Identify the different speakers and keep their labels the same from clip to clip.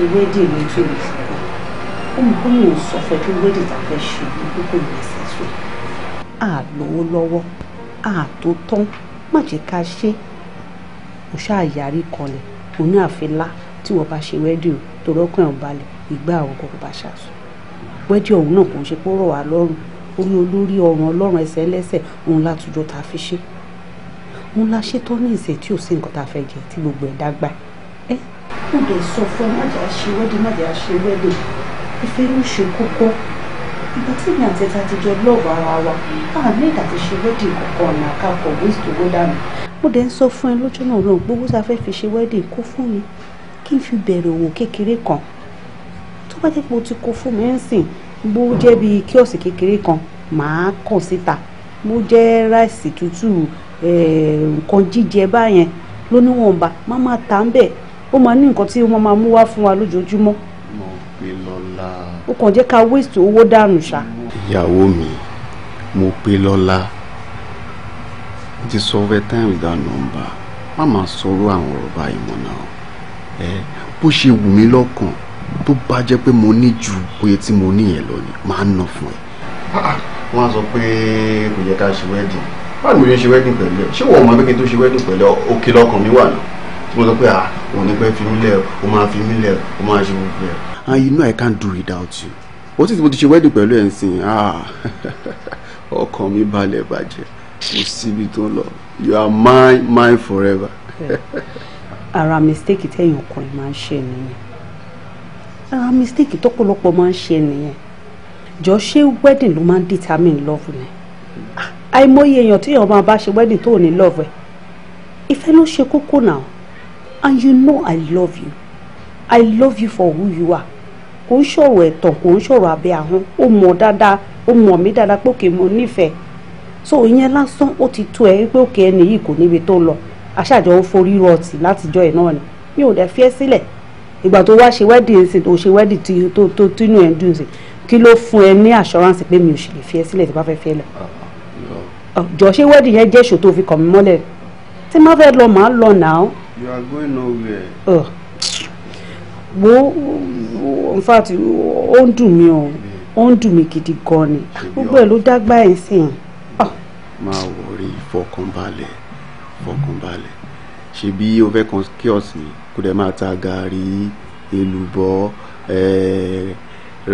Speaker 1: ṣe wédì ní tìrì ó mọ̀ pé mi ò sọ fẹ́ kí wédì tá a fẹ́ ṣe ní kókó necessary. a lówó lọ́wọ́ a tó tán má jẹ́ ká ṣe kò ṣáà yarí kanlẹ̀ kò ní àfilá tí wọ́n bá ṣe wẹ́dì o tọrọ kan ẹ̀ ń balẹ̀ ìgbà àwọn kò bá ṣàṣọ wẹ́dì ọ̀hún náà kò ń ṣe pé ó rọ̀ wá lọ́rùn orí olórí ọ̀run ọlọ́run ẹsẹ̀ ẹlẹ́sẹ̀ òun látújọ́ tá a fi ṣe òun la ṣetán ní ìsẹ̀ tí ò sí nǹkan tá a fẹ́ jẹ tí gbogbo ẹ̀ dágbà ẹ̀ kò dẹ̀ sọ fún ẹ má jà ṣe wedding má jà ṣe wedding ìfẹ́ ló ṣe kókó ìgbà tí èmi àti ẹ̀ta àtijọ́ lọ́ọ̀bù ara wa a ní ìdàtí ṣe wedding kọ̀ọ̀kan ọ̀nà àkàkọ̀ waste owó dànù. mo dẹ̀ ń sọ fún ẹ lọ́jọ́ náà lóhùn pé owó a fẹ́ fi ṣe wedding kó fún mi kí n fi bẹ̀rẹ̀ òwò kékeré kan tó bá jẹ́ pé o ti kó fún mi ń sìn bó jẹ́ bíi kíọ̀sì kékeré kan màá kàn síta bó jẹ́ ráìsì tútù eh, nǹkan jíjẹ báyẹn lóníwọ̀nba má má ta ń bẹ́ẹ̀ ó máa ní nǹkan tí wọ́n máa mú wá fún wa lójoojúmọ́.
Speaker 2: mo pe lọ́la.
Speaker 1: ó kàn jẹ́ ká waste owó dànù ṣá.
Speaker 2: ìyàwó mi mo pe lọ́la mo ti sọ over time without number má máa sọ̀rọ̀ àwọn ọ̀rọ̀ báyìí mọ́ náà ẹ bó ṣe wù mí lọ́kàn tó bá jẹ́ pé mo ní ju oye tí mo ní yẹn lọ ni máa ń ná fún ẹ. Ah, wọ́n á sọ pé kò yẹ ká ṣe wedding báwo ni mo ṣe ṣe wedding pẹ̀lú ẹ ṣé wọ́n mọ pé kí n tó ṣe wedding pẹ̀lú òkè lọ́kàn mi wà náà tí sọ pé ah òun ní pẹ́ fi mí lẹ̀ o máa fi mí lẹ̀ o máa ṣe gbogbo ẹ̀. and you know i can't do without you ó sì ti mo ti ṣe wedding pẹ̀lú ẹ̀ ń sìn ah ọkàn mi balẹ̀ bàjẹ́ kò síbi tó lọ you are my mine forever.
Speaker 1: ara mistake tẹ̀yìn ọkùnrin máa ń ṣe nìyẹn ara mistake tọ́pọ̀lọpọ̀ máa ń ṣe nìyẹn jọ ṣé wedding ló máa ń determine love ni ah, àìmọye èèyàn téèyàn máa bá ṣe wedding tó ò ní love ẹ ìfẹ́ ló ṣe kókó náà and you know I love you I love you for who you are kò ń ṣọ̀rọ̀ ẹ̀tàn kò ń ṣọ̀rọ̀ abẹ́ ahọ́n ó mọ̀ dáadáa ó mọ̀ mí dáadáa pé òkè mo nífẹ̀ẹ́ so ìyẹn lásán ó ti tó ẹ pé òkè ẹni yìí kò níbi tó lọ aṣáájọ ń forí rọtì látijọ́ ẹ̀ náà ni mi ò dẹ̀ fi ẹ́ sílẹ̀ ìgbà tó wá ṣe wedding sí tó ṣe wedding tí tó tó tínú ẹ̀ ń dùn sí kí ló fún ẹ ní assurance pé mi ò sì lè fi ẹ́ sílẹ̀ tí bá fẹ́ fi ẹ́ lẹ̀ ah, ah, jọ ṣé wedding yẹn jẹ́ ìṣòtò fi kàn mí mọ́lẹ̀ tí má fẹ́ lọ màá lọ nàá
Speaker 2: You are going nowhere.
Speaker 1: Uh, wo in fact ó ń dùn mí o ó ń dùn mí gidi gan ni gbogbo ẹ̀ ló dágbà ẹ̀ sí i. Ah.
Speaker 2: máa wọrí ìfọkànbalẹ̀ ìfọkànbalẹ̀ ṣebí o fẹ́ kan kíọ̀sì kó dẹ̀ máa ta gàrí èlùbọ́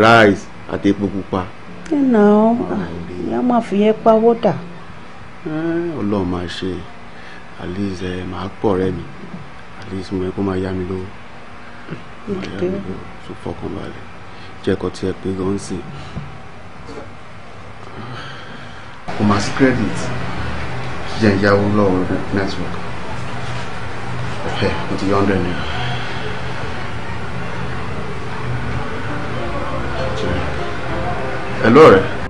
Speaker 2: rice àti epo pupa.
Speaker 1: ẹ nà ah, ìyá máa fi yẹn pa dà.
Speaker 2: ọlọ́run máa ṣe àlè ìzẹ̀ máa pọ̀ rẹ́ mi at least mo yẹ kó máa yá mi lówó
Speaker 3: mm, máa yá mi lówó
Speaker 2: so fọkàn balẹ̀ jẹ́ ẹ̀kọ́ tí ẹ pé gan sí. kò máa credit jẹ́ ìyàwó lọ́wọ́ network Ok, mo ti yọ hundred naira. hello rẹ.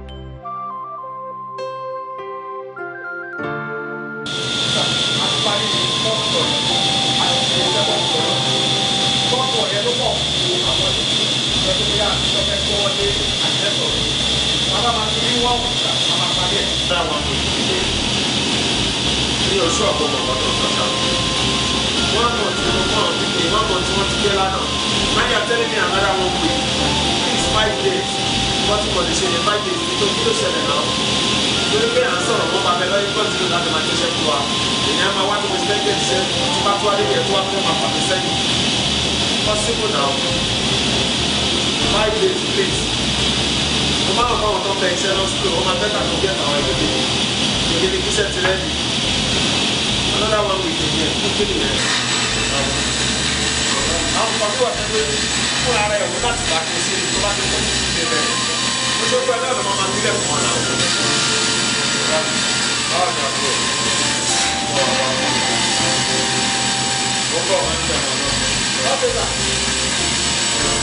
Speaker 4: náà sọ fẹ́ kọ́ wọlé àtẹ́sọ̀ bàbá máa fi wíwọ́ òkúta a máa parí ẹ̀. ṣé àwọn ọmọ ìdílé ní five days wọ́n ti kọ̀lé five days tó kí ló ṣẹlẹ̀ náà torí pé à ń sọ̀rọ̀ mọ́ bàbá lọ́yìn pọ̀ tí lóla tẹ̀mà tẹ̀sẹ̀ tó wa ènìyàn máa wá tó fi sẹ́ńdẹ̀ ṣe tó bá tó wá possible now five days please mo máa ń fọwọ́ tó ń bẹ iṣẹ́ lọ school ó máa bẹ́tà tó gẹ́tà àwọn ẹgbẹ́ mi ìgbélé kíṣẹ́ ti rẹ́dì another one week again fún kí nìyẹn àwọn kan tó wà pé fún ara ẹ̀ wọ́n láti bá kí n sí ibi tó bá ti kọ́ sí ibi bẹ́ẹ̀ mo ṣe pẹ́ lọ́dọ̀ máa máa nílẹ̀ fún ọ̀nà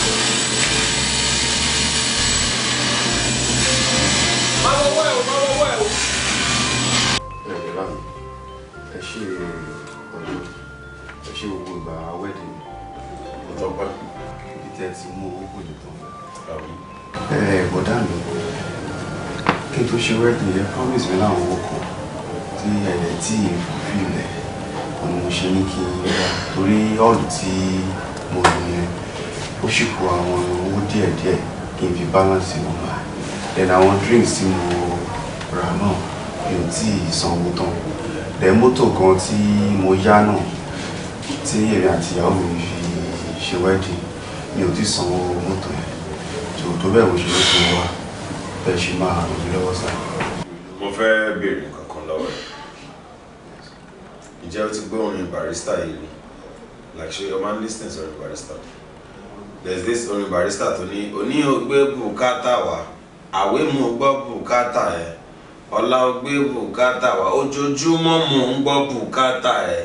Speaker 3: àwọn báwo máa
Speaker 4: wọ́wọ́ ẹ̀ o máa wọ́wọ́ ẹ̀ o. ẹ ẹ bá mi ẹ ṣe ọdún
Speaker 2: ẹ ṣe gbogbo ìgbà wẹ́ẹ̀dì mi. mo tọpẹ́. ibi tí ẹ ti mú owó kò lè tán. ẹ ẹ bọ̀dá mi promise mi láwọn walk? kan tí ẹ lè tí ì fulfill ẹ̀ òun mo ṣe ní kí n yẹra torí ọ̀lù tí mo lò yẹn ó ṣì kù àwọn owó díẹ̀díẹ̀ kí n fi balance wọn máa then àwọn drinks tí mo rà náà mi ò tí ì sanwó tán then mọ́tò kan tí mo yá náà tí èmi àti ìyàwó mi fi ṣe wedding mi ò tí ì sanwó mọ́tò yẹn tó tó bẹ́ẹ̀ mo ṣe ló fún wa bẹ́ẹ̀ ṣe máa ràn mí lọ́wọ́ sá.
Speaker 3: mo fẹ́ béèrè nǹkan kan lọ́wọ́ ẹ̀ ǹjẹ́ o ti gbé orin barista
Speaker 5: yìí rí like ṣe o máa ń lis ten sọ̀rọ̀ barista there is this orin barista tó ní oní gbé bùkátà wá. àwé mò gbọ́ bùkátà ẹ̀ ọ̀la ó bùkátà wá ojoojúmọ́ mò ń gbọ́ bùkátà ẹ̀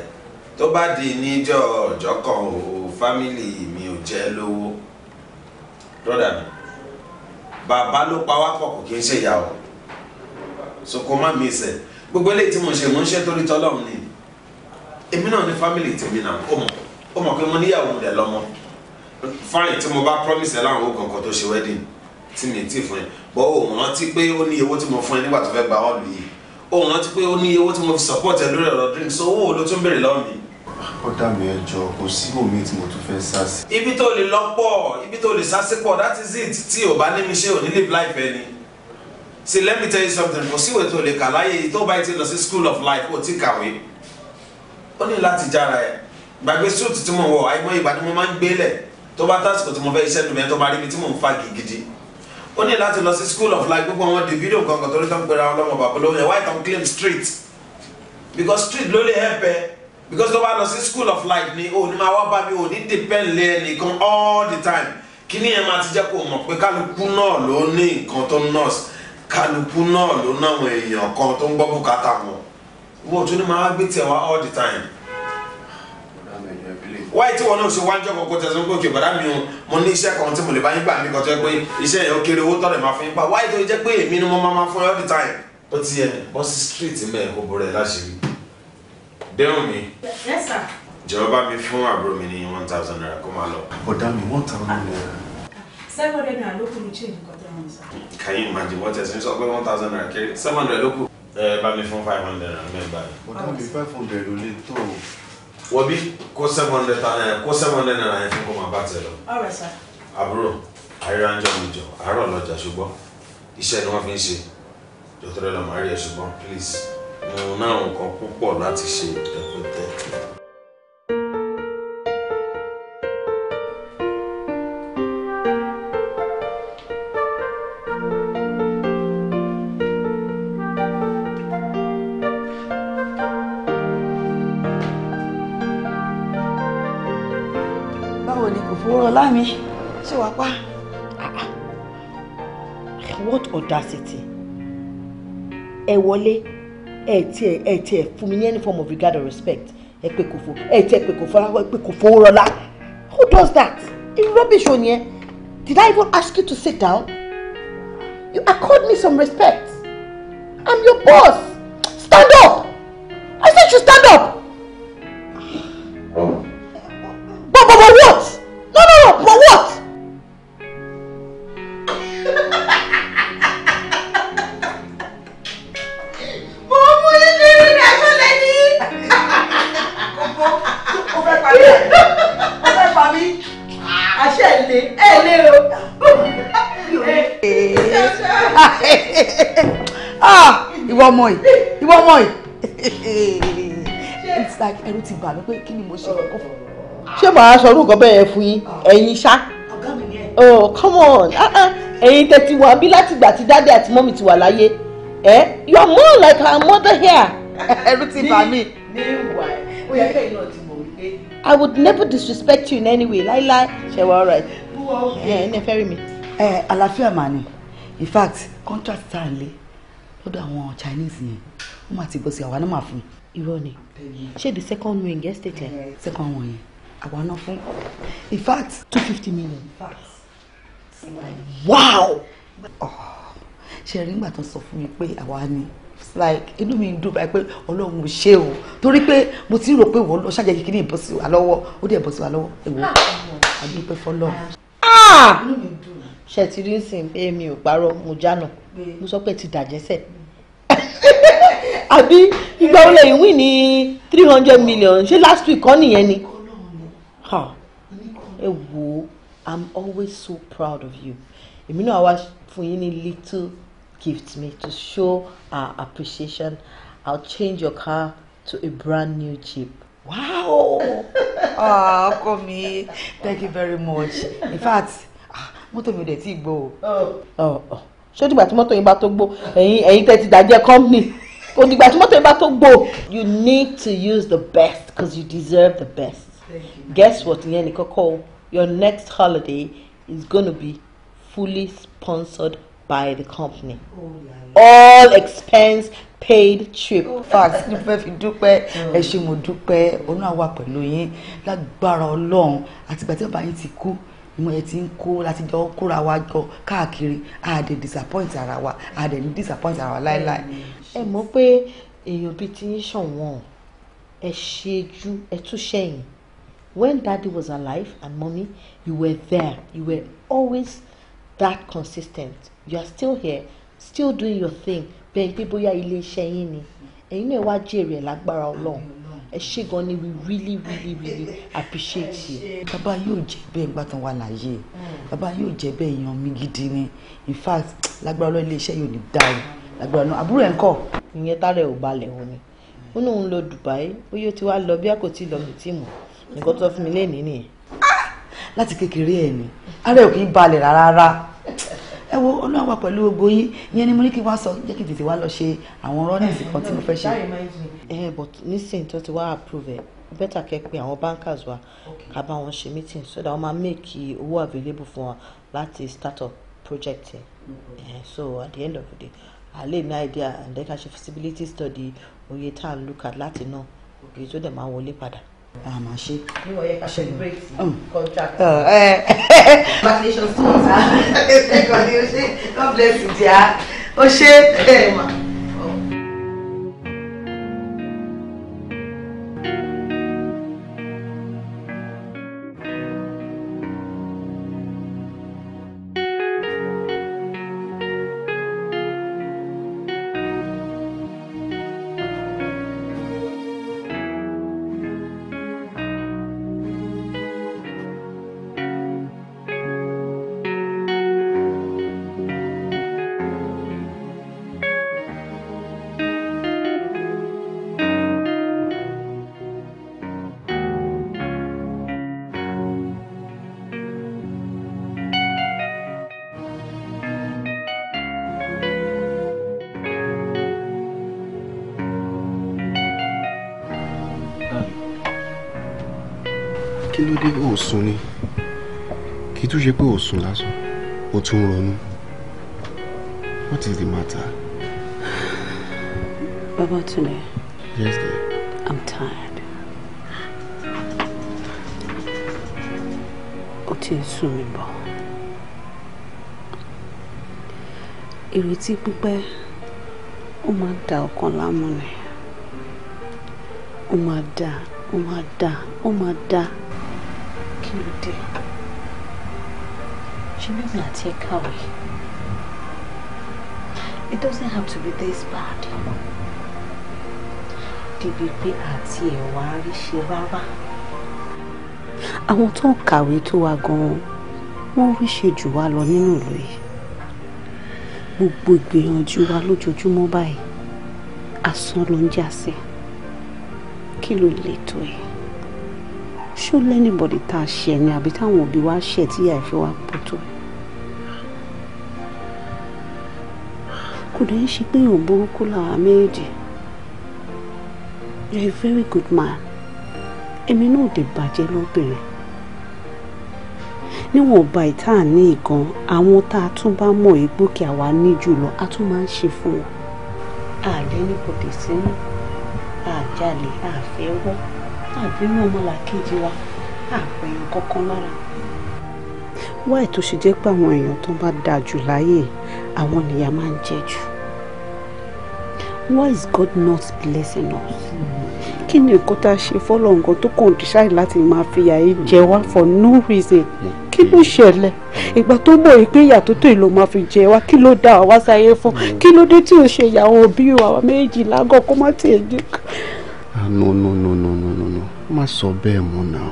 Speaker 5: tó bá di níjọ́ ọjọ́ kan o fámìlì mi ò jẹ́ lówó lọ́dà mi bàbá ló pa wá pọ̀ kò kí n ṣe ìyá o so má mi sẹ̀ gbogbo eléyìí tí mo ṣe mò ń ṣe torí tọ́lọ́run ni èmi náà ní fámìlì tèmi náà ó mọ̀ ó mọ̀ pé mo níyàwó mo dẹ̀ lọ́mọ fáìn tí mo bá promise ẹ̀ láwọn owó kankan tó ṣe wedding tí mi ti fún ẹ bọ́ òun rántí pé ó ní owó tí mo fún ẹ nígbà tó fẹ́ gba ọ́ọ̀lù yìí òun rántí pé ó ní owó tí mo fi support ẹ lórí ọ̀rọ̀ drink so owó ló tún béèrè lọ́wọ́ mi.
Speaker 2: ó dà mí ẹjọ́ kò tí mo tún fẹ́ sá
Speaker 5: sí. ibi tó lè lọ pọ̀ ibi tó lè sá sí pọ̀ that is it tí ò bá ní mi ṣe ò ní live life ẹ see let me tell you something kò síwèé tó lè kà láyé tó bá ti lọ sí school of life ó ti kàwé ó ní láti jára ẹ gbàgbé suit tí mo wọ àìmọye ìbàdí mo máa ń gbélẹ̀ tó bá tásìkò tí mo fẹ́ iṣẹ́ nu mi bá rí mi tí mò ń fa gidi ó ní láti lọ sí school of life gbogbo àwọn Davido gangan torí tán pera ọlọ́mọ bàbá lóyún why don't claim street because street ló lè help ẹ because tó bá lọ sí school of life ni ò ní máa wá bá mi ò depend lé ẹnìkan all the time kí ni ẹ máa ti jẹ́ kó mọ̀ pé kálukú náà ló ní nǹkan tó nurse kálukú náà ló náwọn èèyàn kan tó ń gbọ́ bùkátà wọn wọ́n tún ní máa gbé tiẹ̀ wá all the time wáyé tí wọn náà ṣe wájú ọkọ̀ tẹ̀sán pé òkè bàdá mi o mo ní iṣẹ́ kan tí mo lè bá yín gbà mí kan tó yẹ pé iṣẹ́ yẹn ó kéré owó tọ́lẹ̀ máa fún yín pa wáyé tó jẹ́ pé èmi ni mo máa máa fún ẹ all the ó ti yẹ bọ́ street mẹ́ ẹ̀ kóbó rẹ̀ láṣìírí. dẹ́hùn mi. yes sir. jọ̀wọ́ bá mi fún àbúrò mi ní one thousand naira kó máa lọ. ọ̀dà
Speaker 2: mi one thousand naira.
Speaker 1: seven hundred naira ló kù ní change nǹkan tó ń sọ.
Speaker 5: can you imagine wọ́n tẹ̀sí sọ pé one thousand naira kéré seven hundred ló kù. ẹ bá mi fún five hundred naira mẹ́gbàá. ọ̀dà mi
Speaker 2: five hundred ò lè tó o.
Speaker 5: Wabi, ko seven hundred and eh, ko seven hundred naira yẹn fún kó máa bá tẹ lọ. Ọ̀rẹ́ sá. Àbúrò, àríyànjọ́ mi jọ, àárọ̀ lọ́jà ṣùgbọ́n iṣẹ́ ni wọ́n fi ń ṣe. Dr. Lamari ẹ̀ ṣùgbọ́n please, mo náà nǹkan púpọ̀ láti ṣe ẹ̀kọ́ tẹ̀.
Speaker 1: audacity ẹ wọlé ẹ tiẹ̀ ẹ tiẹ̀ fún mi ní any form of regard or respect ẹ pé kò fo ẹ tiẹ̀ pé kò fọlá ẹ pé kò fowó rọlá who does that irú rubbish wo nìyẹn did I even ask you to sit down you accord me some respect I'm your boss stand up I said you stand up. like ẹ̀rù ti bà mí pé kí ni mo ṣe
Speaker 3: kọ́kọ́ oh, fún. Oh,
Speaker 1: oh. ṣé màá sọ orúkọ bẹ́ẹ̀ fún yín ẹ̀yin ṣá. ọ̀gá mi ni ẹ̀. oh come on ah, ah. ẹ̀yin tẹ̀tí wà bí látìgbà tí dáadé àti mọ́mì ti wà láyé ẹ̀ eh? you are more like our mother here. ẹ̀rù ti bà mí. ní ìwà ẹ̀ ó yẹ kẹ́yìn náà ti mọ̀ wípé. I would never disrespect you in any way láíláí ṣe wá alright. ẹ ẹ ní ẹ fẹ́ rí mi. ẹ eh, àlàáfíà mà ni in fact contract tá à lé lọ́dọ̀ àwọn Chinese yẹn wọ́n máa ti bọ̀ sí àwa náà máa fún un. irọ́ ni ṣé the second ring estate ẹ. second one yẹn àwa ná fún in fact two fifty million. wow ah. ṣe rí nígbà tó sọ fún mi pé àwa ni like inú mi ń dùn báyìí pé ọlọ́run ò ṣe o torí pé mo ti rò pé wọ́n lọ ṣáàjẹ́ kékeré ìbọn sí wa lọ́wọ́ ó dẹ̀ bọ́ sí wa lọ́wọ́ èwo àdúpẹ́ fọlọ́. ṣe ti rí sìn pé mi ò parọ́ mo jánà mo sọ pé ti dàjẹ́sẹ̀ àbí ìgbà wo lẹ́yìn win ní three hundred million ṣé last week kọ́ nìyẹn ni ẹ wò i'm always so proud of you èmi náà wá fún yín ní little gift me to show our appreciation i'll change your car to a brand new jeep. wow ah ọkọ mi thank you very much in fact ah, mọ́tò mi ò dẹ̀ tí ì gbó o. Oh. Oh, oh. ṣé ó dìgbà tí mọ́tò yín bá tó gbó ẹ̀yin ẹ̀yin tẹ́ ti dàjẹ́ company òdìgbà tí mọ́tò yẹn tó gbò you need to use the best because you deserve the best guess what ìyẹn ní kọ́kọ́ your next holiday is gonna be fully sponsored by the company
Speaker 3: oh,
Speaker 6: all expense
Speaker 1: paid trip. Oh, fact ní fẹ́ fi dúpẹ́ oh. ẹ ṣé mo dúpẹ́ ọ̀nà àwa pẹ̀lú yín lágbára ọlọ́run àtìgbà tí bàbá yín ti kú ìmọ̀ ẹ̀ ti ń kó láti jọ kóra wa jọ káàkiri a disappoint ara wa a ní disappoint ara wa láéláé ẹ mọ̀ pé èèyàn bíi ti yín ṣọ̀wọ́n ẹ ṣejú ẹ tún ṣẹ̀yìn when daddy was alive and mommy you were there you were always that consistent you are still here still doing your thing bẹ́ẹ̀ pé bóyá ilé iṣẹ́ yín ni ẹ̀yin náà wá jèrè ẹ̀ lágbára ọlọ́run ẹ ṣé gan ni we really really really appreciate you. bàbá yóò jẹ́ bẹ́ẹ̀ nígbà tán wà láàyè bàbá yóò jẹ́ bẹ́ẹ̀ yan mi gidi ni in fact lágbára ọlọ́run ilé iṣẹ́ yóò ní dáa lágbára àbúrò ẹ̀ ń kọ̀ ìyẹn tààrẹ ò balẹ̀ òun ni ó lóun lọ Dubai ó yóò ti wá lọ bí àkótí lọ mi tí nǹkan tó fún mi léèní nìyẹn. láti kékeré ẹ ni ara ò kì í balẹ̀ rárá ẹ wo Ọlọ́run wà pẹ̀lú gbogbo yín ìyẹn ni mo ní kí wá sọ jẹ́ kí tètè wá lọ ṣe àwọn rọ́nìsì kan tí mo fẹ́ ṣe. ẹ but nísìnyí tó ti wá approve ẹ better kẹ́ pé àwọn bankers wa ká bá wọn ṣe meeting so that wọ́n máa make owó available fún wa láti start up project
Speaker 7: yẹn
Speaker 1: so at the end of the day a lè ní idea and then ká ṣe feasibility study oye tá à ń look at láti náà èyí tó dẹ̀ máa wọlé padà a máa ṣe.
Speaker 3: níwọ̀n yẹ ká celebrate
Speaker 1: oh. contract. Oh, eh. congratulations to you sir. God bless you dear. o ṣe bẹ́ẹ̀ ma.
Speaker 2: sùn ni kì í tún ṣe pé ò sùn lásán ó tún ronú what is the matter.
Speaker 1: Baba Babatunde.
Speaker 2: yes dear.
Speaker 1: I'm tired. ó ti ń sùn mí bọ̀ ìrètí pípẹ́ ó máa da ọkàn láàmú ó máa da ó máa da ó máa da kí ló dé ṣe bí àti ẹ kàwé it doesn't have to be this bad débi pé àti ẹ wá rí ṣe rárá àwọn tó ń kàwé tó wa gan-an wọ́n rí ṣe jù wá lọ nínú ìlú yìí gbogbo ìgbìyànjú wa lójoojúmọ́ báyìí asán ló ń já sí kí ló lè tó yìí ṣó anybody tá a ṣẹ̀ ni àbí táwọn òbí wa ṣẹ̀ tí ìyá ẹ̀ fi wá pọ̀ tó ẹ̀. kò dẹ̀ ń ṣe pé èèyàn burúkú làwa méjì you are a very good man èmi náà dé bàjẹ́ lóbìnrin níwọ̀n ọba ìta ní ìgan àwọn tá a tún bá mọ̀ ìgbókè àwa ní jùlọ a tún máa ń ṣe fún wọn. àlẹ́ ní kò dé sínú àjálẹ̀ àfẹ́wọ́ àbínú ọmọlàkejì wa àpẹyàn kankan lára. wáì tó ṣe jẹ́ pé àwọn èèyàn tó bá dáa jù láyé àwọn nìyà máa ń jẹ jù. Why is God not blessing us? kí ni nǹkan tá a ṣe fọ́lọ́ nǹkan tó kàn ṣáì láti máa fi àyè jẹ wá for no reason kí ló ṣẹlẹ̀ ìgbà tó mọ̀ yìí pé ìyà tó tó yìí ló máa fi jẹ wá kí ló dá wa sáyé fún kí ló dé tí ò ṣe ìyàwó òbí wa
Speaker 6: méjì lágọ̀ kó má tiẹ̀ jẹ́.
Speaker 2: Ah, no no no no má sọ bẹ́ẹ̀ mọ́ náà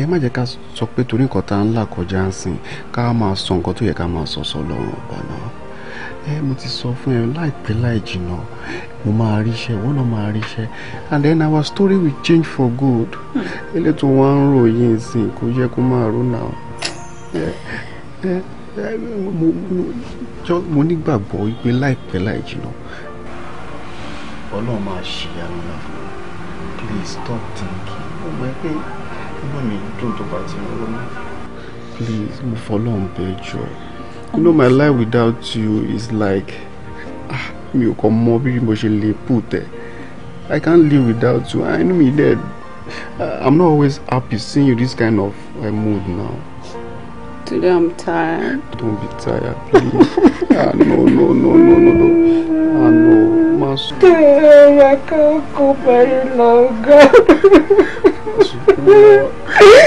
Speaker 2: ẹ má jẹ́ ká sọ pé torí nǹkan tá à ń là kọjá ń sìn ká máa sọ nǹkan tó yẹ ká máa sọ sọ lọ́rùn ọ̀gbà náà ẹ mo ti sọ fún ẹ láìpẹ́ láì mo máa ríṣẹ́ ìwọ náà máa ríṣẹ́ and then our story will change for good elétò hmm. wa ń ròyìn sìn kò yẹ kó máa rò náà mo nígbàgbọ́ wípé láìpẹ́ láì ọlọ́run máa ṣe àwọn please stop thinking gbẹ pé inú mi dùn tó bá ti ń ronú. please mo fọlọ́run bẹ́ẹ̀ jọ you know my life without you is like ah mi ò kàn mọ bí mo ṣe lè put i can't live without you ah inú mi dẹ̀ i'm not always happy seeing you this kind of uh, mood now.
Speaker 1: Today I'm tired.
Speaker 2: Don't
Speaker 4: be tired, please. ah, no, no, no, no, no, no. Ah, no, Master. I can't go very long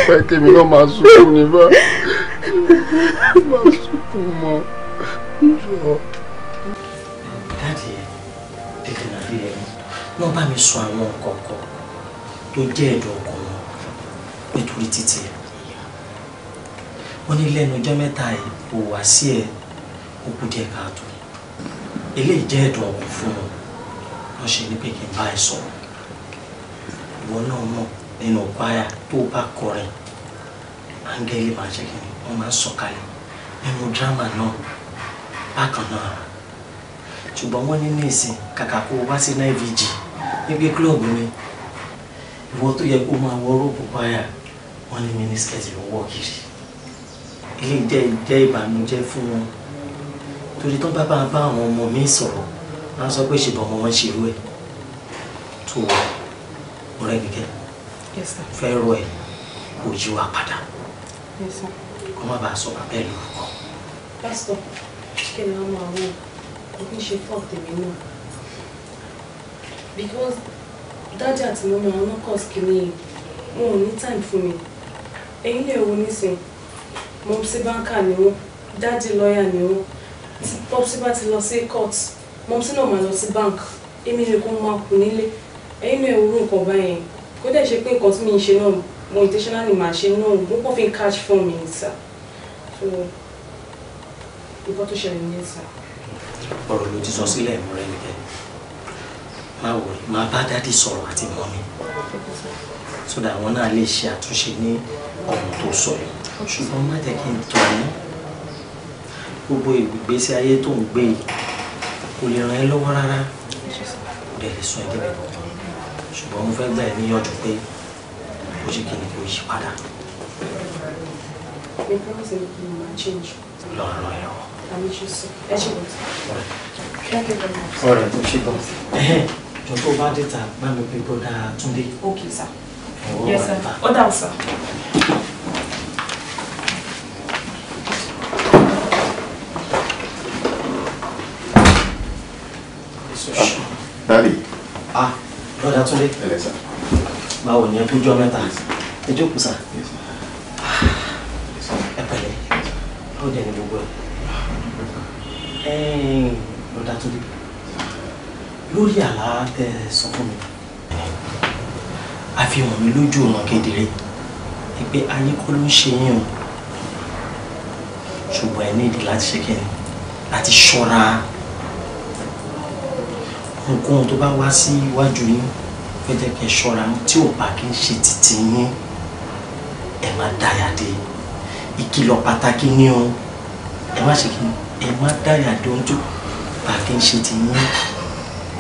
Speaker 2: pẹ́ kémi náà máa sunkún ní bá
Speaker 3: máa sunkún mọ́ jọ.
Speaker 7: dáàdì ẹ tètè náà rí ẹnu náà bá mi sọ àwọn kọ̀ọ̀kan tó jẹ́ ẹ̀dọ̀ ọkùnrin nítorí títí ẹ wọ́n ní lẹ́nu ọjọ́ mẹ́ta yìí kò wá sí ẹ ó kú díẹ̀ káàtó eléyìí jẹ́ ẹ̀dùn ọ̀gùn fún un wọ́n ṣe ní pé kí n bá ẹ sọ̀rọ̀ ìwọ náà mọ̀ nínú kwaya tó bá kọrin angeli máa ṣe kí ni wọ́n máa ń sọ̀kalẹ̀ nínú dírámà náà bákan náà ṣùgbọ́n wọ́n ní ní ìsìn kàkà kó wá sí NIVG níbi kílọ̀bù ni ìwọ tó yẹ kó máa wọ rọ́ọ̀bù kwaya wọ́n ní mínísítẹ̀tì ló wọ̀ kiri ilé jẹ́ jẹ́ ìbànújẹ́ fún wọn torí tó bá bá bá àwọn ọmọ mi sọ̀rọ̀ wọ́n á sọ pé ṣèbọn ọmọ wọn ṣerú ẹ̀ tó wọ ọ̀rẹ́ mi fẹ́ rọ ẹ̀ kò jí wa padà kó má bàa sọ̀rọ̀ bẹ́ẹ̀ lórúkọ.
Speaker 1: pásítọ̀ kí ni wọ́n máa wọ kò kí n ṣe fọ́ tèmi náà because dájú àti mọ́mọ́ àwọn ọkọ̀ọ̀sì kìíní wọn ò ní time fún mi èyí lè wo nísìn mo sí báńkà ni wọn dájú lọ́ọ̀yà ni wọn tí pọ́psí bá ti lọ sí court mo sí náà máa lọ sí bank èmi nìkan máa kù nílé èyí lè wo nǹkan báyẹn kó dẹ̀ ṣe pé nǹkan tí mi ń ṣe náà mo intentionally máa ṣe náà mo kàn fi ń catch phone mi nìta so
Speaker 6: nǹkan tó ṣẹlẹ̀ ní ẹ̀sà.
Speaker 7: ọ̀rọ̀ ló ti sọ sílẹ̀ mú rẹ nìkẹ́ máa wò máa bá dádì sọ̀rọ̀ àti mọ́ mi so that àwọn náà lè ṣe àtúnṣe ní ọ̀nà tó sọ yìí ṣùgbọ́n má jẹ́ kí n tọ̀ ẹ́ gbogbo ìgbésí ayé tó ń gbé yìí kò lè ràn ẹ́ lọ́wọ́ rárá kò sọ ẹ́ débẹ̀ bọ́ ṣùgbọ́n mo fẹ́ gbà ẹ́ níyànjú pé ó ṣe kí ni kò yí padà. ọ̀rẹ́ tó ṣe bọ́. jọ tó bá dé ta bá mi pe bọ́dà Túndé. Daddy lọ́dà túnlé báwo ni ẹ kú jọ mẹ́ta ẹ jókòó sá ẹ pẹ̀lẹ́ lọ́dà ni gbogbo ẹ lọ́dà túnlé lórí àlá tẹ sọ fún mi àfihàn mi lójú ọ̀nà kedere pé ayé kọ́ ló ń ṣe yín o ṣùgbọ́n ẹ ní ìdí láti ṣe kẹ́ni láti ṣọ́ra nǹkan tó bá wá sí iwájú yín fẹ́ kẹ́ ṣọ́ra tí ò bá kí ń ṣe títí yín ẹ má dáyàdé ìkìlọ̀ pàtàkì ni o ẹ má ṣe kí ẹ má dáyàdé ohun tó bá kí ń ṣe ti yín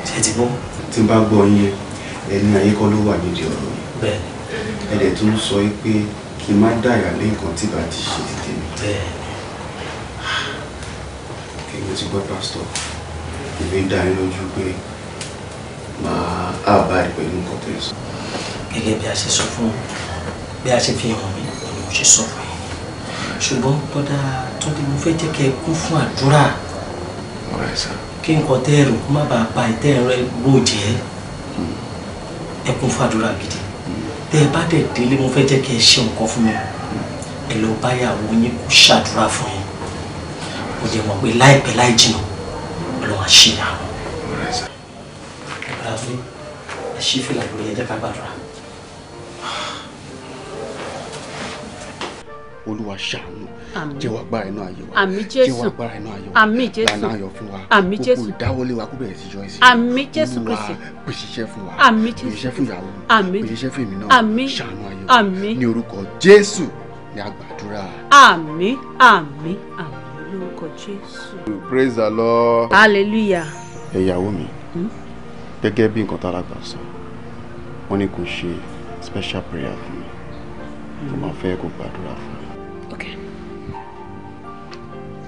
Speaker 7: ṣe ti bọ́.
Speaker 2: tí n bá gbọ́ yín ẹni ayé kọ́ ló wà nídìí ọ̀rọ̀ yìí bẹ́ẹ̀ ẹ dẹ̀ tún sọ pé kí n má dáyàdé nǹkan tí bá ti ṣe ti tèmi. bẹ́ẹ̀ kí n ti gbọ́ pásítọ̀ ìwé dá yín lójú pé
Speaker 7: máa àbáyé pẹ̀lú nǹkan tó ń sọ. gẹ́gẹ́ bí a ṣe sọ fún un bí a ṣe fi hàn mí ni mo ṣe sọ fún yín ṣùgbọ́n bọ́dà Túndé mo fẹ́ jẹ́ kẹ́ ẹ kún fún àdúrà kí nǹkan tẹ́ ẹ̀rù kó má bàa ba ìtẹ́ ẹ̀rọ ẹ̀rọ jẹ́ ẹ hmm. kún fún àdúrà gidi hmm. tẹ́ ẹ bá dẹ̀ délé mo fẹ́ jẹ́ kẹ́ ẹ ṣe nǹkan fún mi hmm. ẹ lọ báyàwó yín kó ṣàdúrà fún yín mo jẹ́ mọ̀ pé láìpẹ́ láì jìnnà Ọlọ́run á padà sí ẹ ṣí fìlà lórí ẹ jẹ́ ká gbàdúrà.
Speaker 2: olúwa ṣàánú jẹ́wọ́ agbára inú ayé
Speaker 1: wa jẹ́wọ́ agbára
Speaker 2: inú ayé wa lànà ayọ̀ fún wa gbogbo ìdáwọ́lé wa kó bẹ̀rẹ̀ sí yọrí sí i olúwa pèsè fún wa pèsè fún ìyàwó mi pèsè fún èmi náà ṣàánú ayé wa ní orúkọ jésù ní àgbàdúrà.
Speaker 1: àmín àmín àmín lórúkọ jésù.
Speaker 2: praise the lord.
Speaker 1: hallelujah.
Speaker 2: ẹ̀yàwó mi. Hmm? gẹ́gẹ́ bí nǹkan tálàgbà sọ wọ́n ní kò ṣe special prayer fún mi mo máa fẹ́ kó gbàdúrà fún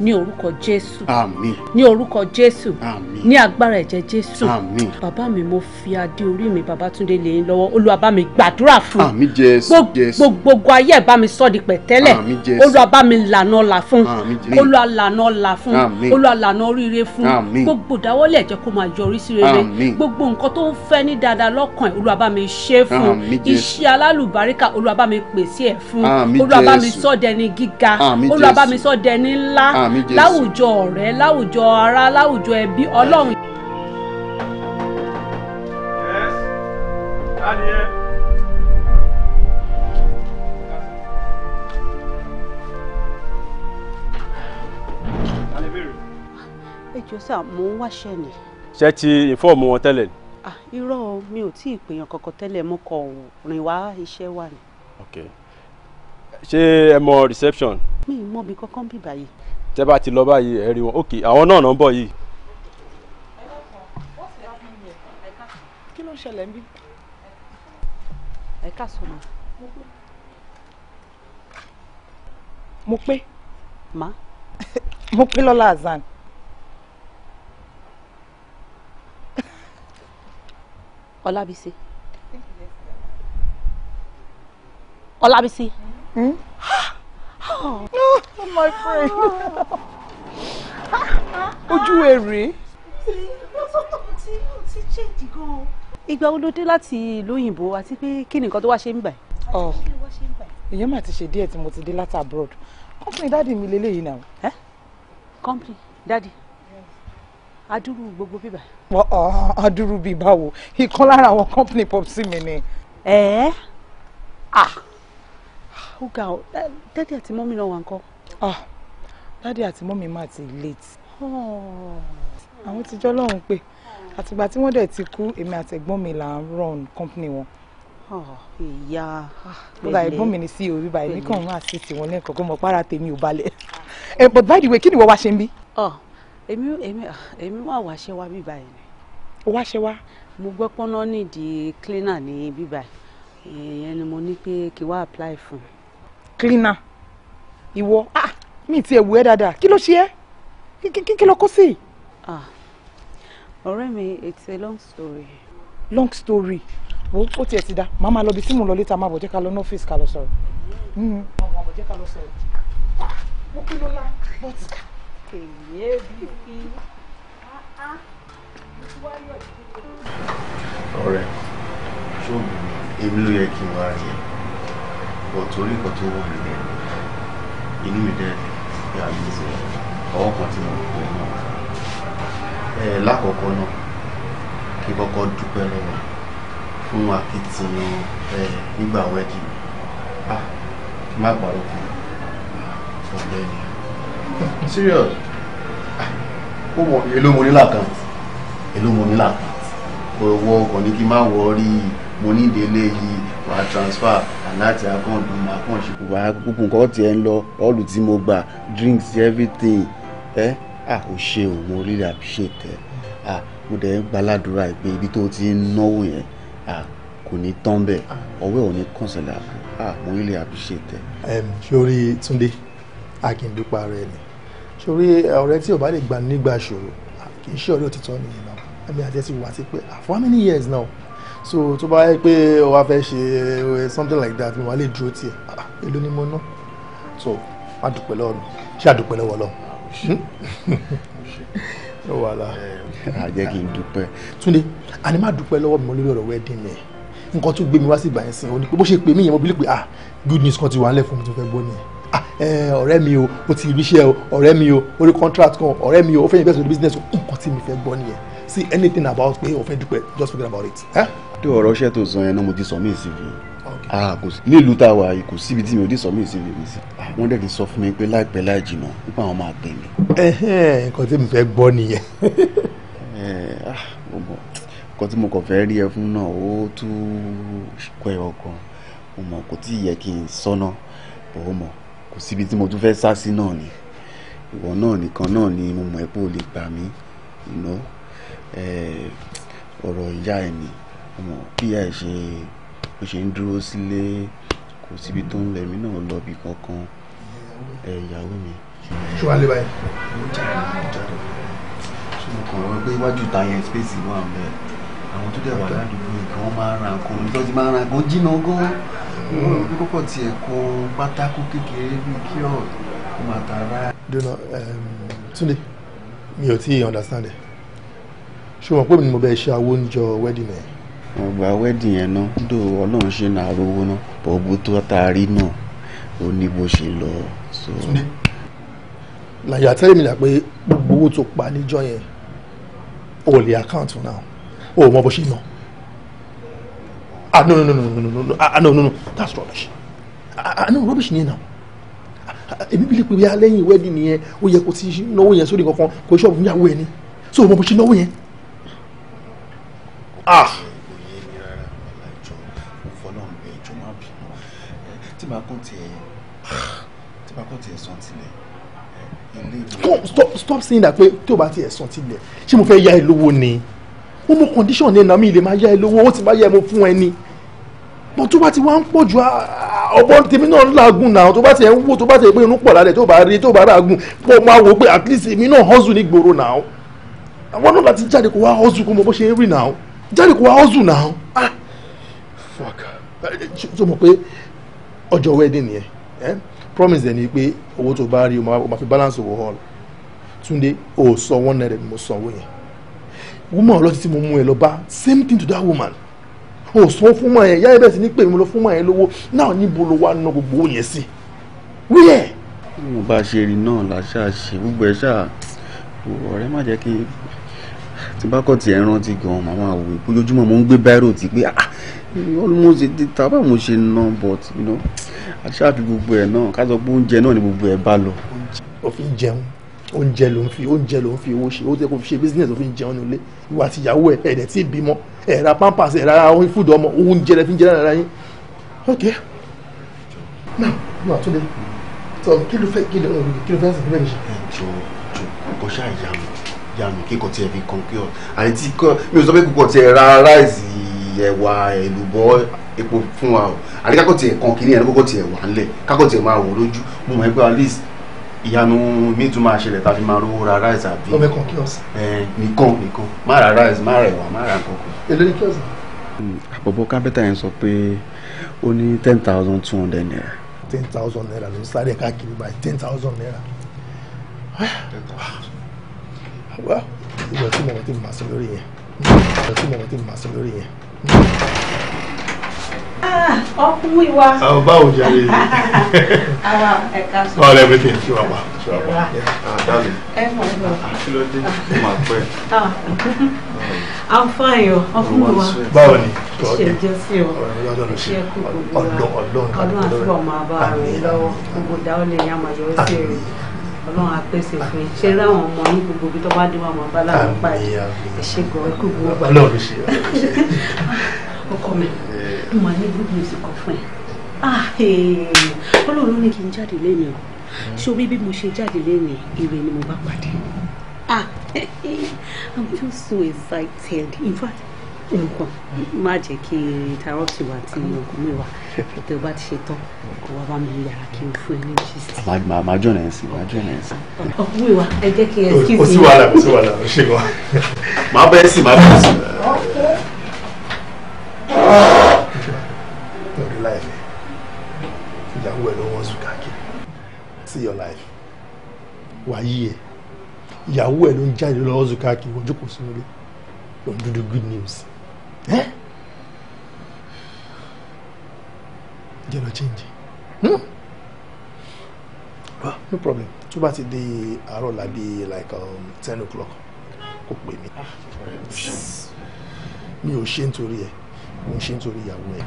Speaker 3: ní
Speaker 1: orúkọ jésù àmín ní orúkọ jésù àmín ní agbára ẹ̀jẹ̀ jésù àmín bàbá mi mo fi adé orí mi babatunde lè yín lọ́wọ́ olúwa bá mi gbàdúrà fún àmín jésù jésù gbogbo ayé ẹ̀ bá mi sọ di pẹ̀tẹ́lẹ̀ àmín jésù olúwa bá mi lànà ọ̀la fún àmín jésù olúwa lànà ọ̀la fún àmín olúwa lànà oríire fún àmín gbogbo ìdáwọ́lé ẹ̀jẹ̀ kó máa yọrí sí rere àmín gbogbo nǹkan tó ń fẹ́ láwùjọ ọ̀rẹ́ láwùjọ ará láwùjọ ẹbí ọlọ́run. ẹ jọ ń wáṣẹ́ ni.
Speaker 2: ṣé ti ìfọ́ọ̀mù wọn tẹ́lẹ̀ ni.
Speaker 1: irọ́ mi ò tí ì pèèyàn kankan tẹ́lẹ̀ mo kọ̀ rìn wá iṣẹ́ wà ni.
Speaker 5: ṣé ẹ mọ reception.
Speaker 1: mi ì mọ ibi kankan bí báyìí
Speaker 5: tẹ́ bá ti lọ báyìí ẹ rí wọn ok àwọn náà náà ń bọ̀ yìí.
Speaker 1: kí ló ń ṣẹlẹ̀ ń bí. ẹ̀ka sọ̀nà. mo pé. ma. mo pé lọ́la azan. ọlábísí. ọlábísí. Mm?
Speaker 4: Oh, oh my friend.
Speaker 1: Ojú èrè. Ìgbà wo ló dé láti ìlú òyìnbó àti pé kí ni nǹkan tó wá ṣe ń gbà? Ọ̀ ìyẹn mà ti ṣe díẹ̀ tí mo ti dé láti abroad. Kọ́mpìnì dáàdì mi lélẹ́yìí náà. Ẹ́ kọ́mpìnì dáàdì adúrú gbogbo bíbà. Adúrú bíi báwo? Ìkan lára àwọn kọ́mpìnì pọ̀pì sí mi ni. Ẹ̀ẹ́ ah ó ga ọ dádì àti mọ́mí náà wà ńkọ́. Ah, dádì àti mọ́mí máa ti late.
Speaker 3: Oh.
Speaker 1: àwọn ti jọ́ lọ́hùn pé àtìgbà tí wọ́n dẹ̀ ti kú èmi àtẹ̀gbọ́n mi là ń run company wọn. Oh, ìyá ah, bẹ́ẹ̀ ni ẹ̀gbọ́n mi ni ceo bíbá èmi kàn máa sí tiwọn lẹ́ẹ̀kan kó mọ̀ para tèmi ò balẹ̀. Eh, but by the way kí ni wọ́n wá ṣe ń bí. Oh, èmi èmi ah, èmi wà wá ṣe wá bíbá yìí. ó wá ṣe wá. mo gbọ́ pọ́nà nídìí cleaner ní bíbá yìí ni mo ní pé kí wá apply fún un cleaner ìwọ ah mi ti ẹ̀wù ẹ́ dáadáa kí ló ṣe ẹ́ kí ló kó sí. Ah, ọ̀rẹ́ mi it's a long story. long story wo ó tiẹ̀ ti da màá máa lọ bí tí mò ń lọ létà máa bọ̀ jẹ́ ká lọ ní ọ́fíìsì ká lọ
Speaker 3: sọ̀rọ̀ máa hmm,
Speaker 1: bọ̀ jẹ́ ká lọ sọ̀rọ̀ mo
Speaker 2: ọ̀rẹ́ ṣóògùn èmi ló yẹ kí n wá rí ẹ pọ̀ torí nǹkan tó wọ̀ mí bẹ́ẹ̀ inú mi dẹ́ pé àyè ìṣẹ̀ ọwọ́ kan tí mo pè é náà ẹ lákọ̀ọ́kọ́ náà kí kọ́kọ́ dúpẹ́ lọ́wọ́ fún akitiyan ẹ nígbà wẹ́dì ah má parọ́ fún mi ah, ọ̀gbẹ́ ni serious ah, ó mọ èló mo nílà kan èló mo nílà kan kò wọ ọkàn ní kí n má wọ rí i mo ní ìdílé yìí wàá transfer aláàtì akọ́ọ̀dùn máa kàn ṣe. wàá gbogbo nǹkan tí ẹ ń lọ ọ̀lù tí mo gbà drinks everything ẹ à ò ṣe ò mo really appreciate ẹ à mo dẹ̀ ń gbàládùra pé ibi tó ti ń náwó yẹn à kò ní tán bẹ́ẹ̀ ọwọ́ ò ní kọ̀ǹsẹ̀lẹ̀ àpò à mo really appreciate ẹ. sórí Túndé akíndúpà rẹ ni sórí ọ̀rẹ́ tí ò bá lè gbà nígbà ṣòro kì í ṣe ọ̀rẹ́ òtítọ́ nìyẹn náà ẹ̀mí àti pé for how many years now so tó bá yẹ pé o wá fẹ́ ṣe eh, something like that mo wá lè dúró tiẹ̀ ah, èló ni mo ná so má dúpẹ́ lọ́wọ́ mi ṣé àdúpẹ́ lọ́wọ́ lọ́wọ́ ó wà lá. àjẹ́ kí n dúpẹ́. Túndé àní má dúpẹ́ lọ́wọ́ mi lórí ọ̀rọ̀ wedding mi nǹkan tó gbé mi wá sí ìgbà yẹn sìn ó ní pé bó ṣe pè mí yẹn mo bí lè pé ah good news kan ti wà nílẹ̀ fún mi tó fẹ́ gbọ́ nìyẹn ah, eh, ọ̀rẹ́ mi o o ti ríṣẹ́ o ọ̀rẹ́ mi o orí contract kan ọ̀rẹ́ mi o o fẹ́ invest in business o nǹkan tí mi fẹ́ gbọ́ nìyẹn see anything about pé o fẹ́ dúpẹ́ just forget about it. Eh? tí ọ̀rọ̀ ṣẹ́ tó sọ yẹn náà mo ti sọ mí ìsìnkú ah kò sí nílùú tá a wà yìí kò síbi tí mi ò ní sọ mí ìsinmi mi sí wọ́n dẹ̀ ti sọ fún mi pé láìpẹ́ láì jìnnà nípa àwọn máa pè mí. nǹkan tí mo fẹ́ gbọ́ nìyẹn. Eh, ah, nǹkan tí mo kàn fẹ́ rí ẹ fún náà ó tú kọ́ ẹ ọkàn mo mọ̀ kò tí ì yẹ kí n sọ́nà bọ̀ ó mọ̀ kò síbi tí mo tún fẹ́ sá sí náà ni ìwọ náà nìkan náà ni mo mọ̀ ẹ́ pé o lè gbà mí eh, ọ̀rọ̀ ìyá ẹ̀ nìyẹn ọmọ bí ẹ ṣe bó ṣe ń dúró sílé kò síbi tó ń lọ náà lọ bí kankan ẹ ìyàwó mi.
Speaker 4: ṣé wàá lé báyìí. ṣé mo kàn wọ́n pé iwájú
Speaker 2: ta yẹn space wà ń àwọn tó dẹ̀ wà ládùúgbò nǹkan wọ́n máa ra nǹkan nígbà tí máa ra nǹkan jìnnà gan-an kókò tiẹ̀ kọ pátákó kékeré bíi kí ọ̀ kó máa ta ara. dona um, Túndé mi ò tí ì understand ẹ ṣé o mọ̀ pé mi ni mo bẹ ṣe awo ń jọ wedding ẹ̀ wọn gba wedding yẹn náà dò ọlọ́run ṣe náà rówó náà bọ̀bú tó tá a rí náà ó ní bó ṣe lọ. làyà tẹ́lẹ̀ mi là pé gbogbo owó tó pa níjọ́ yẹn ò lè àkáǹtì náà ò mọ bó ṣe náà ah no no no no no no ah, ah no no no that's rubbish ah, ah no rubbish ni now èmi bí lè pè bí alẹ́yìn wedding nìyẹn ó yẹ kó ti náwó yẹn sórí kankan kó ṣọ́ọ̀bù níyàwó ẹ ni so mo bó ṣe náwó yẹn ah. tí màá kàn tiẹ̀ tí màá kàn tiẹ̀ sàn tilẹ̀ stop stop saying that pé tí o bá tiẹ̀ sàn tilẹ̀ ṣé mo fẹ́ yá ẹ lówó ni wọ́n mọ condition ní ẹ̀nà mi lè máa yá ẹ lówó ó ti máa yá ẹ mo fún ẹ ni bọ́n tó bá ti wá ń pọ̀ ju ah, ọgbọ́n tèmi náà láàgùn náà tó bá ti ẹ̀ ń wò tó bá ti ẹ̀ pé irun pọ̀ lálẹ́ tó bá rí tó bá ràgùn pọ̀ máa wò pé at least èmi náà hustle ní gbòòrò náà àwọn náà láti jáde kó wá hustle kó mọ bó ṣe ń rìn náà jáde kó wá hustle náà ah fuck ṣé o mọ̀ pé ọjọ́ wedding yẹn eh? promise ẹ̀ ni pé owó tó bá rí o máa fi balance owó hall Túndé o sọ one naira mo san owó yẹn woman ọlọ́tí tí mo mú ẹ lọ bá same thing to that woman o sọ fún ma yẹn yáyẹ bẹ́ẹ̀ sì ní pé mo lọ fún ma yẹn lówó náà níbo ló wá ná gbogbo owó yẹn sí wíyẹ. mo bá ṣe rí náà làṣà ṣe gbogbo ẹ ṣáà ọ̀rẹ́ má jẹ́ kí tí bá kọ̀ tí ẹ rántí gan màmá wò ó ojoojúmọ́ mo ń gbé bírò pé ah almost eighty ta bá ṣe ná but you know àṣàfi gbogbo ẹ̀ náà ká sọ pé oúnjẹ náà ni gbogbo ẹ̀ bá lọ. ó fi jẹun oúnjẹ ló ń fi oúnjẹ ló ń fi owó ṣe ó tẹ kó fi ṣe business ó fi ń jẹun nílé ìwà àtìyàwó ẹ ẹ̀dẹ̀ tí ì bímọ ẹ̀ pampers ẹ̀ ra fúdù ọmọ oúnjẹ rẹ fi ń jẹ lára yín. ok now now Túndé sọ kí ló fẹ́ kí ló fẹ́ sọ fún mi. jọ jọ kò ṣáà yà yanu kíkọ tí ẹ fi kàn kí ọ àti kan mi ò sọ pé kíkọ tí ẹ ra ráìsì ẹ̀wà ẹ̀lùbọ́ epo fún wa o àti kákọ tí ẹ kàn kí ni ẹni kókó tí ẹ wà ńlẹ̀ kákọ tí ẹ máa wò lójú mo mọ̀ ẹ́ pé at least ìyanu mi tún máa ṣẹlẹ̀ tàbí máa rówó ra ráìsì àbí. ọmọ ẹ̀kan kí ọ̀sán. ẹ nìkan nìkan má ra ráìsì má ra ẹ̀wà má ra kọ̀ọ̀kan. èlò ni kí ọ̀sán. Hmm, àbọ̀bọ̀ kápẹ́tà yẹn sọ pé ó ní ten thousand two hundred naira. ten thousand naira ló ń sáré káàkiri báyìí ten thousand naira wá ìwọ tí mo mọ̀ tí mo máa sọ lórí yẹn ìwọ tí mo mọ̀ tí mo máa sọ lórí yẹn.
Speaker 1: Ah, ọkùnrin wa. àwọn báwo jàre. àwa ẹ̀ka sọ. all
Speaker 2: everything ṣe wà pa ṣe wà pa. Ah, dálẹ̀
Speaker 1: ah,
Speaker 2: kí ló dé kó máa pẹ́.
Speaker 1: I'm fine o ọkùnrin wa. báwo ni ṣe
Speaker 2: jẹ́ sí o ṣe kú gbogbo wa ọdún àti bọ̀ máa bá a
Speaker 1: rìn lọ́wọ́ gbogbo dáwọ́ lè yàn máa sí rẹ̀ ọlọ́run apẹ́sẹ̀ fún yín ṣe ráwọn ọmọ yín gbogbo ibi tó bá dé wọn máa bá láwọn pàdé ẹ ṣe gan ẹ kú gbogbo ọgbà ọlọ́run ṣe ọkọ mi mo ní good news kan fún ẹ ah, ọlọ́run ní kí n jáde lẹ́nu o
Speaker 3: mm. ṣé
Speaker 1: orí bí mo ṣe jáde lẹ́nu ire ni mo bá pàdé ah i'm just so excited in fact nǹkan má jẹ́ kí tarọ́ọ̀tì wà tí nǹkan mi wà tó bá ti ṣe tán
Speaker 3: kó wá bá mi yàrá kí n fún ẹ ní gist.
Speaker 2: màá máa jọ̀nà ẹ̀ sí màá jọ̀nà ẹ̀ sí.
Speaker 3: ọkùnrin wa ẹ
Speaker 4: jẹ́ kí ẹ kí n. kò sí wàhálà
Speaker 2: kò sí wàhálà ó ṣe wá.
Speaker 1: màá bẹ́ẹ̀ sì màá bẹ́ẹ̀ sì.
Speaker 2: lórí láìpẹ́ ìyàwó ẹ̀ ló wọ́n sùn káàkiri sí your life wàyí ẹ̀ ìyàwó ẹ̀ ló ń jáde lọ́wọ́ sùn káàkiri ojú kò sí nílé lọ́n dúdú good news ẹ́ jẹ́ lọ chíǹjì well hmm? ah, no problem tó bá ti di àárọ̀ làbí like um, ten o'clock kò pè mí ah, mi ò ṣe nítorí ẹ Me ṣe nítorí ìyàwó ẹ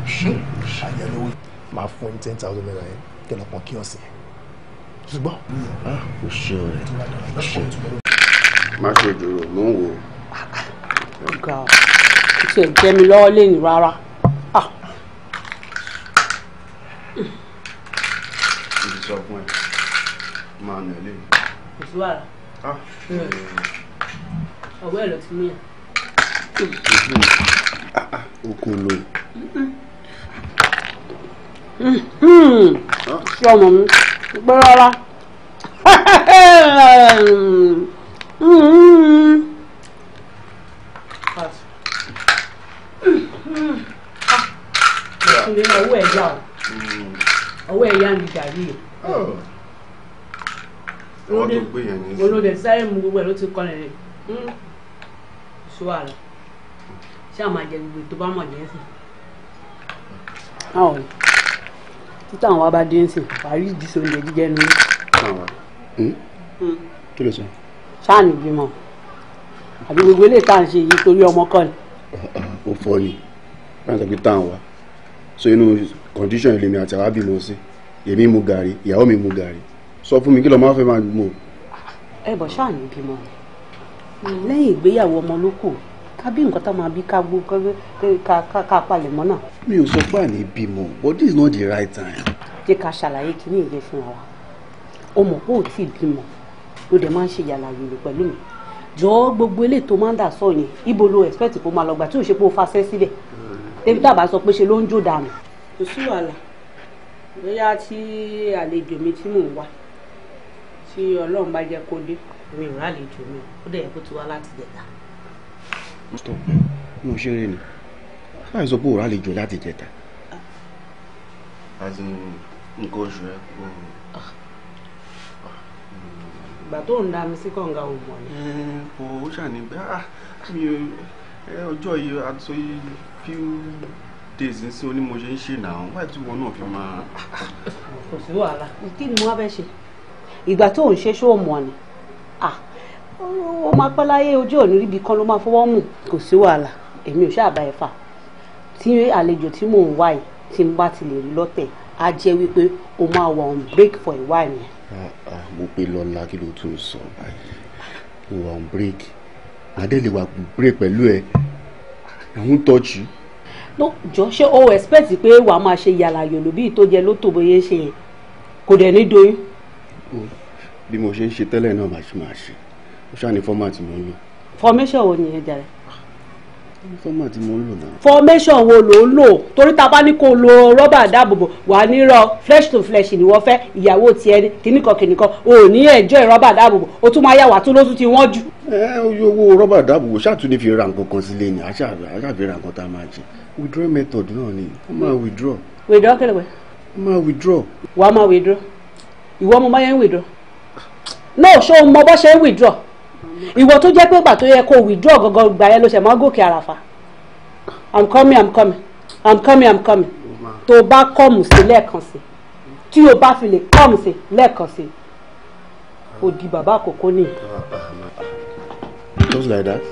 Speaker 2: àyẹ̀lówó máa fún ní ten thousand naira yẹn kí ẹ lọ pọn kí ọ̀sìn ṣùgbọ́n. o ah, ṣe o rẹ o ṣe. má ṣe dúró mò ń wò.
Speaker 1: ọ̀gá o tiẹ̀ jẹ́ mi lọ́wọ́ lẹ́nu rárá. Ah. Ah. okun lo. ṣé ọmọ mi gbé rárá. Mm-hmm. ìṣúlẹ̀ títà àwọn abadé ń sìn parí ìdísọ oúnjẹ jíjẹ ní. Hmm? Hmm. kí ló sọ. sáà nìgbìmọ̀ àbí gbogbo eléyìí tá à ń ṣe yìí torí ọmọ kọ́ ni.
Speaker 2: ó fọ ni láti pé tán wa so inú condition ilé mi àti àwábì lọ sí èmi mu gàrí ìyàwó mi mu gàrí sọ fún mi kí ló máa fẹ́ máa mú.
Speaker 1: ẹ bọ̀ ṣáà ní bímọ lẹ́yìn ìgbéyàwó ọmọ ló kù ká bí nǹkan tó máa bí ká gbó ká palẹ̀ mọ́ náà.
Speaker 2: mi ò sọ pé àní bímọ but this is not the right time.
Speaker 1: jẹ́ ká ṣàlàyé kíní ìyẹn fún wa o mọ̀ pé ò tí ì bímọ ló dẹ̀ máa ń ṣe yàlàyé rẹ̀ pẹ̀lú mi jọ gbogbo eléyìí tó máa ń dà sọ yẹn ibo lo expect kó máa lọ gbà tí ò ṣe pé o fa sẹ́ sílẹ̀ débi tá a bá sọ pé ṣe ló ń jò dànù. kò sí wàhálà bóyá tí àlejò mi tí mò ń wá tí ọlọ́run bá jẹ́ kó dé mi ò rálejò mi ó dẹ̀ yẹ kó ti wá láti jẹta.
Speaker 2: mọ́tò mo ṣe eré ni láì sọ pé ò rálejò láti jẹta. àti nǹkan oṣù rẹ kò.
Speaker 1: ìgbà tó ń dá mi sí
Speaker 2: kànga ò mọ̀ ni. kò ó ṣàní bẹ́ẹ̀ ah, mi ò ọjọ́ yìí àti few days ń sọ ni mo ṣe ń ṣe náà wáyé tí wọn náà fi máa.
Speaker 1: kò sí wàhálà kí ni wọn fẹ́ ṣe ìgbà tó ń ṣe ṣó mọ̀ ni ó máa pẹ́ láyé ojú òní ríbi kan ló máa fọwọ́ mú kò sí wàhálà èmi ò ṣáà bá ẹ fà tí àlejò tí mò ń wá yìí tí n bá ti lè rí lọ́tẹ̀ á jẹ́ wípé o máa wà on break for a while yẹn.
Speaker 2: Ah, ah, mo pe lọ́la kí ló tún sọ mo wà on break adele wa pray pẹ̀lú ẹ ẹ̀hún tọ́jú.
Speaker 1: no jọ ṣé o expect pé wà á máa ṣe yàrá yòlò bíi tó jẹ lótò bóyá ṣe yẹn kò dẹ̀ ní doyún.
Speaker 2: Oh, bí mo ṣe ń ṣe tẹ́lẹ̀ náà màá ṣe màá ṣe ó ṣàní fọ́mátì mo ń lò.
Speaker 1: formation wo nìyẹn jàre fọ́mà tí mo ń lò formation wo ló ń lò torí ta bá ní kó lo rọ́bà dáàbòbò wà nírọ̀ flesh to flesh ni wọ́n fẹ́ ìyàwó tiẹ̀ ní kìnnìkan kìnnìkan o ò ní ẹ̀jọ́ rọ́bà dáàbòbò o tún máa yà wà tó lóṣù tí wọ́n jù.
Speaker 2: ẹ oye owó rọ́bà dáàbòbò ṣáàtúndì fi ra nǹkan kan sílé ni aṣáàfi nǹkan tá a máa jẹ withdraw method náà ni wọ́n máa withdraw. withdraw kẹlẹ wẹ. wọ́n máa withdraw.
Speaker 1: wàá máa withdraw ìwọ ọmọ bá yẹn withdraw. no ṣé o mọ bó ṣe withdraw ìwọ tó jẹ́ pé ìgbà tó yẹ kó withdraw gangan gbà yẹn ló ṣe máa gòkè àràfà i'm coming i'm coming i'm coming i'm coming tó o bá kọ́ọ̀mù sí lẹ́ẹ̀kan sí tí o bá fi lè kọ́ọ̀mù sí lẹ́ẹ̀kan sí o di bàbá àkókò nìyí. just like that.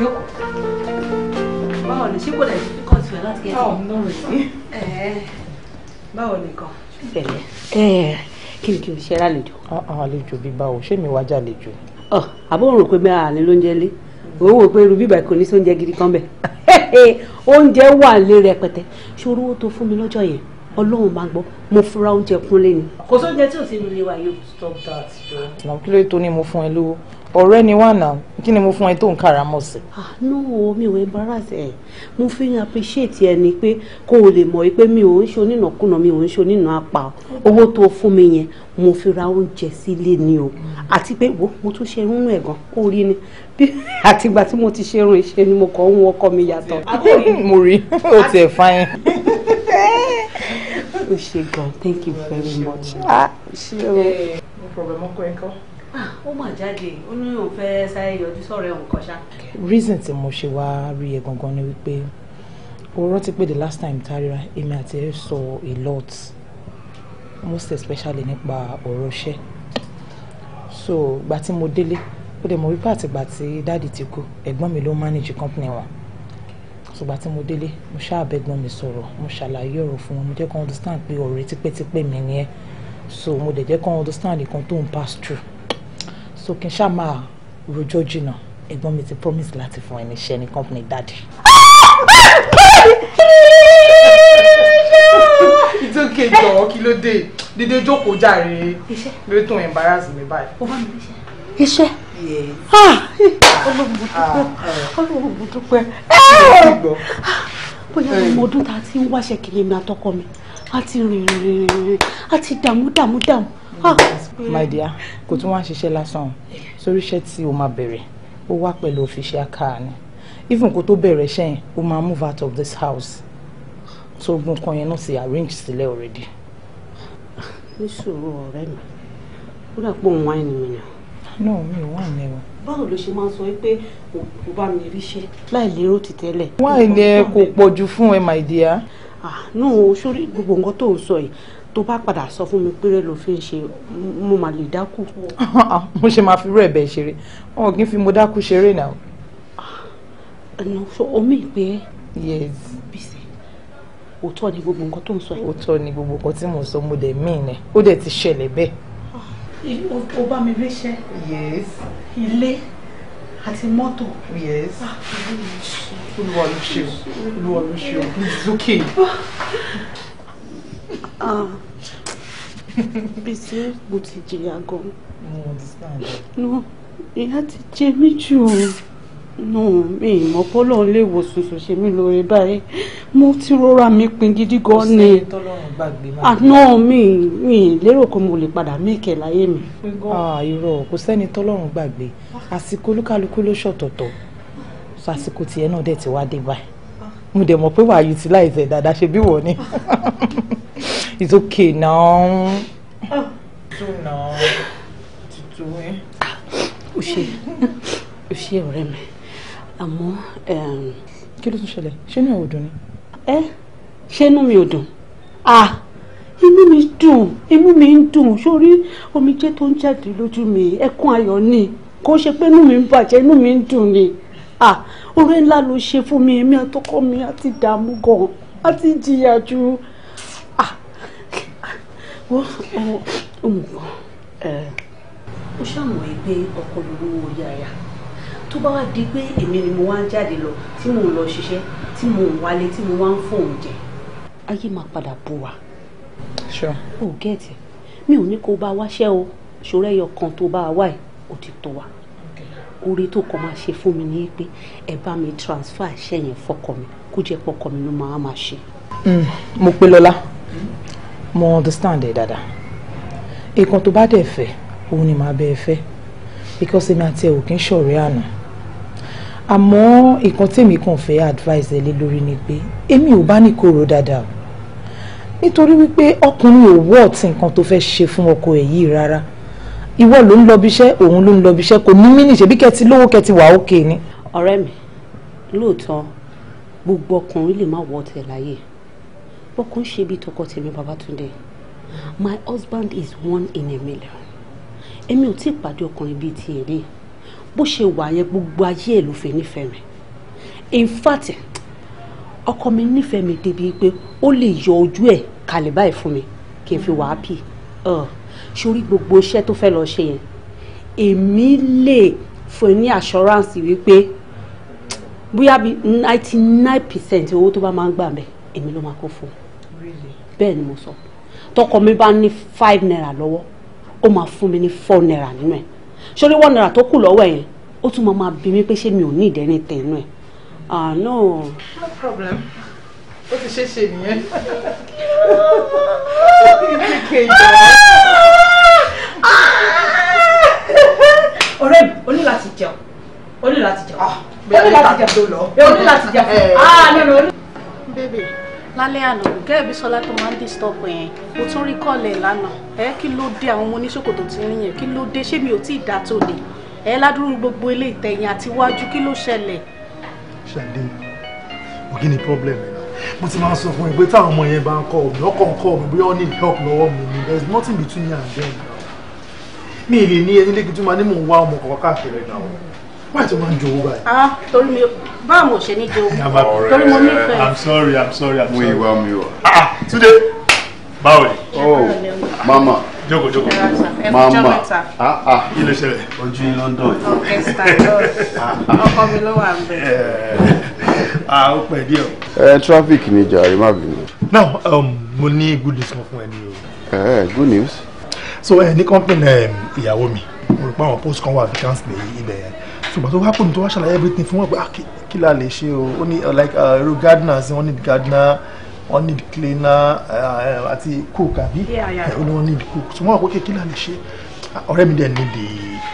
Speaker 1: Yo. báwo ni ṣé kò dẹ̀ elsewhere láti get. Oh, no worry. Báwo nìkan? Tẹ̀lé. Kí ni kí o ṣe lálejò? Àlejò bíi báwo, ṣé mi wájà àlejò? Àbọ̀ òun rò pé bí àlè ló ń jẹ́ lé. Òun wò pé rubí ìbàkú ní sóúnjẹ gidi kan bẹ̀. Oúnjẹ wà lé rẹpẹtẹ. Ṣé orúwó tó fún mi lọ́jọ́ yẹn? Ọlọ́run máa gbọ́, mo fura oúnjẹ kúnlé ni. Kò sóúnjẹ tí ò sí nílé wa yóò. Stop that. Nàá kí ló tó ní mo fún ẹ lówó? ọ̀rẹ́ ni wà náà kí ni mo fún ẹ tó ń kára mọ̀ sí. Ah, no mi ò embarrass ẹ mo fi ń appreciate ẹ ni pé kó o lè mọ̀ pé mi ò ń ṣe onínàkúnà mi ò ń ṣe onínà apá owó tó fún mi yẹn mo fi ra oúnjẹ sílé ni o àti pé wo mo tún ṣe irun ẹ̀ gan ó rí ni bí àtìgbà tí mo ti ṣe irun ìṣe ni mo kàn ń wọ́n mi yàtọ̀. mo rí o tiẹ̀ fáyín o ṣe gan thank you very much. Ah,
Speaker 6: ṣé o. Eh, no
Speaker 1: problem ọkọ ẹ kọ́. Ah, ó mà jáde ó ní òun fẹ́ sáré yọjú sọ̀rọ̀ ẹ̀hún kọ́ṣá. reason tí mo ṣe wá rí ẹ gangan ni wípé o rántí pé the last time tarira èmi àti ẹ sọ a lot most especially nípa ọ̀rọ̀ iṣẹ́ so gba tí mo délé ó dẹ̀ mọ̀ wípé àtìgbà tí dáàdì ti kú ẹ̀gbọ́n mi ló manage company wa ṣùgbà tí mo délé mo ṣáàbẹ̀gbọ́n mi sọ̀rọ̀ mo ṣàlàyé ọ̀rọ̀ fún wọn mo jẹ́ kó understand pé ọ̀rẹ́ tipẹ́tipẹ́ mi ni ẹ́ so mo dẹ̀ jẹ́ kó understand nǹkan tó ń pass through so kí n ṣáà máa rojọ́ jìnnà ẹ̀gbọ́n mi ti promise láti fún ẹ níṣẹ́ ní company daddy. it's okay jọ̀ọ́ kí ló dé dídé jókòó jàre lórí tó embarrass mi báyìí. ó bá mi níṣẹ́. iṣẹ́ ah! Ah, ah, ọlọ́run mo dúpẹ́ ọlọ́run mo dúpẹ́ bóyá ọmọ ọdún tá a ti ń wáṣẹ́ kiri mi àtọkọ mi a ti rìn rìn rìn rìn a ti dààmú dààmú dààmú Ah, my dear kò tún wá ń ṣiṣẹ́ lásán o sórí iṣẹ́ tí o máa bẹ̀rẹ̀ ó wá pẹ̀lú official car ni even kó tó bẹ̀rẹ̀ iṣẹ́ yẹn o máa move out of this house tó gun kan yẹn náà ti arrange sílẹ̀ already. ní sòrò ọ̀rẹ́ mi ó dà pé òun wáìnì mi nà. náà mi ò wá ní o. báwo ló ṣe máa ń sọ pé kò bá mi ríṣẹ́ láì lérò ti tẹ́lẹ̀. wáìnì ẹ kò pọ̀ jù fún ẹ my dear. ah no sórí gbogbo nǹkan tó ń sọ yìí tó bá padà sọ fún mi péré ló fi ń ṣe mo mà lè dákú.
Speaker 6: mo ṣe máa fi rú ẹ̀bẹ̀ ṣeré wọn kí n fi mo dákú ṣeré náà. Ah,
Speaker 1: ẹnu sọ omi ìpè é. yes. bísí òótọ́ ni gbogbo nǹkan tó ń sọ yìí. òótọ́ ni gbogbo nǹkan tí mò ń sọ mo dẹ̀ mí ni ó dẹ̀ ti ṣẹlẹ̀ bẹ́ẹ̀. Ah, o bá mi ríṣẹ́. yes. ilé àti mọ́tò. yes.
Speaker 3: Ah, olúwa ló ṣe o olúwa ló
Speaker 6: ṣe o
Speaker 1: Ah. Bísí mo ti jìyà gan. No, ìyà ti jẹ mí jù o. No, mi ìmọ̀ bọ́lọ̀ ilé ìwòsàn sò ṣe mí lóore báyìí. Mo ti rọra mi pin gidi gan ni. Àná ah, mi mi lérò pé mo lè padà mẹ́kẹ̀ láyé mi. Ah, irọ́ kò sẹ́ni tọ́lọ́run gbàgbé. Àsìkò olúkálukú ló ṣọ̀tọ̀tọ̀. Sọ àsìkò tiẹ̀ náà dẹ̀ ti wá dé báyìí mo dẹ̀ mọ̀ pé wàá utilize ẹ̀ dáadáa ṣe bí wọ̀ ni it's okay now. tutu now tutu ẹ. o ṣe o ṣe ọ̀rẹ́ mi àmọ́. Ehm, kí ló tún ṣẹlẹ̀ ṣé inú ẹ̀ ò dùn ni. ẹ ṣé inú mi ò dùn ah inú mi dùn inú mi ń dùn sórí omijé tó ń jáde lójú mi ẹkún ayọ̀ ni kò ṣe pé inú mi ń bàjẹ́ inú mi ń dùn ni ah oore ńlá ló ṣe fún mi èmi àtọkọ mi àti dààmú gan àti jìyà ju ah wọ́n ọmọ kan ó ṣàmọ̀ yìí pé ọkọ lòun ò yára tó bá wá di pé èmi ni mo wá ń jáde lọ tí mò ń lọ ṣiṣẹ́ tí mò ń wálé tí mo wá ń fóun jẹ ayé máa padà bù wá. sure. o gẹ́ẹ̀tì mi ò ní kó o bá wáṣẹ́ o ṣòro ẹyọ kan tó bá wà yìí ó ti tó wa oore tó kọ́ máa ṣe fún mi ní pé ẹ bá mi transfer iṣẹ́ yẹn fọkọ mi kó jẹ́ pọkọ mi ló máa máa ṣe. Mm, mo pe lọlá mo understand ẹ dáadáa nǹkan tó bá dẹ̀ fẹ́ òun ni màá bẹ ẹ fẹ́ because èmi àti ẹ ò kí ń ṣọ̀rẹ́ àná àmọ́ nǹkan tèmi kàn fẹ́ advice ẹ lé lórí ni pé èmi ò bá ní kóró dáadáa nítorí wípé ọkùnrin ò wọ́ọ̀tì nǹkan tó fẹ́ ṣe fún ọkọ ẹ̀ yìí rárá ìwọ ló ń lọbi iṣẹ́ òun ló ń lọbi iṣẹ́ kò ní mínì ṣebí kẹtì lówó kẹtì wà ókè ni. ọ̀rẹ́ mi lóòótọ́ gbogbo ọkùnrin lè má wọ ọ̀tẹ̀ láyè bọ́kàn ṣe bíi tọkọ-tèmi Babátúndé my husband is one in a million èmi ò tí ì pàdé ọkùnrin bíi tiẹ̀ rí bó ṣe wà yẹn gbogbo ayé ẹ̀ ló fẹ́ nífẹ̀ẹ́ mi in fact ọkọ mi nífẹ̀ẹ́ mi débi pé ó lè yọ ojú ẹ̀ kalẹ̀ báyìí fún mi kí n fi wàá pì. Uh, sórí gbogbo iṣẹ́ tó fẹ́ lọ ṣe yẹn èmi lè fún ní assurance wípé bóyá bí ninety nine percent owó tó bá máa ń gbà mẹ́ èmi ló máa kó fún un bẹ́ẹ̀ ni mo sọ tọkọ mi bá ní five naira lọ́wọ́ ó máa fún mi ní four naira nínú ẹ̀ sórí one naira tó kù lọ́wọ́ ẹ̀ ó tún máa máa bí mi pé ṣé mi ò ní ìdẹ́ni tẹ̀ nínú ẹ̀ ah no. no
Speaker 6: problem ó ti ṣe é ṣe nìyẹn ó ti ṣe kejì
Speaker 1: ọ̀rẹ́ mi ó ní láti jẹun ó ní láti jẹun ó ah nínú orí. bébè lálẹ́ àná gẹ́gẹ́ bí sọlá tó máa ń disturb yẹn mo tún rí kọ́ọ̀lẹ̀ lánàá ẹ kí ló dé àwọn ọmọ oníṣòkòtò tí ń rìn yẹn kí ló dé ṣé mi ò tí ì dá tó dé ẹ ládùúrú gbogbo ilé ìtẹ̀yìn àti iwájú kí ló ṣẹlẹ̀.
Speaker 2: ṣàlẹ́ ògì ni problem ẹ mo ti máa sọ fún ẹ pé táwọn ọmọ yẹn bá ń kọ òun lọ́kàn kọ bóyá ó ní help lọ́wọ́ mi ni there is nothing between you and them now mi ì lè ní ẹni lẹ́kìtì tó máa ní mò ń wá ọmọ kọ̀ọ̀kan káàkiri náà wọ́n ti máa ń jowó báyìí.
Speaker 1: ah torí mi báwo mo ṣe ní jowó
Speaker 2: torí mo nífẹ̀ẹ́. i'm sorry i'm sorry i'm sorry. mo ìwà mi wà. ah, ah túnde báwo ni. oh mama jókòó jókòó mama ah ah kí ló ṣẹlẹ̀. ojú yín ló ń dán
Speaker 4: ah, ah. ọkọ mi
Speaker 3: ló wà ń
Speaker 2: bẹ. ah ó pẹ́ díẹ̀ ẹ traffic ni jàre má bínú. now um, mo ní good news kan fún ẹ ní o. ẹ good news. so ẹ ní company um, ìyàwó mi mo rò pé àwọn post kan wà vacant ní ibẹ̀ yẹn ṣùgbọ́n tó wá pè mí tó wá ṣàlàyé everything fún wọn pé ah, kí la lè ṣe o ó ní uh, like uh, irú gardener sí wọn need gardener wọn need cleaner uh, àti cook àbí ó ní wọn need cook So, ṣùgbọ́n àpò kékeré la lè ṣe ah, ọ̀rẹ́ mi dẹ̀ ní di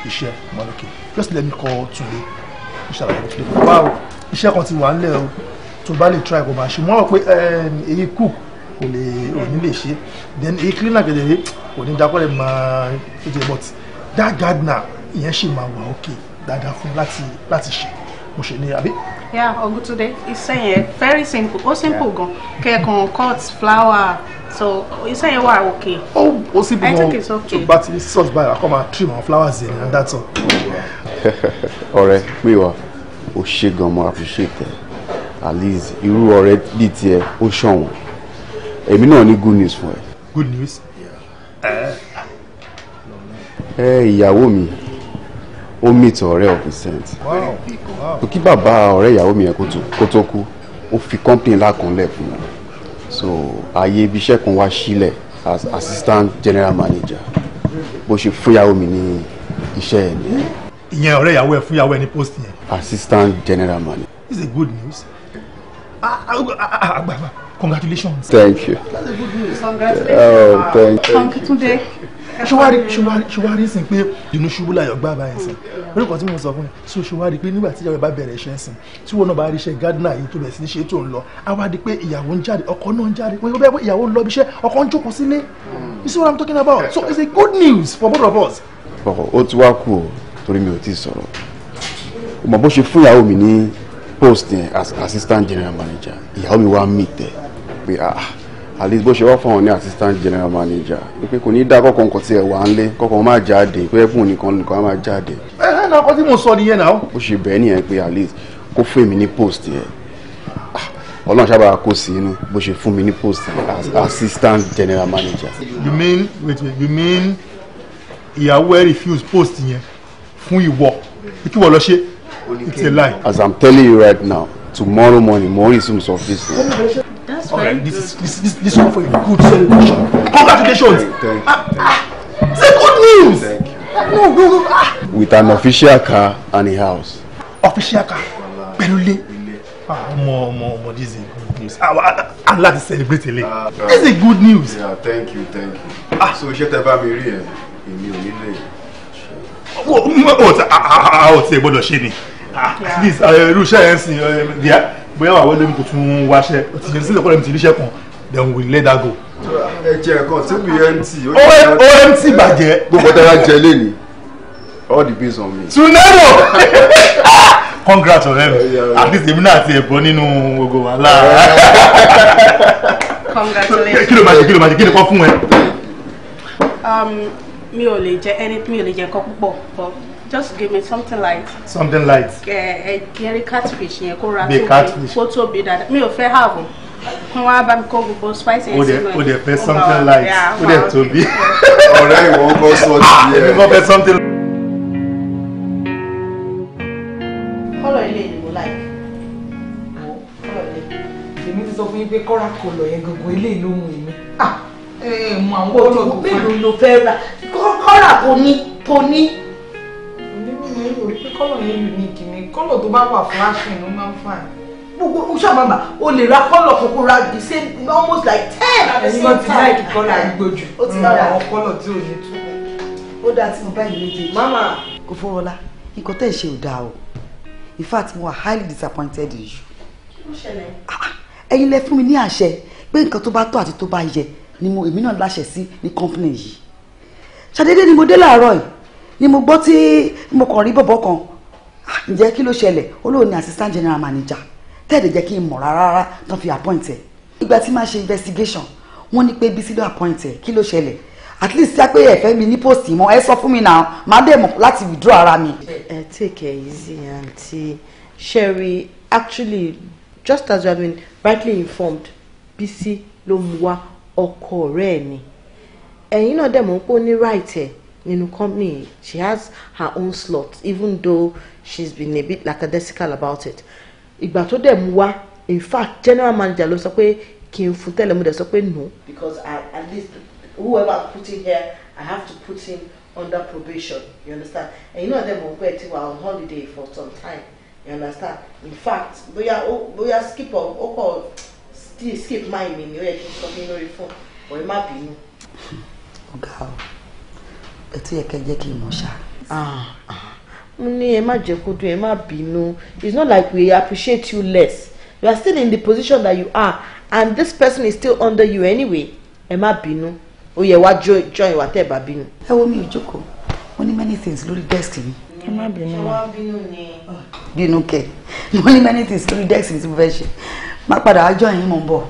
Speaker 2: iṣẹ́ mọ́lókè just let me call Tunde inshallah Tunde wow iṣẹ́ kan ti wà ńlẹ̀ o tó bá lè try kò bá ṣe mọ́ pé eh, èyí cook kò lè òní lè ṣe then èyí cleaner gẹ̀dẹ̀rẹ̀ òní dákọ́lẹ̀ máa ń ṣe but that gardener ìyẹn ṣì máa wà òkè dáadáa fún láti láti ṣe mo ṣe ní àbí.
Speaker 1: ya Ògúntúndé iṣẹ́ yẹn very simple ó simple gan kẹ́ẹ̀kan cut flower so iṣẹ́ yẹn wà òkè. ó ó sì bí wọn tó bá
Speaker 2: ti sọ̀tù báyìí akọ́ máa trim àwọn flowers yẹn and that's all. ọ̀rẹ́ pè wá ó ṣe gan mo appreciate at least irú ọ̀rẹ́ bíi tiẹ̀ ó ṣọ̀wọ́n èmi náà ní good news fún ẹ. good news. Eh. ẹ ìyàwó mi ó meet ọ̀rẹ́ of percent kò kí bàbá ọ̀rẹ́ ìyàwó mi yẹn kó tó kú ó fi company lákùnlẹ̀ fún wọn so ààyè ibi iṣẹ́ kan wá sílẹ̀ as assistant general manager bó ṣe fún ìyàwó mi ní iṣẹ́ yẹn nìyẹn ìyẹn ọ̀rẹ́ ìyàwó ẹ̀ fún ìyàwó post yẹn. assistant general manager. this is good news. àgbààgbà ah, ah, ah, congratulations. thank you.
Speaker 3: congratulations.
Speaker 6: oh thank you. Akíntúndé.
Speaker 2: ṣùwárí ṣùwárí ṣùwárí sìn pé inú ṣubú láyọ̀ gbá báyìí sìn orí kan tí mo sọ fún ẹ ṣùwárí pé nígbà tí ìyàwó bá bẹ̀rẹ̀ iṣẹ́ sìn tí wọn náà bá rí iṣẹ́ gardener yìí tó bẹ̀rẹ̀ sí ṣe tó ń lọ á pé ìyàwó ń jáde ọkọ náà ń jáde wọn bẹ́ẹ̀ ìyàwó ń lọ bí iṣẹ́ ọkọ ń jókòó sílé you see what I'm talking about so it's a good news for both of us. ọkọ ó ti wá kú o torí mi ò tí ì sọ̀rọ̀ o mọ̀ bó ṣe fún ìyàwó mi ní post yẹn as assistant general manager ìyàwó mi wá meet ẹ pé ah at least bó ṣe wá fáwọn ní assistant general manager pé kò ní dá kọkàn kan tiẹ̀ wá ń lé kọkàn máa jáde pé ẹ̀fún nìkan nìkan máa jáde. ẹ ẹ náà kọ́ tí mo sọ nìyẹn náà. bó ṣe bẹ́ẹ̀ nìyẹn pé at least kó fún mi ní post yẹn ah, ọlọ́run sábà kó sí inú bó ṣe fún mi ní post as assistant general manager. you mean wait you mean ìyàwó ẹ refuse post yẹn fún ìwọ kí wọ́n lọ ṣe it's a lie. as i'm telling you right now tomorrow morning mo resume some business. that's right this is this is this one for a good celebration congratulations thank you, ah,
Speaker 4: ah. it's a good news thank you. no no no ah.
Speaker 2: with an official car and a house. official car pẹ̀lú ilé ah, ọmọ ọmọ ọmọ this is good news i'm glad to celebrate ilé this is good news. yeah thank you thank you. Ah. so iṣẹ́ tẹ bá mi rí ẹ̀ èmi ò nílé yìí o ti gbọ́dọ̀ ṣe ni at least irú yẹn sìn díẹ̀ bóyá wà wọlé mi kò tún wáṣẹ́ o ti ṣe sílẹ̀ kọ́lẹ̀ mi ti ríṣẹ́ kan then we let that go. ẹ jẹ ẹkan síbi mt. omt bàjẹ́. gbogbo tẹ́lá jẹ lẹ́nu all the based on me. tunero congrats ọ̀rẹ́ mi at least èmi náà ti ẹ̀bọ nínú ogo wàhálà.
Speaker 1: congratulations. kí ló máa ṣe
Speaker 2: kí ló máa ṣe kí ni kò fún ẹ
Speaker 1: mi ò lè jẹ ẹni mi ò lè jẹ nǹkan púpọ̀ just give me something light. something light. ẹ ẹ gẹrí catfish yẹn kó ra tóbi kó tóbi dáadáa mi ò fẹ́ hàbò kí wọ́n á bá mi kó gbogbo spice yẹn sínú ẹ̀. o dẹ̀ fẹ́ something light o dẹ̀
Speaker 2: tóbi. ọ̀rẹ́ ìwọ ń kọ́ sọ́ọ̀tì yẹn. èmi kò fẹ́ something.
Speaker 1: kọ́lọ̀ ilé ìlú láì kọ́lọ̀ ilé èmi ti sọ fún yín pé kọ́ra kọlọ̀ yẹn gbogbo ilé ìlú mu mi. ah ẹ mọ àwọn kọ́lọ̀ tó fẹ́. mélòó ló fẹ́ rà kọ́là kò ní kò ní.
Speaker 6: òdìbò mi ò rí pé kọ́lọ̀ yẹn unique ni kọ́lọ̀ tó bá wà flashing ló máa ń fà
Speaker 1: gbogbo ọ̀ṣọ́ mama o lè ra kọ́lọ̀ kókó ra the same almost like ten at the same time. ẹni wọ́n ti láìkí kọ́lọ̀ àgbójú àwọn kọ́lọ̀ tí ò ní tú. ó dáa tí mo bá ìlú dé. mama kò fọwọ́lá nǹkan tẹ́ ẹ̀ ṣe ò dáa o in fact mo are highly disappointed in you. kí ló ṣẹlẹ̀. Ah, ah, ẹ̀yin lẹ fún mi ní àṣẹ pé nǹkan tó bá tọ́ àti tó bá yẹ ni mo èmi náà láṣẹ sí ní company yìí ṣàdédé ni mo dé láàárọ̀ yìí ni mo gbọ́ tí mo kàn rí bọ̀bọ̀ kan ah, ǹjẹ́ kí ló ṣẹlẹ̀ olóòní assistant general manager tẹ́ẹ̀dẹ̀ jẹ́ kí n mọ̀ rárá tán fi appoint ẹ̀ ìgbà tí máa ṣe investigation wọ́n ní pé Bísí ló appoint ẹ̀ kí ló ṣẹlẹ̀ at least ṣá pé ẹ̀fẹ́ mi ní post mọ́ ẹ sọ fún mi náà máa dẹ̀ mọ̀ láti withdraw ara mi. ẹ take it easy aunty Sherry actually just as you have been rightly informed Bísí ló mú wá ọkọ rẹ̀ ni ẹ̀yin náà dẹ̀ mọ̀ pé ó ní right ẹ̀ nínú company she has her own slot even though she's been a bit lackadaisical about it ìgbà tó dẹ̀ mú wá in fact general manager ló sọ pé kí n fún tẹ́lẹ̀ mo dẹ̀ sọ pé no. because I, at least whoever I put in here I have to put him under probation you understand ẹ̀yin náà dẹ̀ mọ̀ pé ẹ ti wà on holiday for some time you understand in fact bóyá bóyá skip ọ ó kọ still skip mind mi ni ó yẹ kí n sọ mí
Speaker 7: lórí fún ọ̀ ẹ má bínú ọ̀gá o ẹ tún yẹ kẹ́ jẹ́ kí
Speaker 1: n mọ̀ ṣá. Ah, ah. mo ní ẹ má jẹ́ kó dùn ẹ má bínú it's not like we appreciate you less you are still in the position that you are and this person is still under you anyway ẹ má bínú ó yẹ wá join wa tẹ́ ẹ bá bínú. ẹ wo mi ò mo ní many things lórí desk mi ẹ má bínú bínú kẹ mo ní many things lórí desk mi tí mo fẹ́ ṣe má padà ájọ yín mò ń bọ̀.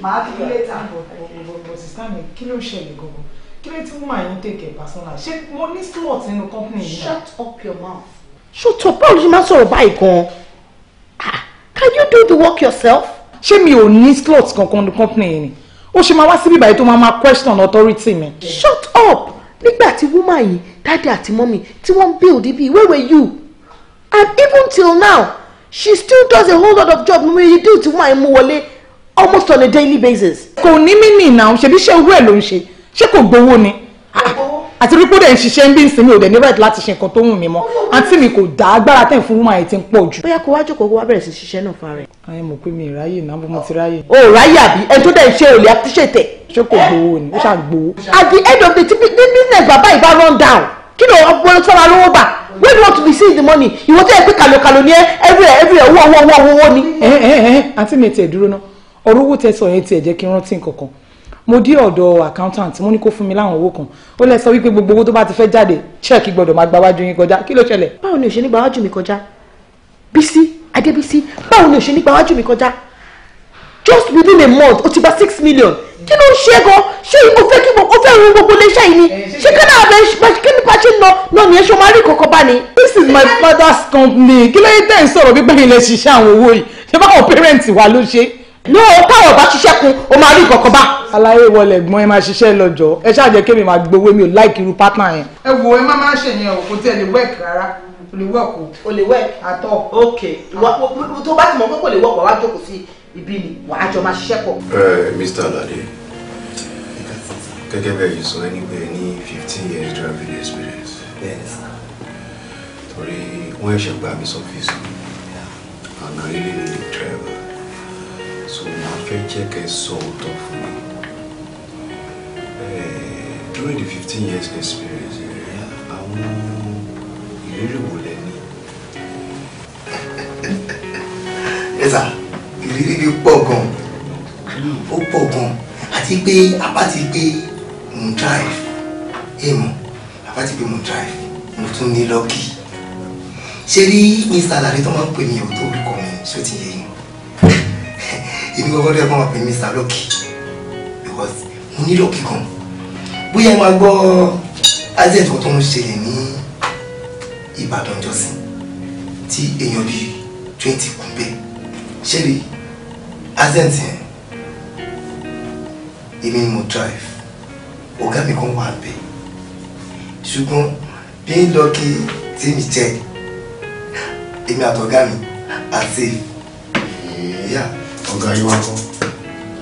Speaker 6: màá fi ilé ta bọ̀ sísá mi kí ló ṣẹlẹ̀ gbogbo kí ló ti mú màá yín tèkè pàṣọ́nà ṣé
Speaker 1: mo ní slot nínú company yìí. shut up your mouth. shut up báwo ló ṣe máa sọ̀rọ̀ báyìí gan-an ah, can you do the work yourself. ṣé mi ò ní slot kankan ní company yìí ni ó ṣe máa wá síbí báyìí tó máa máa question authority mi. shut up nígbà tí woman yìí dáadé àti mọ́mì tí wọ́n ń build bí where were you and even till now she still does a whole lot of job nínú do díìtì wọn àìmú wọlé almost on a daily basis. kò ní mí nì náà ṣebí ṣé owó ẹ̀ ló ń ṣe ṣé kò gbowó ni àti wípé ó dẹ̀ ń ṣiṣẹ́ ń bí ń sinmi ò dẹ̀ ní right láti ṣe nǹkan tó wù mí mọ́ àǹtí mi kò dá agbára tẹ̀ fún woman yìí ti ń pọ̀ jù. bóyá kó wá jókòó kó wá bẹ̀rẹ̀ sí ṣiṣẹ́ náà fara ẹ̀. ayé mo pé mi ìráyè náà bó mo ti ráyè. o ráyè àbí ẹni tó dẹ̀ ń ṣe òòlì appreciate. ṣé kò gbowó ni ó ṣàgbowó. at the end of the day business bàbá ìbá run down kí ló ọgbọ́n sábà lówó gbà wey you want to be seeing the money ìwọ tó yẹ pé kàlòkàlò ni ẹ everywhere everywhere owó owó owó owó ni. ẹ ẹ ẹ àǹtí mi tiẹ̀ dúró ná ọ̀rọ̀ owó tẹ sọ yẹn tiẹ̀ jẹ́ kí n rántí nǹkan kan mo dé ọ̀dọ̀ accountant mo ní kó fún mi láwọn owó kan ó lẹ sọ wípé gbogbo owó tó bá ti fẹ́ jáde check gbọ́dọ̀ máa gba wájú yín kọjá kí ló ṣẹlẹ̀. báwo ni o ṣe ní gba wájú mi kọjá Bísí Adébísí báwo ni o ṣe mi kọjá just within a month o ti gba six million kí ló ń ṣe gan ṣé o fẹ́ kí o fẹ́ run gbogbo iléeṣẹ́ yìí ni eh, ṣé kí náà bẹ kí nípa ṣe ń lọ lọ ní ẹṣọ máa rí kankan bá ni. this is my father's company kí ló yẹ tẹ́ ń sọ̀rọ̀ gbígbẹ́ ilẹ̀ ṣiṣẹ́ àwọn owó yìí ṣé báwọn pẹ́rẹ́ǹtì wa ló ṣe. ní o káwọ̀ bá ṣiṣẹ́ kun o máa rí kankan bá. aláyé wọlé gbọ́n ẹ máa ṣiṣẹ́ lọ́jọ́ ẹ ṣáà jẹ́ kémi máa gbowó mi ò láìkì irú pátá yẹn. ẹ wo ẹ má máa ṣèyẹn o kò tiẹ̀ lè àtọ̀. ok tó bá ti mọ̀ pé kò lè wọ́ọ̀kù wá jókòó sí i ibi ni wà á jọ máa ṣiṣẹ́ pọ̀.
Speaker 2: Mr. Alade gẹ́gẹ́ bẹ́ẹ̀ yìí sọ ẹni pé ní fifteen years driving experience torí wọ́n ẹ̀ṣẹ̀ gba mi sọ́fíìsì and I really need a driver so mo fẹ́ jẹ́ kẹ́ sọ òótọ́ fún mi during the fifteen years experience. níbi pọ̀ gan ó pọ̀ gan àti pé apá ti pé mo drive èèmọ̀ apá ti
Speaker 7: pé mo drive mo tún ní lọ́kì ṣe rí Mr. Lare tó máa ń pè mí ò tó orúkọ mi ṣó ti yẹ yín èmi gbọ́dọ̀ dẹ́ máa pè Mr. Lọ́kì
Speaker 2: because mo ní lọ́kì gan bóyá máa gbọ́ azẹ́tì kan tó ń ṣẹlẹ̀ ní Ìbàdàn jọ́sìn tí èèyàn bíi twenty kú bẹ́ẹ̀ ṣẹlẹ̀ accent yẹn èmi ni mo drive ọ̀gá mi kan wà bẹ́ẹ̀ ṣùgbọ́n bí n lọ kí tèmi jẹ́ èmi àtọ̀gá mi àti ìyá ọ̀gá yìí wá kọ́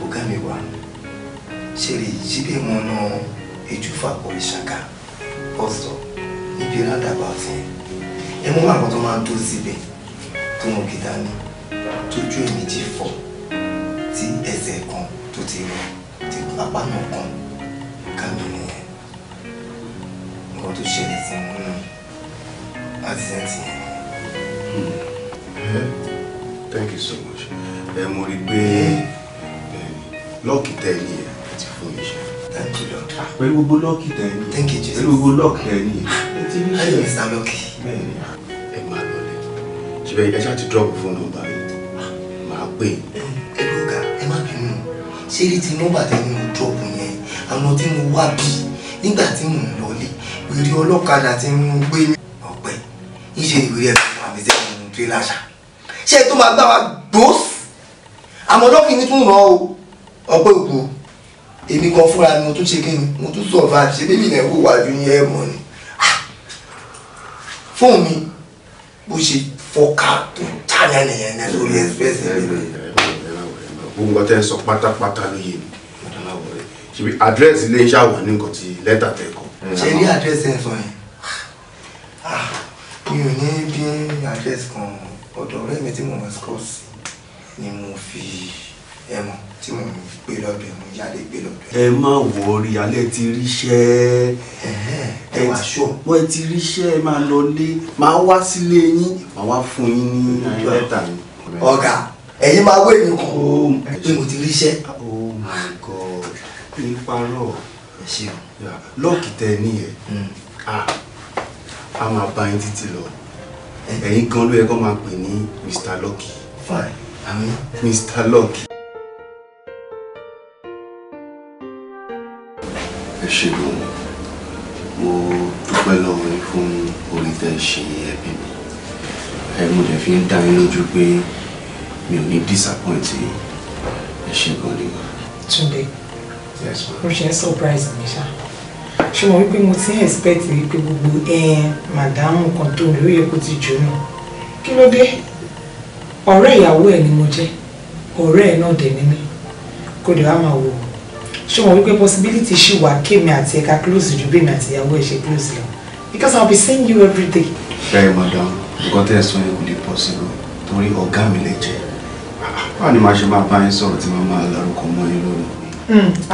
Speaker 2: ọ̀gá mi wà ṣe lè jí bí mo na ìjúfà òrìṣàká bọ́sọ̀ níbi rádàbà ọ̀sẹ̀ ẹ mú àwọn tó máa dó síbẹ̀ tó mọ̀ gíga ní tójú èmi jí fọ́ ẹsẹ̀ kan tó ti rọ ti apá náà kan kánú nìyẹn nǹkan tó ṣẹlẹ̀ sí nínú àdìsẹ́ǹtì yẹn. Hmm. Eh, thank you so much ẹ mo rí i pé lọ́ọ̀kì tẹ́ ẹ ẹ ti fún mi ṣe. thank you lord. Ah, pẹ̀lú gbogbo lọ́ọ̀kì tẹ́ ẹ thank you jesus. pẹ̀lú gbogbo lọ́ọ̀kì tẹ́ ẹ ní. ẹ ní mr lọ́ọ̀kì. ẹ máa lọlẹ̀ ṣùgbọ́n ẹ ṣáà ti drop fóònù ọba mi màá pè é ṣé rí ti nọ́mbà tẹ́ni mo yẹn àwọn tí mo wá bí nígbà tí mò ń lọlé ìrírí ọlọ́kadà tí mo gbé mi. ọ̀pẹ ìṣe ìrírí ẹ̀fọ́ àmì sẹ́yìn mo tún láṣà ṣé tó máa gbá wa gbòós àmọ́ lọ́kìnrin tún ràn ọ́ ọ̀pẹ òkú èmi kan fúnra mi mo tún ṣe kí ni mo tún sọ̀rọ̀ àti ṣe bébì náà wò wájú ní ẹ̀ mọ́ ni ah! fóònù mi bó ṣe fọkà tó tààyàn nìyẹn lórí ẹsipẹsì mi gbogbo nǹkan tẹ́ ẹ sọ pátápátá ló yé mi ọ̀dọ́láwọ̀ rẹ̀ ṣebí àdírẹ́sì ilé iṣẹ́ àwọn ní nǹkan ti lẹ́tà tẹ́ kọ. ṣe rí àdírẹ́sì ẹ̀ sọ yẹn ah, mi ò ní bí àdírẹ́sì kan ọ̀dọ̀ ọ̀rẹ́
Speaker 3: mi tí mo mọ̀ síkọ́ sí ni mo fi ẹ mọ̀ tí mo gbé lọ́dọ̀ ẹ̀ mo
Speaker 2: yáde gbé lọ́dọ̀ ẹ̀. ẹ má wọrí alẹ́ ti ríṣẹ́ ẹ wá ṣọ́ wọ́n ti ríṣẹ́ ẹ máa lọ lé máa wá sílé yín máa wá fún yín ní lẹ́tà
Speaker 3: yín. ọ̀gá
Speaker 2: ẹ̀yin máa wé mi kù oh, pé mo ti ríṣẹ́. oh my god ìparọ́ lọ́ọ̀kì tẹ ẹ nìyẹn hmm. ah, a máa bá yín títí lọ ẹ̀yin gan ló yẹ kó máa pè ní mr lucky mr lucky. ẹ ṣe lóhùn mo dúpẹ́ lọ́wọ́ yín fún orí tẹ́ ṣe ẹbí mi ẹ mo dẹ̀ fi ń dá yín lójú pé mi ò ní disappoint yín ẹ ṣe gan ni.
Speaker 6: Túndé o ṣe ń surprise mi ṣá ṣé mo wípé mo ti ń expect wípé gbogbo màdámù kan tó ló yẹ kó ti jù nù kí ló dé
Speaker 1: ọ̀rẹ́ ìyàwó ẹ̀ ni mo jẹ́ ọ̀rẹ́ ẹ̀ náà dẹ̀ ni mí kó lè wá máa wò ó
Speaker 6: ṣé mo wípé possibility ṣì wà kémi àti ẹ̀ka close ju bẹ́ẹ̀mi àti ìyàwó ẹ̀ ṣe close lọ because I'll be seeing you every day. ẹ madam
Speaker 2: nǹkan tẹ́ ẹ sọ yẹn kò lè possible torí ọ̀gá mi lè jẹ́ báwo ni màá ṣe máa bá yín sọ̀rọ̀ tí màá máa lárúkọ mọ́ yín lórí.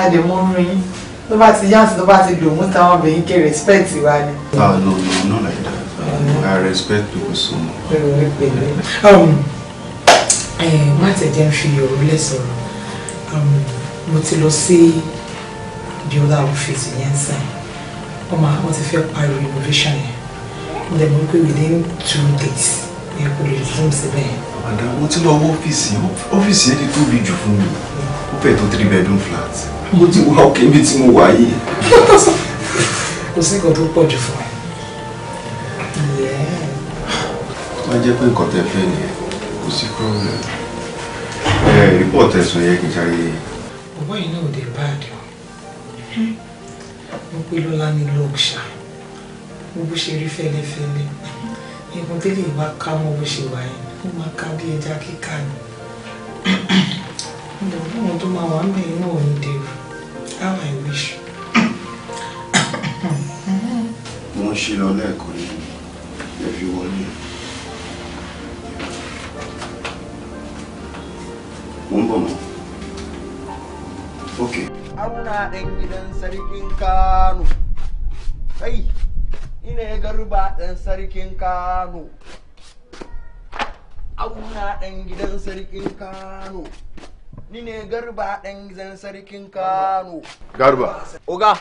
Speaker 6: àdèmọ́ hmm, rin yín tó bá ti yáǹsì tó bá ti dùn mú táwọn obìnrin ké respect wa ni.
Speaker 2: ah no no no like that uh, I respect people so much.
Speaker 6: pẹ̀lú pẹ̀lú um, má tẹ̀jẹ̀ ń fi ọ̀rọ̀ lẹ̀ sọ̀rọ̀ um, mo ti lọ
Speaker 1: sí the other office yẹn sàn wọ́n máa wọ́n ti fẹ́ parí
Speaker 6: renovation yẹn mo dẹ̀ mọ̀ pé within two days ni kò lè zoom síbẹ̀ yẹn
Speaker 2: àdá mo ti lọ wọ ọ́fíìsì ọ́fíìsì yẹn ti tóbi jù fún mi ó fẹ́ tó three bedroom flat
Speaker 1: mo ti wá òkè
Speaker 2: níbi tí mo wà yìí.
Speaker 1: kò sí nǹkan tó pọ̀ jù fún mi.
Speaker 2: wọ́n jẹ́ pé nǹkan tẹ́ fẹ́ nìyẹn kò sí problem. ẹ rìpọ́ọ̀tì ẹ̀sùn yẹn kì í ṣayé.
Speaker 6: bàbá yìí náà ò dé báàdì o mo pe lọ́la ní lọ́ọ̀ṣà mo bó ṣe rí fẹ́lẹ́fẹ́lẹ́ nǹkan tẹ́lẹ̀ ìbá ká mọ́ bó ṣe wà yẹn máa ka bí ẹja kíkà ni mo tó máa wà ń bẹ̀rẹ̀ náà dèrò how I wish. wọ́n
Speaker 2: ṣe lọ lẹ́ẹ̀kan ní ẹ̀fí wọlé. wọ́n bọ̀ mọ́. ok.
Speaker 6: haruna ɗan gidan sarkin kano kai ina garba ɗan sarkin kano auna
Speaker 2: ɗan gidan sarkin kano ni ne garba ɗan gidan sarkin kano garba oga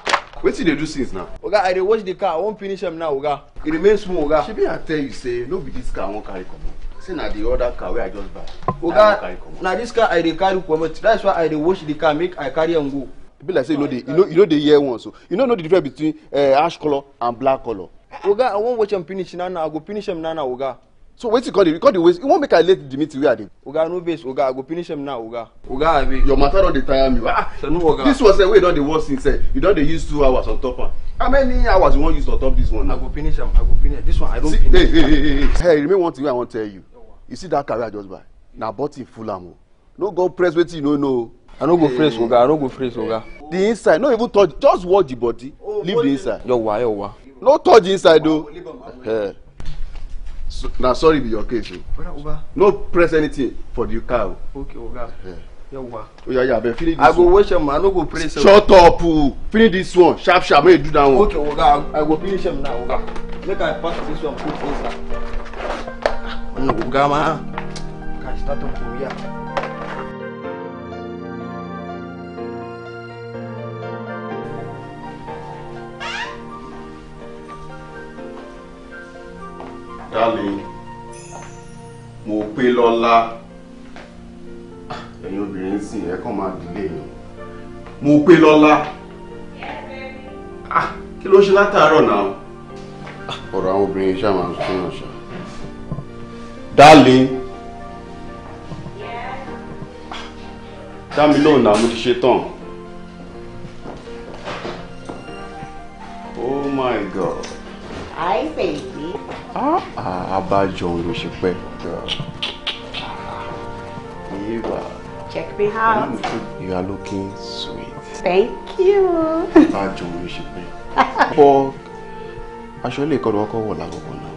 Speaker 2: wetin dey do since now oga i dey watch the car i wan finish am now oga e remain small oga shebi i tell you say no be dis car i wan carry comot say na the other car wey i just buy oga na dis car i dey carry comot that's why i dey watch the car make i carry am go e be like say you no dey you no you no dey hear one so you no know the difference between uh, ash colour and black colour oga i wan watch am finish now now i go finish am now now oga so wetin come dey come dey waste you wan make i late the meeting wey i dey. oga no vex oga i go finish him now oga. oga abi your matter don dey tire me ah, ah sanu oga this one sef wey don dey work since sef eh? you don dey use two hours on top am how many hours you wan use on top this one i go finish am i go finish this one i don finish. hey hey hey hey hey remain one thing wey i wan tell you you see that car wey i just buy na bottle full am o no go press wetin you no know. i no go press oga i no go press oga. the inside no even touch just watch the body oh, leave the inside. yọwa yọwa. no touch the inside o. So, na sorry be your case oh. no press anything for the cow. Oh. okay oga Yeah, yeah. ya abeg finish this one. go wash am i no go press am. shut up oh. finish this one sharp sharp make you do that one. okay oga i will finish him now oga make i pass this one put inside. oga ma.
Speaker 6: cash that one for where.
Speaker 2: darling mo pé lọ́lá ẹ̀yin obìnrin ń sìn ẹ kàn máa dìlé yìí mo pé lọ́lá ah, kí ló ṣe látàárọ̀ náà. ọ̀rọ̀ àwọn obìnrin ṣáà máa ń sún àṣà. darling dá mi lóhùn náà mo ti ṣe tán. Oh my God.
Speaker 1: I think. Ah,
Speaker 2: abájọ ló ṣe pẹ́.
Speaker 1: Eva. Check me out.
Speaker 2: You are looking sweet.
Speaker 1: Thank you. Abájọ
Speaker 2: ló ṣe pẹ́. Bọ́ aṣọ ilé ìkọ́ni wọ́n kọ́ wọ̀ lákòókò náà.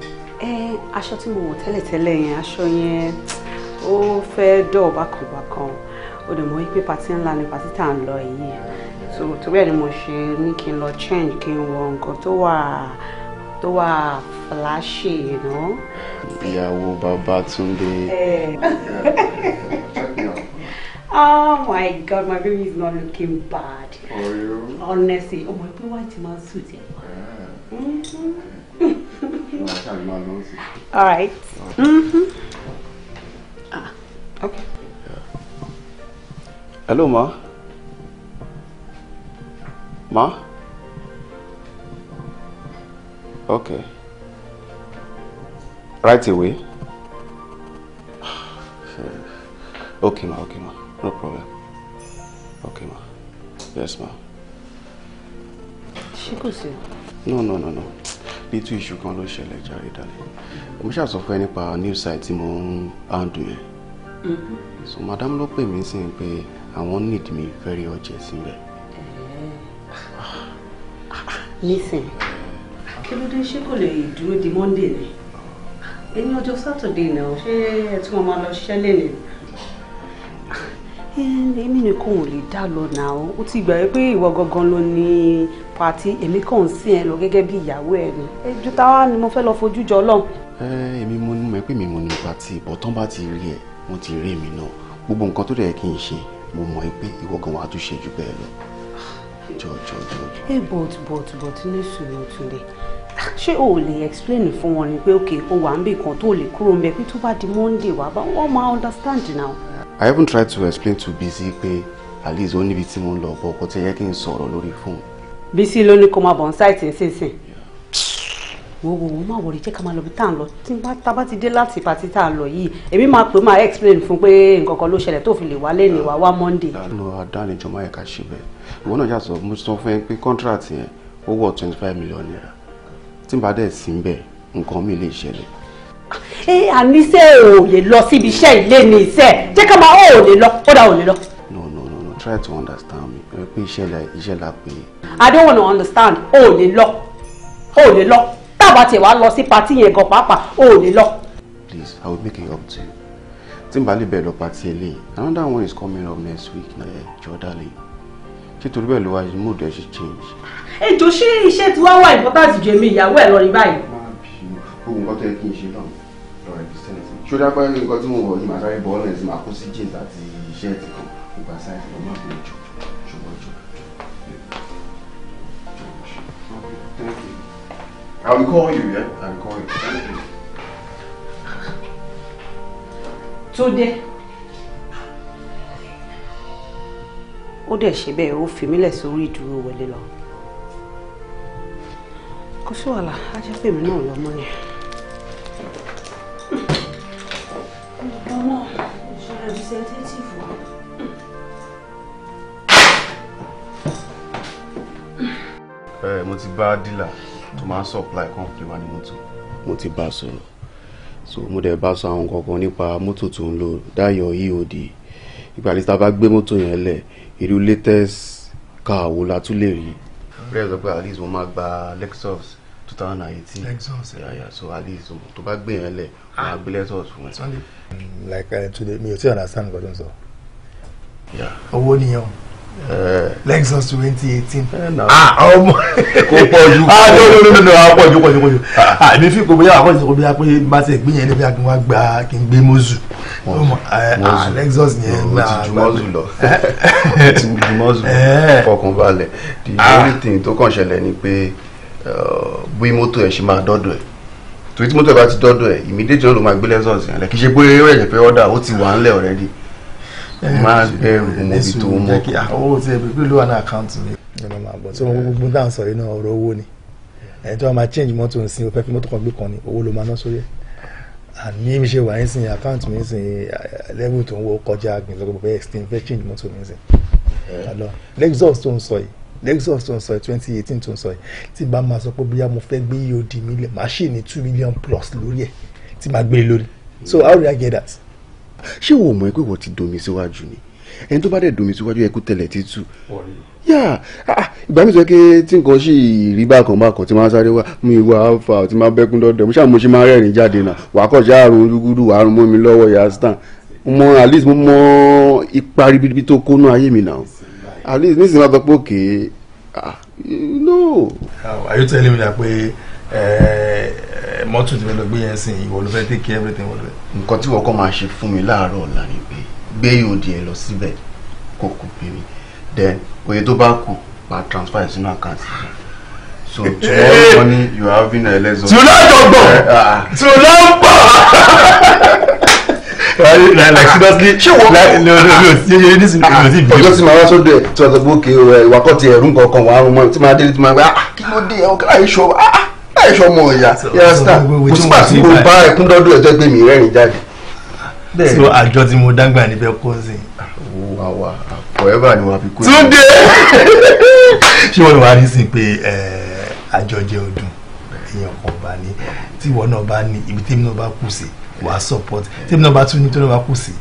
Speaker 1: Ẹ aṣọ tí mo wọ̀ tẹ́lẹ̀tẹ́lẹ̀ yẹn aṣọ yẹn ó fẹ́ dọ̀ bákanbákan ó dẹ̀ mọ̀ wípé pàtí ńlá ni pàtí tá à ń lọ yìí so torí ẹ̀ ni mo ṣe ní kí n lọ change kí n wọ nǹkan tó wà tó wà flashy you know.
Speaker 2: ìyàwó bàbá Túndé.
Speaker 3: Eh.
Speaker 1: Oh my God, my baby is not looking bad. Honestly, oh my baby, why did my suit
Speaker 6: mm-hmm.
Speaker 1: All right. Mm-hmm. Ah, okay.
Speaker 2: Yeah. Hello, ma. Ma. Okay. Right away. Okay, ma. Okay, ma. No problem. Okay, ma. Yes, ma. she kò sí? No, no, no, no. Little issue kan ló ṣẹlẹ̀ jàre dalẹ̀. Mo ṣáà sọ fún ẹ nípa new site tí mo ń handle
Speaker 3: mm-hmm.
Speaker 2: So madam ló pè mí sí pé àwọn need me very urgent síbẹ̀.
Speaker 3: Listen kí ló dé ṣé
Speaker 1: kò lè dúró di monday ni ẹni ọjọ́ saturday náà ṣé ẹ tí wọ́n máa lọ ṣiṣẹ́ lẹ́nu èmi nìkan ò lè dá lọ náà ó ti gbà pé ìwọ gangan ló ní pàtí èmi kàn ń sìn ẹ lọ gẹ́gẹ́ bí ìyàwó ẹ ni ju táwa ni mo fẹ́ lọ fojú jọ lọ.
Speaker 2: èmi mo ní mọ̀ pé mi mo ní pàtí ìbọ̀tán bá ti rí ẹ wọ́n ti rí èmi náà gbogbo nǹkan tó dẹ̀ kí n ṣe mo mọ̀ pé ìwọ gan wàá tún ṣe jù bẹ́ẹ̀ lọ
Speaker 3: jọjọjọ.
Speaker 1: ẹ bọ̀t ní sùúrù tún lè ṣé o lè explain fún wọn ni pé okay o wà níbì kan tó lè kúrò ńbẹ̀ pé tó bá di monday wá bá wọn máa understand now.
Speaker 2: i haven't tried to explain to Bisi pé at least ó níbi tí mo ń lọ bọ ọkọ tí ẹ yẹ kí n sọ̀rọ̀ lórí fóònù.
Speaker 1: Bisi ló ní kó máa bọ̀ ń ṣáìtì nísinsìnyí. wo wo wo má wọrí jẹ́ ká máa lọ bí tá à ń lọ tí tá bá ti dé láti pàtí tá à ń lọ yìí èmi máa pè máa explain fún pé nǹkan kan ló ṣẹlẹ̀ tó fi lè wá lẹ́nu wa wá monday. lọ
Speaker 2: adánijọ́ máa yẹ ká ṣe bẹ́ẹ̀ ìwọ náà yà sọ mo sọ fún ẹ pé contract yẹn ó wọ̀ twenty five million naira tí n bá dẹ̀ sí bẹ́ẹ̀ nǹkan mi lè ṣẹlẹ̀.
Speaker 1: ẹ àníṣe ò lè lọ síbi iṣẹ́ ilé ní iṣẹ́ jẹ́ ká máa ò lè lọ kódà ò lè lọ. no
Speaker 2: no no no try to understand me ẹ pé iṣẹ́ la iṣẹ́ la pé.
Speaker 1: I don't wanna understand ò lè lọ ò lè lọ tábà tiẹ̀ wá lọ sí patí yẹn gan pàápàá ò lè lọ.
Speaker 2: please I will make it up to you tí n bá lè bẹ̀rẹ̀ lọ patí eléyìí another one is coming up next week ní ẹ̀jọ́ darling ṣé torí bẹ́ẹ̀ ló wá mood ẹ̀ ṣe change
Speaker 1: ètò ṣé iṣẹ́ tí wá wà important ju èmi ìyàwó ẹ̀ lọ rí
Speaker 2: báyìí. ohun nǹkan tó yẹ kí n ṣe náà lọ rẹ bísẹ́ǹt ṣó dápá nǹkan tí mo wọ̀ ní màtàrí bọ́ọ̀lù ẹ̀ tí màá kó sí jeans àti ṣẹ́ẹ̀tì kan kò bá sáìsì lọ má bẹ̀rẹ̀ jù ṣùgbọ́n jù. I will
Speaker 1: call you, yeah? I will call you. Thank you. Túndé. ó dẹ̀ ṣe bẹ́ẹ̀ ó fi mílẹ̀ sórí ìdúró wọlé lọ kò sí wàhálà á jẹ́ pèmí náà lọ́mọ yẹn. ọmọ ìṣọ̀rọ̀ representative
Speaker 2: wa. ẹ mo ti bá dílà tó máa ń supply company wa ní mọ́tò. mo ti bá a sọ̀rọ̀ so mo dẹ̀ bá a sọ àwọn kankan nípa mọ́tò tó ń lò dáyọ̀ eod ìgbà tí ta bá gbé mọ́tò yẹn lẹ̀ irú latest car wo la tún lè rí. bẹ́ẹ̀ sọ pé at least mo máa gba lexus thousand and eighteen yeah. so at least to bá gbé yẹn lẹ̀ wọ́n á ah. gbé lẹ́sọ̀s fún ẹ. like uh, today mi ò tí understand nǹkan tó ń sọ. owó nìyẹn o eh. lexus twenty eighteen. Eh, ah ọmọ kò pọ̀ ju. ah no no no no ah pọ̀ ju pọ̀ ju pọ̀ ju. ah mi fi ko bóyá àwọn ìṣòro bóyá pé bá ṣe gbé yẹn níbi akin wá gba kí n gbé mọ́sù. Eh, ah lexus yẹn na o ti ju mọ́sù lọ o ti ju mọ́sù lọ fọkànbalẹ̀ the ah. only thing tó kàn ṣẹlẹ̀ ni pé. Eh, bí mọ́tò ẹ̀ ṣe máa dọ́dọ̀ ẹ̀ torí tí mọ́tò ẹ̀ bá ti dọ́dọ̀ ẹ̀ immediately ló máa gbé lessons yẹn kì í ṣe pé ó yẹ pé order ó ti wà ńlẹ̀ already eh, máa bẹ̀rù mọ́bi eh, tó mọ́. Ah, owó tí ẹ pípé ló wà ní àkáǹtì mi. ọ̀nà máa bọ̀ tí wọ́n gbogbo náà sọ yìí náà ọ̀rọ̀ owó ni ẹni tí wọ́n máa change mọ́tò ń sin fi mọ́tò kan gbé kan ni owó ló máa ná sórí ẹ̀ lexus tó ń sọ twenty eighteen tó ń sọ yìí tí bá máa sọ pé bóyá mo fẹ́ gbé eod mi lẹ̀ máa ṣe ní two million plus lórí ẹ̀ tí máa gbé lórí so how do I get that. ṣé wo mọ̀ pé wọ́n ti domi síwájú ni ẹni tó bá dẹ̀ domi síwájú ẹ kú tẹ̀lẹ̀ títù yà ah, ah, ìgbà mi sọ pé tí nǹkan ṣì rí bákan bákan tí máa sáré wá mi wá fà tí máa bẹ́kún lọ́dọ̀ mo ṣáà mo ṣe máa rẹ́rìn jáde náà wàá kọ̀ ṣáà rún olúkúdù wàá rún mọ́ mi lọ́wọ́ yà stan mo at least mo mọ ipa ribiribi tó kónú ayé mi náà at least nísìnyí máa sọ pé òkè ah, no. are you telling me that pé eh, mọ́tò tí mo lọ gbé yẹn sìn ìwọ ló fẹ́ take care everything wọ́n lọ. nǹkan tí wọ́n kọ́ máa ṣe fún mi láàárọ̀ ọ̀la ni pé gbé yòòdì ẹ̀ lọ síbẹ̀ kó kó pè mí then oye tó bá kù máa transfer sínú àkáǹtì yìí so tomorrow morning you are having a lesson. tí o lọ jọ gbọ eh, ah,
Speaker 3: ah. tí o lọ gbọ. like
Speaker 2: ah. seriously ṣé wọ́n kọ́ no no no ṣe ṣe ní sinmi kò sí bí. ọjọ́ tí màá wá sódò ẹ̀ tí wọ́n sọ pé òkè ìwakọ̀ ti ẹ̀rú nǹkan kan wà á rún mọ́ tí màá délé tí màá gbé ah kí ló dé ẹ̀ ọ̀kẹ́ láì ṣọ́ ah láì ah, ṣọ́ ọmọ ìyá yàrá sítà kò sígbà tí mo bá ẹkún dọ́dọ̀ ẹ̀jọ́ gbé mi rẹ́rìn jáde. so àjọ tí mo dágbà níbẹ̀ kọ́ sí. wà wà forever ni wọn fi kú. túnde. ṣé wọn wá rí sí pé àjọ jẹ ọdún èèyàn kan bá ní tí wọn náà bá ní ibi tí èmi náà bá kù sí wàá support tèmi náà bá tún ní tó náà bá kù sí.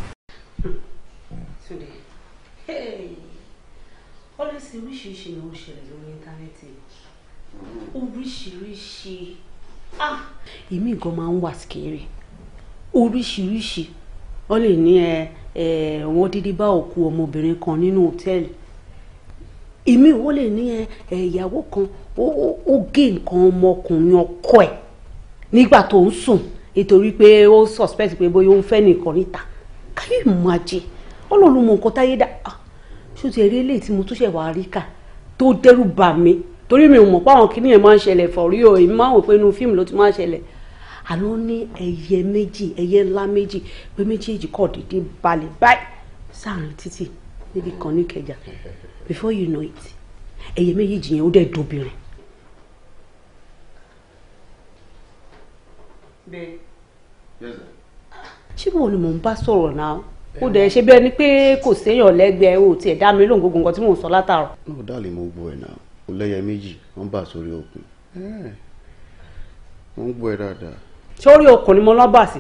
Speaker 1: ọlọ́sìn oríṣiríṣi ni ó ṣẹlẹ̀ lórí íńtánẹ́ẹ̀tì oríṣiríṣi ah! èmi nǹkan máa ń wà síkiri oríṣiríṣi ó lè ní ẹ ẹ wọn dídí bá òkú ọmọbìnrin kan nínú hòtẹ́ẹ̀lì èmi ò lè ní ẹ ẹ ìyàwó kan ó gé nǹkan ọmọkùnrin ọkọ ẹ̀ nígbà tó ń sùn nítorí pé ó suspect pé bóyá ó fẹ́ nìkan níta káyọ̀ ìmọ̀ ajé ọlọ́run mọ nǹkan táyé dá ah, ṣó ti rí eléyìí tí mo tún ṣe wàá rí kà tó dẹ́rù bà mí torí mi ò mọ̀ pé àwọn kinní yẹn máa ń ṣẹlẹ̀ fọ̀rí o èmi máa ń wò pé inú fíìmù ló ti máa ń ṣẹlẹ̀ àná ní ẹyẹ méjì ẹyẹ ńlá méjì pé méjèèjì kọ̀ dédé balẹ̀ báyìí sáàrin títì níbi kan ní Ìkẹjà before you know it ẹyẹ méjèèjì yẹn ó dẹ̀ dobìnrin
Speaker 3: bẹ́ẹ̀.
Speaker 1: ṣé báwo ni mò ń bá sọ̀rọ̀ náà ó dẹ̀ ṣe bẹ́ẹ̀ ni pé kò séèyàn lẹ́gbẹ̀ẹ́ o tiẹ̀ dá mi lóhùn gbogbo nǹkan tí mò ń sọ látàrọ̀.
Speaker 2: náà dálé mo gbọ́ ẹ̀ náà o lẹ́yẹ méjì wọ́n bà sórí okùn mo ń gbọ́ ẹ dáadáa.
Speaker 1: sórí okùn ni mo lọ́ bà sí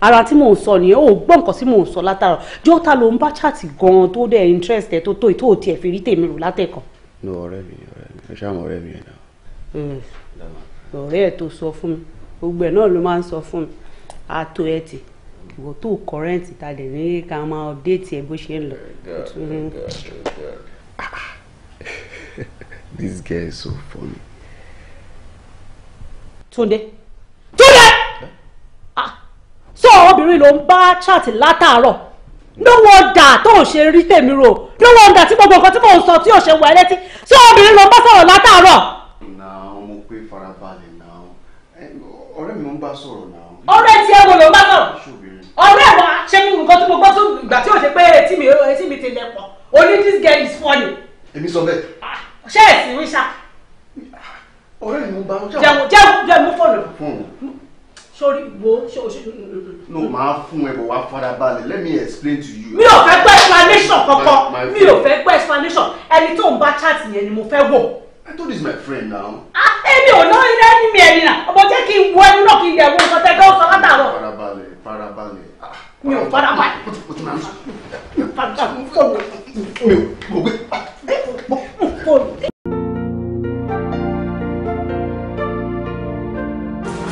Speaker 1: ara tí mò ń sọ nìyẹn ò gbọ́ nǹkan tí mò ń sọ látàrọ̀ jọ́ta ló ń bá chàtì gan-an tó dẹ̀ interest ẹ̀ tó tó ìtò òtí ẹ̀ fi rí tèmi rò látẹ̀kàn.
Speaker 2: ní ọ̀rẹ́ mi ọ̀rẹ́ mi ẹ ṣáà mọ̀ ọ̀rẹ́ mi ẹ̀ náà.
Speaker 1: ọ̀rẹ́ ẹ̀ tó sọ fún mi gbogbo ẹ̀ náà ló máa ń sọ fún mi àtò ẹ̀ tì ìwọ tó current ta dẹ̀ ní ká máa update ẹ bó ṣe ń lọ.
Speaker 2: this girl is so funny.
Speaker 1: Túndé Túndé ah! sọ obìnrin ló ń bá chat látàárọ̀ no wonder tó ò ṣe rí tèmi rò no wonder tí gbogbo nǹkan tí mò ń sọ tí ò ṣe wà létí sọ obìnrin ló ń bá sọ̀rọ̀ látàárọ̀. na ọmọ pé farabalẹ̀ bá sọ̀rọ̀ náà. ọ̀rẹ́ tí ẹ wo ló ń bá sọ̀rọ̀ ọ̀rẹ́ wa ṣé mi nǹkan tí mo gbọ́ tó ìgbà tí ò ṣe pé etí mi etí mi ti lẹ̀ pọ̀ o ní this girl is funny. èmi sọ bẹ́ẹ̀. Ah, ṣé ẹ sì rí ṣá. ọ̀rẹ́ mi ń bá ọ jẹun. jẹun jẹun mú fọ́ọ̀nù. sori wo ṣe o ṣe.
Speaker 2: no màá fún ẹ bọ̀ wá farabalẹ̀ let me explain to you. mi ò fẹ́ gbọ́ explanation kankan mi ò
Speaker 1: fẹ́ gbọ́ explanation ẹni tó ń bá chat yẹn ni mo fẹ́ wò. I told this my friend now.
Speaker 3: Ah, èmi ò ná iná ní mi ẹ̀rí
Speaker 1: náà. Ọmọ jẹ́ kí n wọ ẹnu náà kí n dẹ̀wọ́ nǹkan tẹ́tẹ́ ó sọ látàárọ̀.
Speaker 2: Farabalẹ̀ farabalẹ̀. Ah,
Speaker 1: mi ò
Speaker 4: farabalẹ̀. O ti máa ń sọ.
Speaker 1: Mi ò farabalẹ̀. Ah, mi ò farabalẹ̀.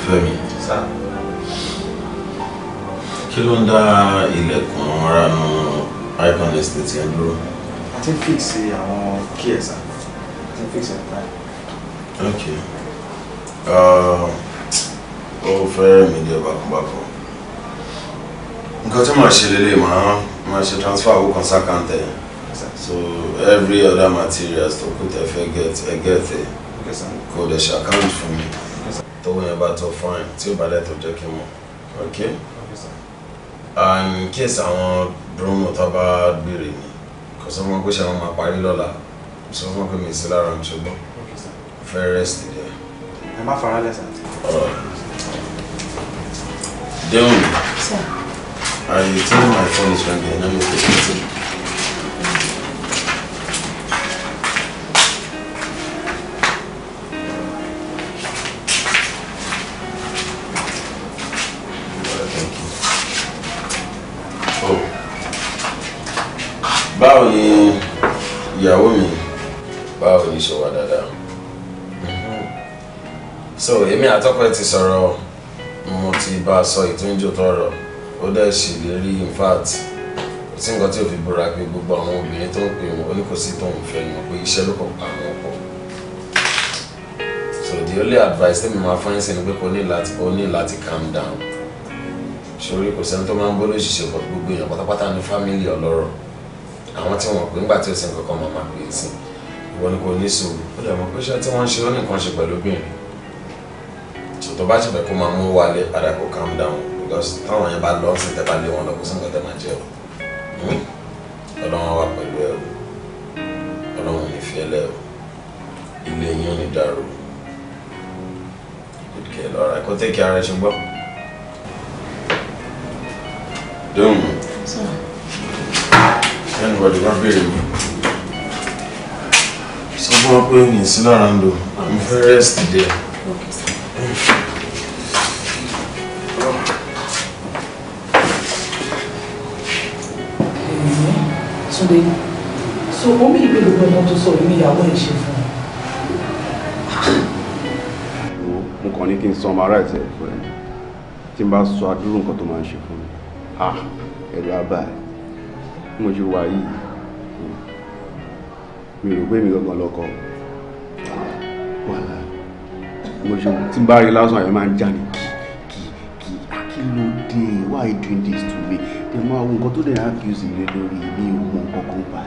Speaker 5: Fẹ́mi. Sá. Kí ló ń dá ilẹ̀kùn ara nu Icon Estate yẹn dúró? A ti ń fíìsì àwọn kí fix your plan. Okay. Ah, ó fẹ́rẹ̀ mi díẹ̀ bákúbákú nǹkan tí màá ṣe lélẹ̀ màá màá ṣe transfer owó kan sákàǹtẹ̀ so every other materials to kù tẹ̀ fẹ́ get ẹ get ẹ kò dẹ̀ account for me. To yẹn bá tó fine tí ó bá dẹ̀ tó jẹ́ kí n okay and in case àwọn bromo tó bá gbèrè mi kò sọ fún wọn pé ṣe àwọn máa parí sọ fún pé mi sí Very rest ṣọgbọ́n fẹ́ rẹ́sì díẹ̀. ẹ má fara lẹ́sà. Deon, I think my phone is ringing. Let me take it. Tọ́pẹ́ ti sọ̀rọ̀ mo ti bá a sọ ìtúnjò tọrọ ó dẹ̀ ṣèlérí in fact sí nǹkan tí ò fi búra pé gbogbo àwọn obìnrin tó ń pè wọn ó ní kò sí tóun fẹ́ wọn pé iṣẹ́ ló kàn pa wọn pọ̀ so the only advice tẹ́mi máa fáyín sí ni pé kò ní láti ó ní láti calm down ṣòrí kò sẹ́ni tó máa ń gbóló ṣiṣẹ́ pọ̀ gbogbo èèyàn pátápátá ní fámìlì ọlọ́rọ̀ àwọn tí wọ́n pè ńgbà tí ò sí nǹkan kan máa máa pè é sí ìwọ ni kò ní sùúrù ó dẹ̀ mọ̀ pé iṣẹ́ tí wọ́n ń ṣe ó nìkan ṣe pẹ̀lú obìnrin tó bá ṣe fẹ́ kó máa mú wálé padà kó calm down because táwọn yẹn bá lọ sí tẹ́ bá lé wọn lọ kó sí nǹkan tẹ́ máa jẹ o hmm? ọlọ́run wà pẹ̀lú ẹ o ọlọ́run ní fiẹ́lẹ́ o ilé yín ò ní dàrú good care lọ́ra kó take care ara ẹ ṣe gbọ́. dùn ẹnì wọ́n ti wá béèrè mi sọ fún wọn pé mi sí lára ń lò mo fẹ́ rest díẹ̀.
Speaker 7: Túndé so omi ìgbé gbogbo ọmọ tó sọ ìmí ìyàwó ẹ̀ ṣe fún
Speaker 2: un. mo kàn ní kí n san mara ẹsẹ fún ẹ tí n bá sọ adúrú nǹkan tó máa ń ṣe fún mi ẹ̀rù abá ẹ̀ mo ṣe wà yìí mi ò rò pé mi gangan lọkọ wàhálà mo ṣe tí n bá rí lásán àyè máa ń jáde kì kì kí ló why you doing this to me mo àwọn nǹkan tó dẹ̀ accuse mi lórí mi ò mọ nǹkan kan pa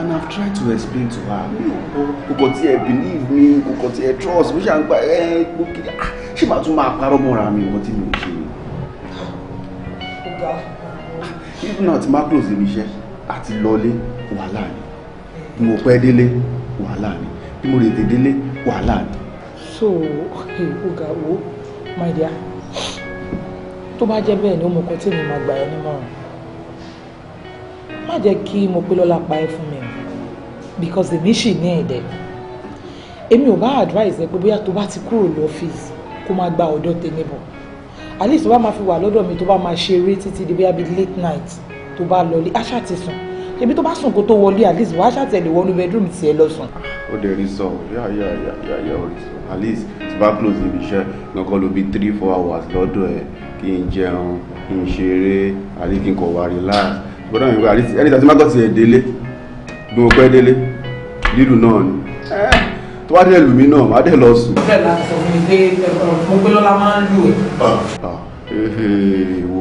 Speaker 2: and I've tried to explain to her mi ò kọ́ kòkò tí ẹ believe mi kòkò tí ẹ trust mi ṣà ń gba ẹ gbókè ah, ṣé màá tún máa parọ́ mọ́ra mi nǹkan tí mi ò ṣe ni. if not má close ibi iṣẹ́ àti lọlé wàhálà ni bí mo pẹ́ délé wàhálà ni bí mo lè tètè délé wàhálà ni.
Speaker 6: so
Speaker 1: Oga, wo my dear tó bá jẹ́ bẹ́ẹ̀ ni ó mọ nǹkan tí èmi máa gbà ẹ́ nímọ̀ràn má jẹ́ kí mo pé lọ́la pa ẹ́ fún mi because èmi ṣì ní ẹ̀dẹ̀ èmi ò bá advice ẹ pé bóyá tó bá ti kúrò lọ́fíìsì kó máa gba ọ̀dọ̀ tèmi bọ̀ at least tó bá máa fi wà lọ́dọ̀ mi tó bá máa ṣeré títí di bóyá bíi late night tó bá lọlé aṣá ti sùn ebi tó bá sùn kó tó wọlé at least wàá ṣàtẹ̀lé wọnú bedroom tiẹ̀ lọ sùn.
Speaker 2: ó dẹ̀ rí sọ yá yá yá yá yá ó rí sọ at least tí bá close ibi iṣẹ́ nǹkan ló bí three four hours lọ́dọ̀ ẹ̀ kí n jẹun kí n ṣeré àti kí n kọ̀ wá relax gbọ́dọ̀ mi pé ẹni tí a ti má gọ́sì ẹ̀ délé bí mo pẹ́ délé lílù náà ni eh, tó wá dé lù mí náà má dé lọ sùn.
Speaker 5: bẹ́ẹ̀ la sọ fún mi pé mo pé lọ́la máa ń lù ẹ̀.
Speaker 2: Ah, ah, eh, wo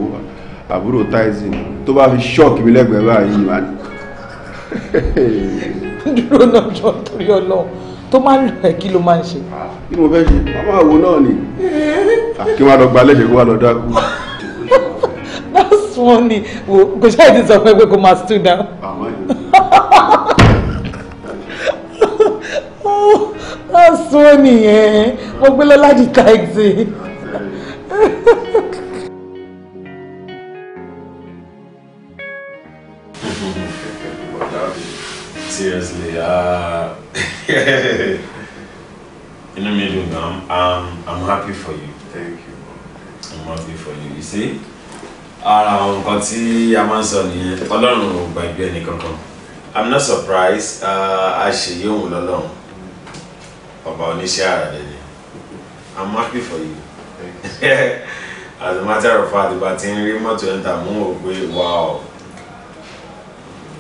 Speaker 2: àbúrò tyson tó bá fi ṣọ́ọ̀kì mi lẹ́gbẹ̀ẹ́ báyìí má.
Speaker 6: dúró náà jọ torí ọlọ́run tó máa ń lọ ẹ kí ló máa ń ṣe. Ah, kí mo fẹ́ ṣe bàbá àwo náà
Speaker 2: ni ah, kí wọ́n á lọ gba alẹ́ ìṣègùn wa lọ dákú.
Speaker 6: that's funny
Speaker 1: wo kò ṣáà ti sọ pé kò máa stood down.
Speaker 6: that's funny yẹn eh? mo gbé lọ́lá di ká
Speaker 5: Seriously, uh, inú mi dùn gan i'm i'm happy for you. thank you. i'm happy for you you see ara àwọn nǹkan tí a máa ń sọ nìyẹn ọlọ́run ò gbàgbé ẹnì kankan i'm not surprised uh, a ṣe yí òun lọ́lọ́run ọba oníṣẹ́ ara ni i'm happy for you as a matter of fact ìgbà tí ń rí mọ́tò ẹ̀ ń mú òun pé wow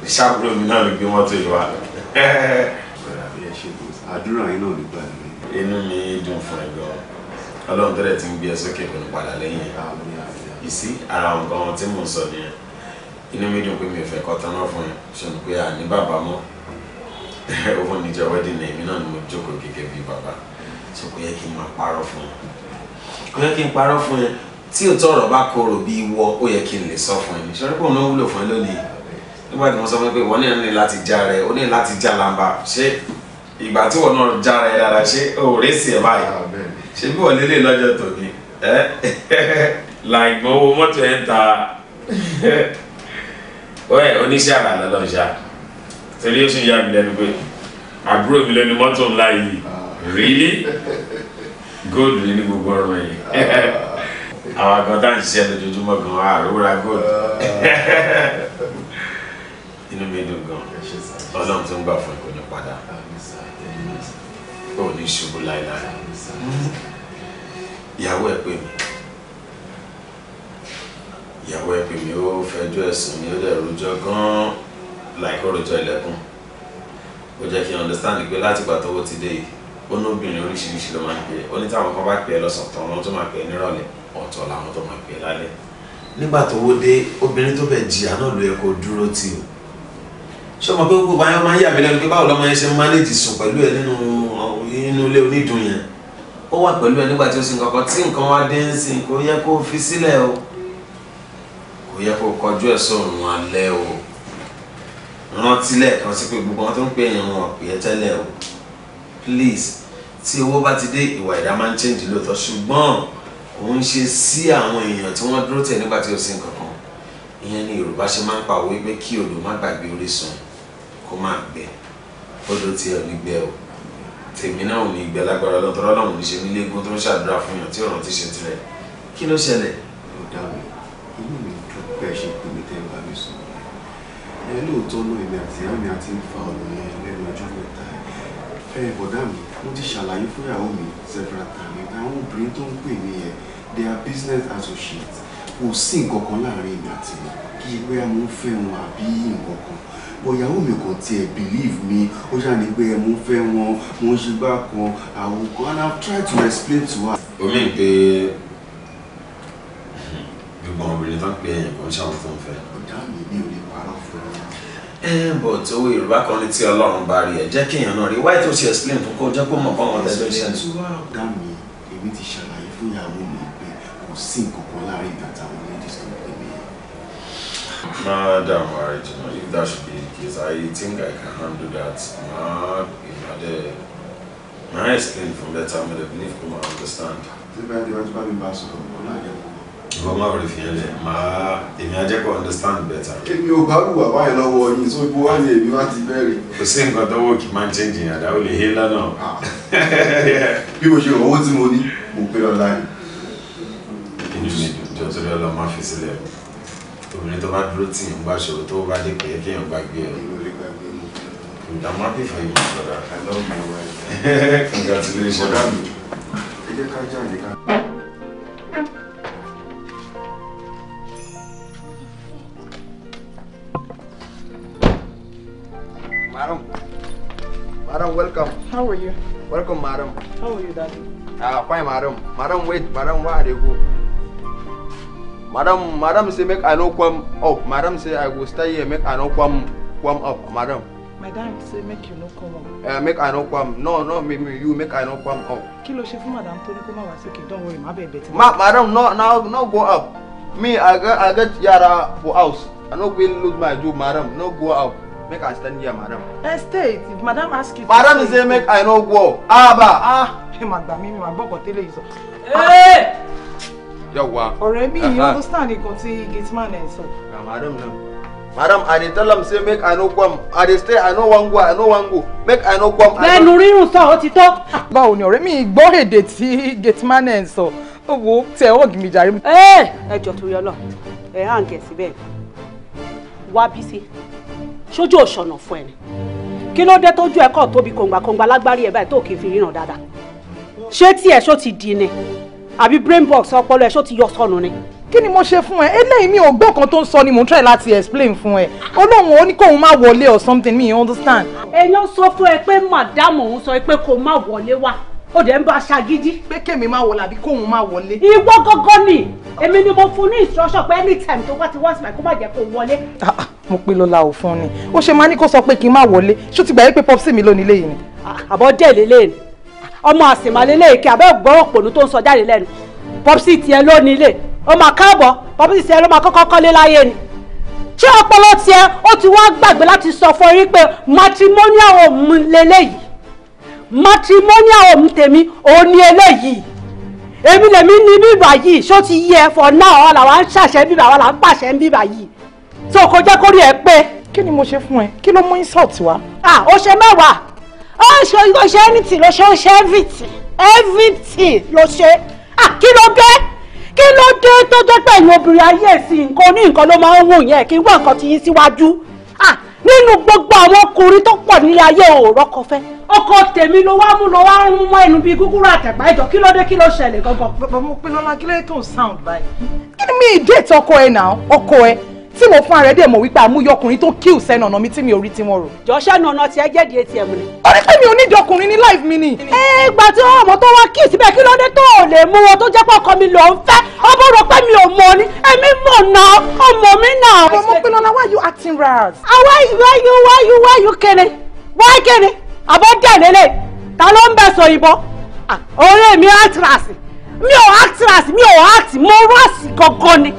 Speaker 5: ṣàkúrò mi náà ló gbé mọ́tò yìí wá. àdúrà yín náà nígbà mi. inú mi dùn fún ẹ gan ọlọ́run tẹ́lẹ̀ ti ń gbé ẹ sókè kò ní padà lẹ́yìn ìsí ara nǹkan tí mò ń sọ nìyẹn inú mi dùn pé mi ò fẹ́ kọ́ tán náà fún ẹ ṣùgbọ́n pé à ní bàbá mọ́ òun níjọ wedding náà èmi náà ni mo jókòó gẹ́gẹ́ bí bàbá so kò yẹ kí n máa parọ́ fún ẹ kò yẹ kí n parọ́ fún ẹ tí òótọ́ ọ̀rọ̀ bá korò bí ìwọ ó yẹ kí n lè sọ fún ẹ nítorí pé òun náà wúlò fún ẹ lónìí nígbà tí mo sọ fún ẹ pé ìwọ ní láti já rẹ ó ní láti já lamba ṣé ìgbà tí wọn náà jára ẹ lára ṣé òòrè sì ẹ báyìí ṣé bí wọn lélẹ̀ lọ́jọ́ tòní ẹ làìgbọ́n owó mọ́tò ẹ̀ ń ta ẹ oníṣẹ́ àrà lọ́dọ̀ ṣá torí ó sì ń yá mi lẹ́nu pé àbúrò mi lẹ́nu mọ́tò ńlá yìí ah. rílí góòlù ní gbogbo ọ̀rọ̀ yìí ah. àwọn àgbọn tá à ń ṣiṣẹ́ lójoojúmọ́ gan àrùwúra góòlù
Speaker 4: ah.
Speaker 5: inú mi dùn gan ọlọ́run tó ń gbà fún ìkọ́ni padà ò ní ṣubú láéláé ìyàwó ẹ pè mí ìyàwó ẹ pè mí ó fẹjọ́ ẹ̀sùn mi ó dẹ̀ rojọ́ gan-an láìkó rojọ́ ó jẹ́ kí n understand pé láti ìgbà tówó ti dé yìí ó ní obìnrin oríṣiríṣi ló máa ń pè é ó ní táwọn kan bá pè é lọ́sàn-án tán wọn tó máa pè é nírọ̀lẹ́ ọ̀tọ̀ làwọn tó máa pè é lálẹ́ nígbà tó wó dé obìnrin tó bẹ̀ jìyà náà ló yẹ kó dúró tì ó ṣé ọmọ pé gbogbo ayọ́ máa ń yà mí lẹ́nu báwo lọ́mọ yẹn ṣe ń mánéjì sùn pẹ̀lú ẹ nínú inú ilé onídùn yẹn ó wà pẹ̀lú ẹ nígbà tí ó sì nǹkan tí nǹkan wá dé ń sìn kò yẹ kó fi sílẹ̀ o kò yẹ kó kọjú ẹ̀ sọ̀rùn alẹ́ o rántí lẹ́ẹ̀kan sí pé gbogbo wọn tó ń pè yẹn wọn pè é tẹ́lẹ̀ o please tí owó bá ti dé ìwà ìdá máa ń change lóòótọ́ ṣùgbọ́n òun ṣe sí àwọn èèyàn tí wọ́n dúró tẹ̀ nígbà tí ó sì nǹkan kan ìyẹn ni Yorùbá ṣe máa ń pa òwe pé kí odò má gbàgbé orísun kó má gbẹ odò tí ò ní gbẹ o tèmi náà ò ní gbẹ lágbára lọ́tọ́rọ́ náà ò ní ṣe nílé egun tó ń ṣàdúrà fún
Speaker 2: yàn tí ọ̀ràn ti ṣe tirẹ̀ kí ló ṣẹlẹ̀. mo dá mi inú mi dùn pé ẹ ṣe pé mi tẹ́ ń bá mi sùn ẹ lóòótọ́ náà èmi àti àmì àti ń fa ọ̀nà yẹn lẹ́nu ọjọ́ mẹ́ta ẹ bọ̀dá mi mo ti ṣàlàyé fúnyàwó mi several times àwọn obìnrin tó ń pè mí yẹn they business associates kò sí nǹkan kan láàrin èmi àti wọn kí bóyá mo ń fẹ́ wọn àbí nǹkan kan bọ̀ ìyàwó mi kò tiẹ̀ believe me ó ṣàní pé ẹ mú fẹ́ wọn wọ́n ṣe bá kan àwọn kan and I've tried to explain to her. omi pé gbogbo àwọn obìnrin tó ń pe ẹyìn kan ṣàwọn fún un fẹ́. ọ̀dà mi mi ò lè parọ́ fún un.
Speaker 5: ẹ ẹ bọ̀ tó owó yorùbá kan ní tí ọlọ́run bá rí ẹ jẹ́ kí èèyàn náà rí wáyé tó ṣe explain fún kó jẹ́ kó mọ̀ bá wọn lẹ́jọ́ ṣe.
Speaker 2: ọ̀dà mi èmi ti ṣàlàyé fún ìyàwó mi pé kò sí nǹkan kan láàrin ìgbà
Speaker 5: Madam, right, you know, if that should be the case, I think I can handle that. Ma, you know, the, ma explain from that time, I believe you might understand. Wọ́n máa rí fìyẹn lẹ̀, máa èmi á jẹ́ kó understand better. Èmi ò bá wù bàbá yẹn lọ́wọ́ yín, so ibo wá ní èmi wá ti bẹ̀rẹ̀. Kò sí nǹkan tọ́wọ́ kì máa ń change ìyàdá, ó lè hé lánàá. Ah. Bí mo ṣe owó tí mo ní, mo pé ọ̀la yìí. Inú mi dùn, jọ́tọ́lẹ́ ọlọ́mọ fi sílẹ̀ obìnrin tó bá dúró tì yàn bá ṣòro tó bá dé pẹ̀yẹ kéèyàn gbàgbé ẹ̀. I'm happy for you, brother. I love my wife. Congratulations. Madam.
Speaker 6: Madam, welcome. How are you? Welcome, madam. How are you, daddy?
Speaker 5: Uh, fine, madam. Madam,
Speaker 2: wait. Madam, where are you? madam madam say make i no come up madam say i go stay here make i no come come up madam
Speaker 6: madam say make you no come up uh,
Speaker 2: make i no come no no me, me you make i no come up
Speaker 6: Kilo ló ṣe fún madam torí kó má wá worry My baby, bẹ̀ẹ̀ ma
Speaker 2: madam no no no go up me i get i get yara for house i no will lose my job madam no go up make i stand here madam.
Speaker 1: stay if madam ask you. madam say
Speaker 2: make i no go up. aba
Speaker 1: ah. madam, me me. ẹ màgbà mímí màgbọ́kọ̀ tẹ́lẹ̀ yìí sọ.
Speaker 6: Eh!
Speaker 2: Yawwa.
Speaker 5: Ọ̀rẹ́
Speaker 6: mi, you understand nǹkan tí Gateman ẹ̀ sọ.
Speaker 2: Madam na. Madam, I dey tell am say make I no come. I dey stay, I no wan go, I no wan go.
Speaker 1: Make I no come. Bẹ́ẹ̀nu rírun sọ, ó ti tó. Báwo ni ọ̀rẹ́ mi gbọ́ èdè tí Gateman ẹ̀ sọ? Ó wo tẹ ọwọ́ gidi jàre. Ẹ ẹ jọ torí ọlọ, ẹ hàn kẹ̀ síbẹ̀. Wá bí sí, ṣojú òṣọ̀nà fún ẹ ni. Kí ló dé tójú ẹ̀kọ́ tóbi kòǹgbàkòǹgbà lágbárí ẹ̀ báyìí tó kì í fi ríran dáadáa? Ṣé tí ẹ̀ ṣó ti di ni? àbí brain box ọpọlọ ẹ ṣó ti yọ sọnù ni. kí ni mo ṣe fún ẹ eléyìí mi ò gbọ́ kan tó ń sọ ni mo ń try láti explain fún ẹ olóhùn ó ní kóun má wọlé or something mi understand. èèyàn sọ fún ẹ pé madam òun sọ pé kó má wọlé wá ó dẹ̀ ń bá ṣagídí. pé kèmi máa wọlé àbí kóun máa wọlé. ìwọ gọ́gọ́ ni èmi ni mo fún ní instruction pé anytime tó bá ti wá sí báyìí kó má jẹ́ kó wọlé. Ah, ah, mo pe lọ́la ò fún ni ó ṣe máa ní kó sọ pé kí n má wọlé ṣó ti gbà yí pé pọ́psì mi lónìí lẹ́yìn ni. Ah, àbọ̀ dẹ̀ ọmọ àsìmọ́lé léèké abẹ́ ògbọ́rọ̀ pònú tó ń sọ jáde lẹ́nu pọ́písì tiẹ̀ ló ní ilé ó máa káàbọ̀ pọ́písì tiẹ̀ ló máa kọ́kọ́ kọ́lé láyé ni ṣé ọpọlọ tiẹ̀ ó ti wá gbàgbé láti sọ fún orí pé matrimonial home leléyìí matrimonial home tèmi òun ni eléyìí èmi lèmi ní bíbà yìí ṣó ti yẹ for now àwọn làwọn ń ṣàṣẹ bíbà àwọn làwọn ń pàṣẹ bíbà yìí tó kọjá kórìí ẹ pé. kí ni mo ṣe fún ẹ kí ló mú insult wá. ah ó ṣe mẹ́wàá ó ṣe ló ṣe anything ló ṣe ó ṣe everything everything ló ṣe kí ló dé kí ló dé tó jẹ́ pé ẹ̀yin obìnrin ayé ẹ̀sìn nǹkan ní nǹkan ló máa ń wù yẹn kí wọ́n nǹkan ti yín síwájú nínú gbogbo àwọn ọkùnrin tó pọ̀ nílé ayé òòrọ̀ kan fẹ́ ọkọ tèmi ló wá mú lọ wá ń mú ẹnu bíi gúgúrú àtẹ̀gbá ìjọ kí ló dé kí ló ṣẹlẹ̀ gangan. bàbá mo pinnu ọlá kí ló tó sound báyìí. kí ni mi ì dé ìtọ́kọ ẹ náà ọkọ ẹ tí mo fún ààrẹ dẹ̀ mọ̀ wípé àmúyọkùnrin tó kíw sẹ́nu ọ̀nà mi tí mi ò rí tí wọ́n rò. jọ sẹ́nu ọ̀nà tí ẹ jẹ́ di atm ni. ó ní pé mi ò ní ìjọkùnrin ní life mi ni. ẹ gbà tí ọmọ tó wá kíw síbẹ̀ kí ló dé tó ò lè mú wọn tó jẹ́ pé ọkọ mi ló ń fẹ́ ọbọ̀ rò pé mi ò mọ̀ ni èmi mọ̀ náà ọmọ mi náà. ọmọ pinnu na why you acting rash. Ah, àwa why you why you why you kene why kene àbọ̀ dẹ̀ lélẹ̀ ta ló ń bẹ̀ sọ ìbọn ah, ọ̀rẹ́ mi actress mi ò actress mi ò act mo rọ́ọ̀sì gangan ni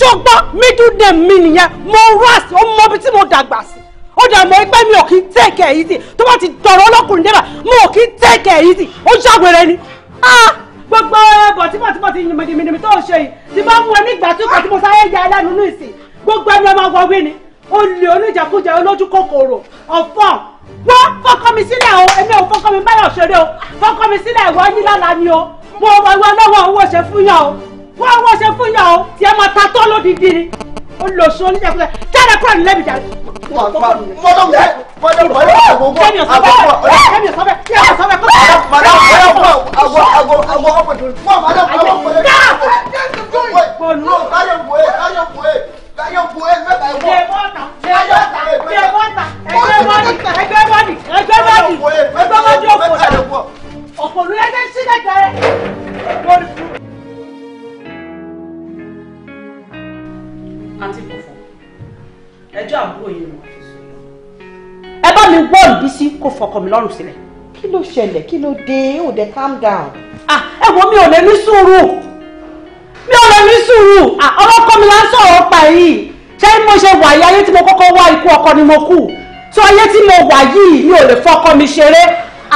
Speaker 1: ṣùgbọ́n middle name mi nìyẹn mo rà sí ó mọ ibi tí mo dàgbà sí ó dà mọ́ ẹgbẹ́ mi ò kí tẹ̀kẹ̀ yìí sí tó bá ti dọ̀rọ̀ ọlọ́kùnrin débà mo ò kí tẹ̀kẹ̀ yìí sí ó ṣàgbére ni gbogbo ẹbọ eh, tí bàtí bàtí yìnbọn tó ṣe yìí tí bá mú ẹ nígbà tó kà tí mo sáré ya ẹlẹ́nu ní ìsìn gbogbo ẹni ọmọ ọgbọ wí ni olè oníjàkújẹ olójú kòkòrò ọ̀fọ̀ wọ́n fọkọ mi sílẹ̀ o èmi ò fọkọ mi báyọ̀ ṣeré o fọkọ mi sílẹ̀ ìwọ yín lọ́la ni o mo wọ ìwọ lọ́wọ́ owó ṣe fún yàn o wọ́n wọ́n ṣe fún yà ó tiẹ̀ máa ta tọ́ lódìdí ni ó lò so ní ìjàkúrẹ́ jáde kúrò nílẹ̀ ìjà rẹ̀.
Speaker 6: mọ́tò
Speaker 1: àǹtí fọ̀fọ̀ ẹjọ́ àbúrò yìí ni wọ́n fi sùn yọ. ẹ bá mi wọ́ ìbí sí kó fọkàn mi lọ́rùn sílẹ̀ kí ló ṣẹlẹ̀ kí ló dé ó dé calm down ah ẹ wo mi ò lè ní sùúrù mi ò lè ní sùúrù ah ọlọ́kọ mi là ń sọ̀rọ̀ pa yìí ṣé mo ṣe wà yí ayé tí mo kọ́kọ́ wá ikú ọkọ ni mo kú tó ayé tí mo wà yìí mi ò lè fọkọ mi ṣeré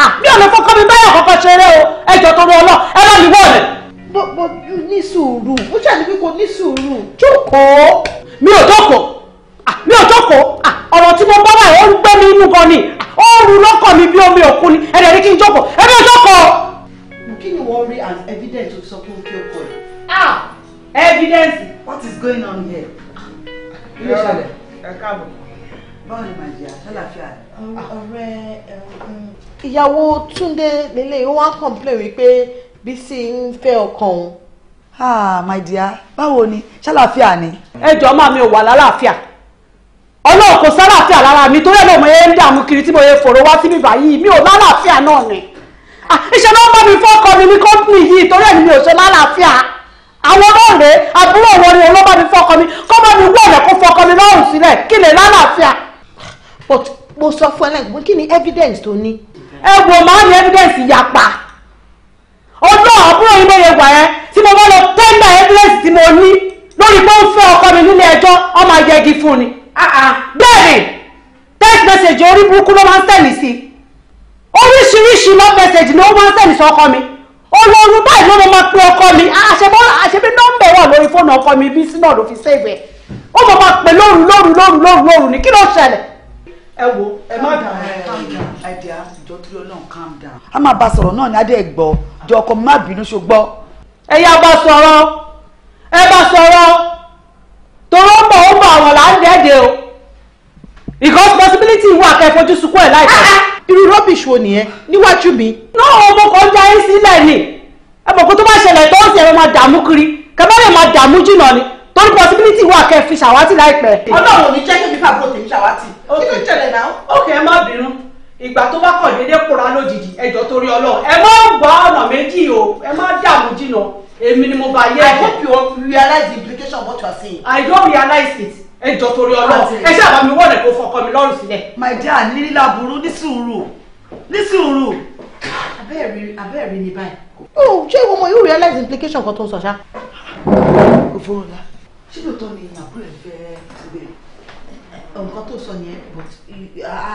Speaker 1: ah, mi ò lè fọkọ mi báyọ̀ kọ́kọ́ ṣeré o ẹjọ́ tó rú ọlọ́ ẹ bá mi wọ̀ rẹ̀ but but ní sùúrù ó ṣàlì pé kò ní sùúrù. jókòó mi ò jókòó ah, mi ò jókòó ah, ọ̀rọ̀ tí mo bá wà ó ń gbé mi inú gan ni ah, ó ń ru lọ́kàn mi bí omi òkun ni ẹ̀rẹ̀ ní kí n jókòó ẹ̀mí ò jókòó. kí ni wọ́n rí as evidence tó sọ pé ó kí ó kọ ẹ̀. ah evidence what is going on here. ilé ìṣẹ̀lẹ̀ ẹ káàbọ̀ báwo ni màá jẹ àtàlàfíà rẹ.
Speaker 6: ọ̀rẹ́ um, ìyàwó Túndé lélẹ́yìn ó wá complain wípé. Bísí ń fẹ́
Speaker 1: ọkàn òun. ah my dear báwo ni ṣàlàáfíà ni. ẹ jọ máa mi ò wà lálàáfíà ọlọ́run kò sálàáfíà lára mi torí ẹ̀lọ́mọ yẹn ń dààmú kiri tí mo yẹ fòrò wá síbí báyìí mi ò lálàáfíà náà ni. iṣẹ́ náà bá mi fọ́kọ mi ní kọ́ńpìnì yìí torí ẹ̀ ni mi ò ṣe lálàáfíà àwọn ọlọ́ọ̀rẹ́ àbúrò wọn ni olóbá mi fọ́kọ mi kọ́ bá mi wọ̀ ọ̀rẹ́ kó fọ́kọ mi lọ́rùn sílẹ̀ kí lè lálàáfíà. but mo sọ fún ẹ lẹ́gbẹ̀ẹ́ kí ni evidence tó ní. ẹ wò máa ní evidence yapa ọjọ́ àbúrò yìí lóye wà ẹ́ tí mo bá lọ tẹ́ndà ẹ́fílẹ́sì tí mo ní lórí pé ó fẹ́ ọkọ mi nílé ẹjọ́ ọmọ ayẹgi fún ni ah, ah. bẹ́ẹ̀ ni text message orí burúkú ló máa ń sẹ́ni sí oríṣiríṣi love message ni ó máa ń sẹ́ni sí ọkọ mi olóorun báyìí ló máa pe ọkọ mi ah, àṣebọ́ àṣebí nọ́mbà wà lórí fóònù ọkọ mi bí sínú ọ̀dọ̀ fi save ẹ̀ ó máa pè lóru lóru lóru lóru lóru ni kí ló ṣẹlẹ̀
Speaker 6: ẹ wo ẹ má dà ẹ
Speaker 1: ẹdẹ àtijọ́ tí ó náà calm down. a máa bá a sọ̀rọ̀ náà ní adé ẹ̀gbọ́ jọ ọkọ má bínú ṣùgbọ́. ẹ yá bá sọ̀rọ̀ ẹ bá sọ̀rọ̀ tòró ń ó ń àwọn là ń o because possibility wà kẹ́ ẹ fojú sunkún ẹ̀ láìpẹ́. Ah, ah. irú rubbish wo nìyẹn níwájú mi. náà ọmọ kan já yín sílẹ̀ ni ẹ mọ̀ kó tó bá ṣẹlẹ̀ tó ń ṣe ẹ máa dààmú kiri kẹ má lè máa dààmú jìnnà ni torí possibility wà kẹ́ ẹ fi ṣàwátì láìpẹ́. ọlọ́run ò ní jẹ́ kí mi fàbọ̀ tèmi ṣàwátì kí ló ṣẹlẹ̀ náà. ok ẹ má bínú ìgbà tó bá kàn déédéé kóra lójijì ẹjọ́ torí Ọlọ́run ẹ má gbọ́ ọ̀nà méjì o ẹ má dààmú jìnnà èmi ni mo bá yẹ I hope you realize the implication of what you are saying. I don't realize it ẹjọ́ torí Ọlọ́run ẹ ṣáà bá mi wọlé kó fọkọ mi lọ́rùn sílẹ̀. my dear nírí làbúrú ní sùúrù ní sùúrù abẹ́ẹ̀rí abẹ́ẹ̀rí ni báyìí. ó ṣé ìwọ ọmọ yóò realize implication kan tó ń sọ ṣá. òfurufú ṣé lóòótọ́ ni àbúrò ẹ̀ fẹ́ẹ́ nǹkan tó sọ yẹn but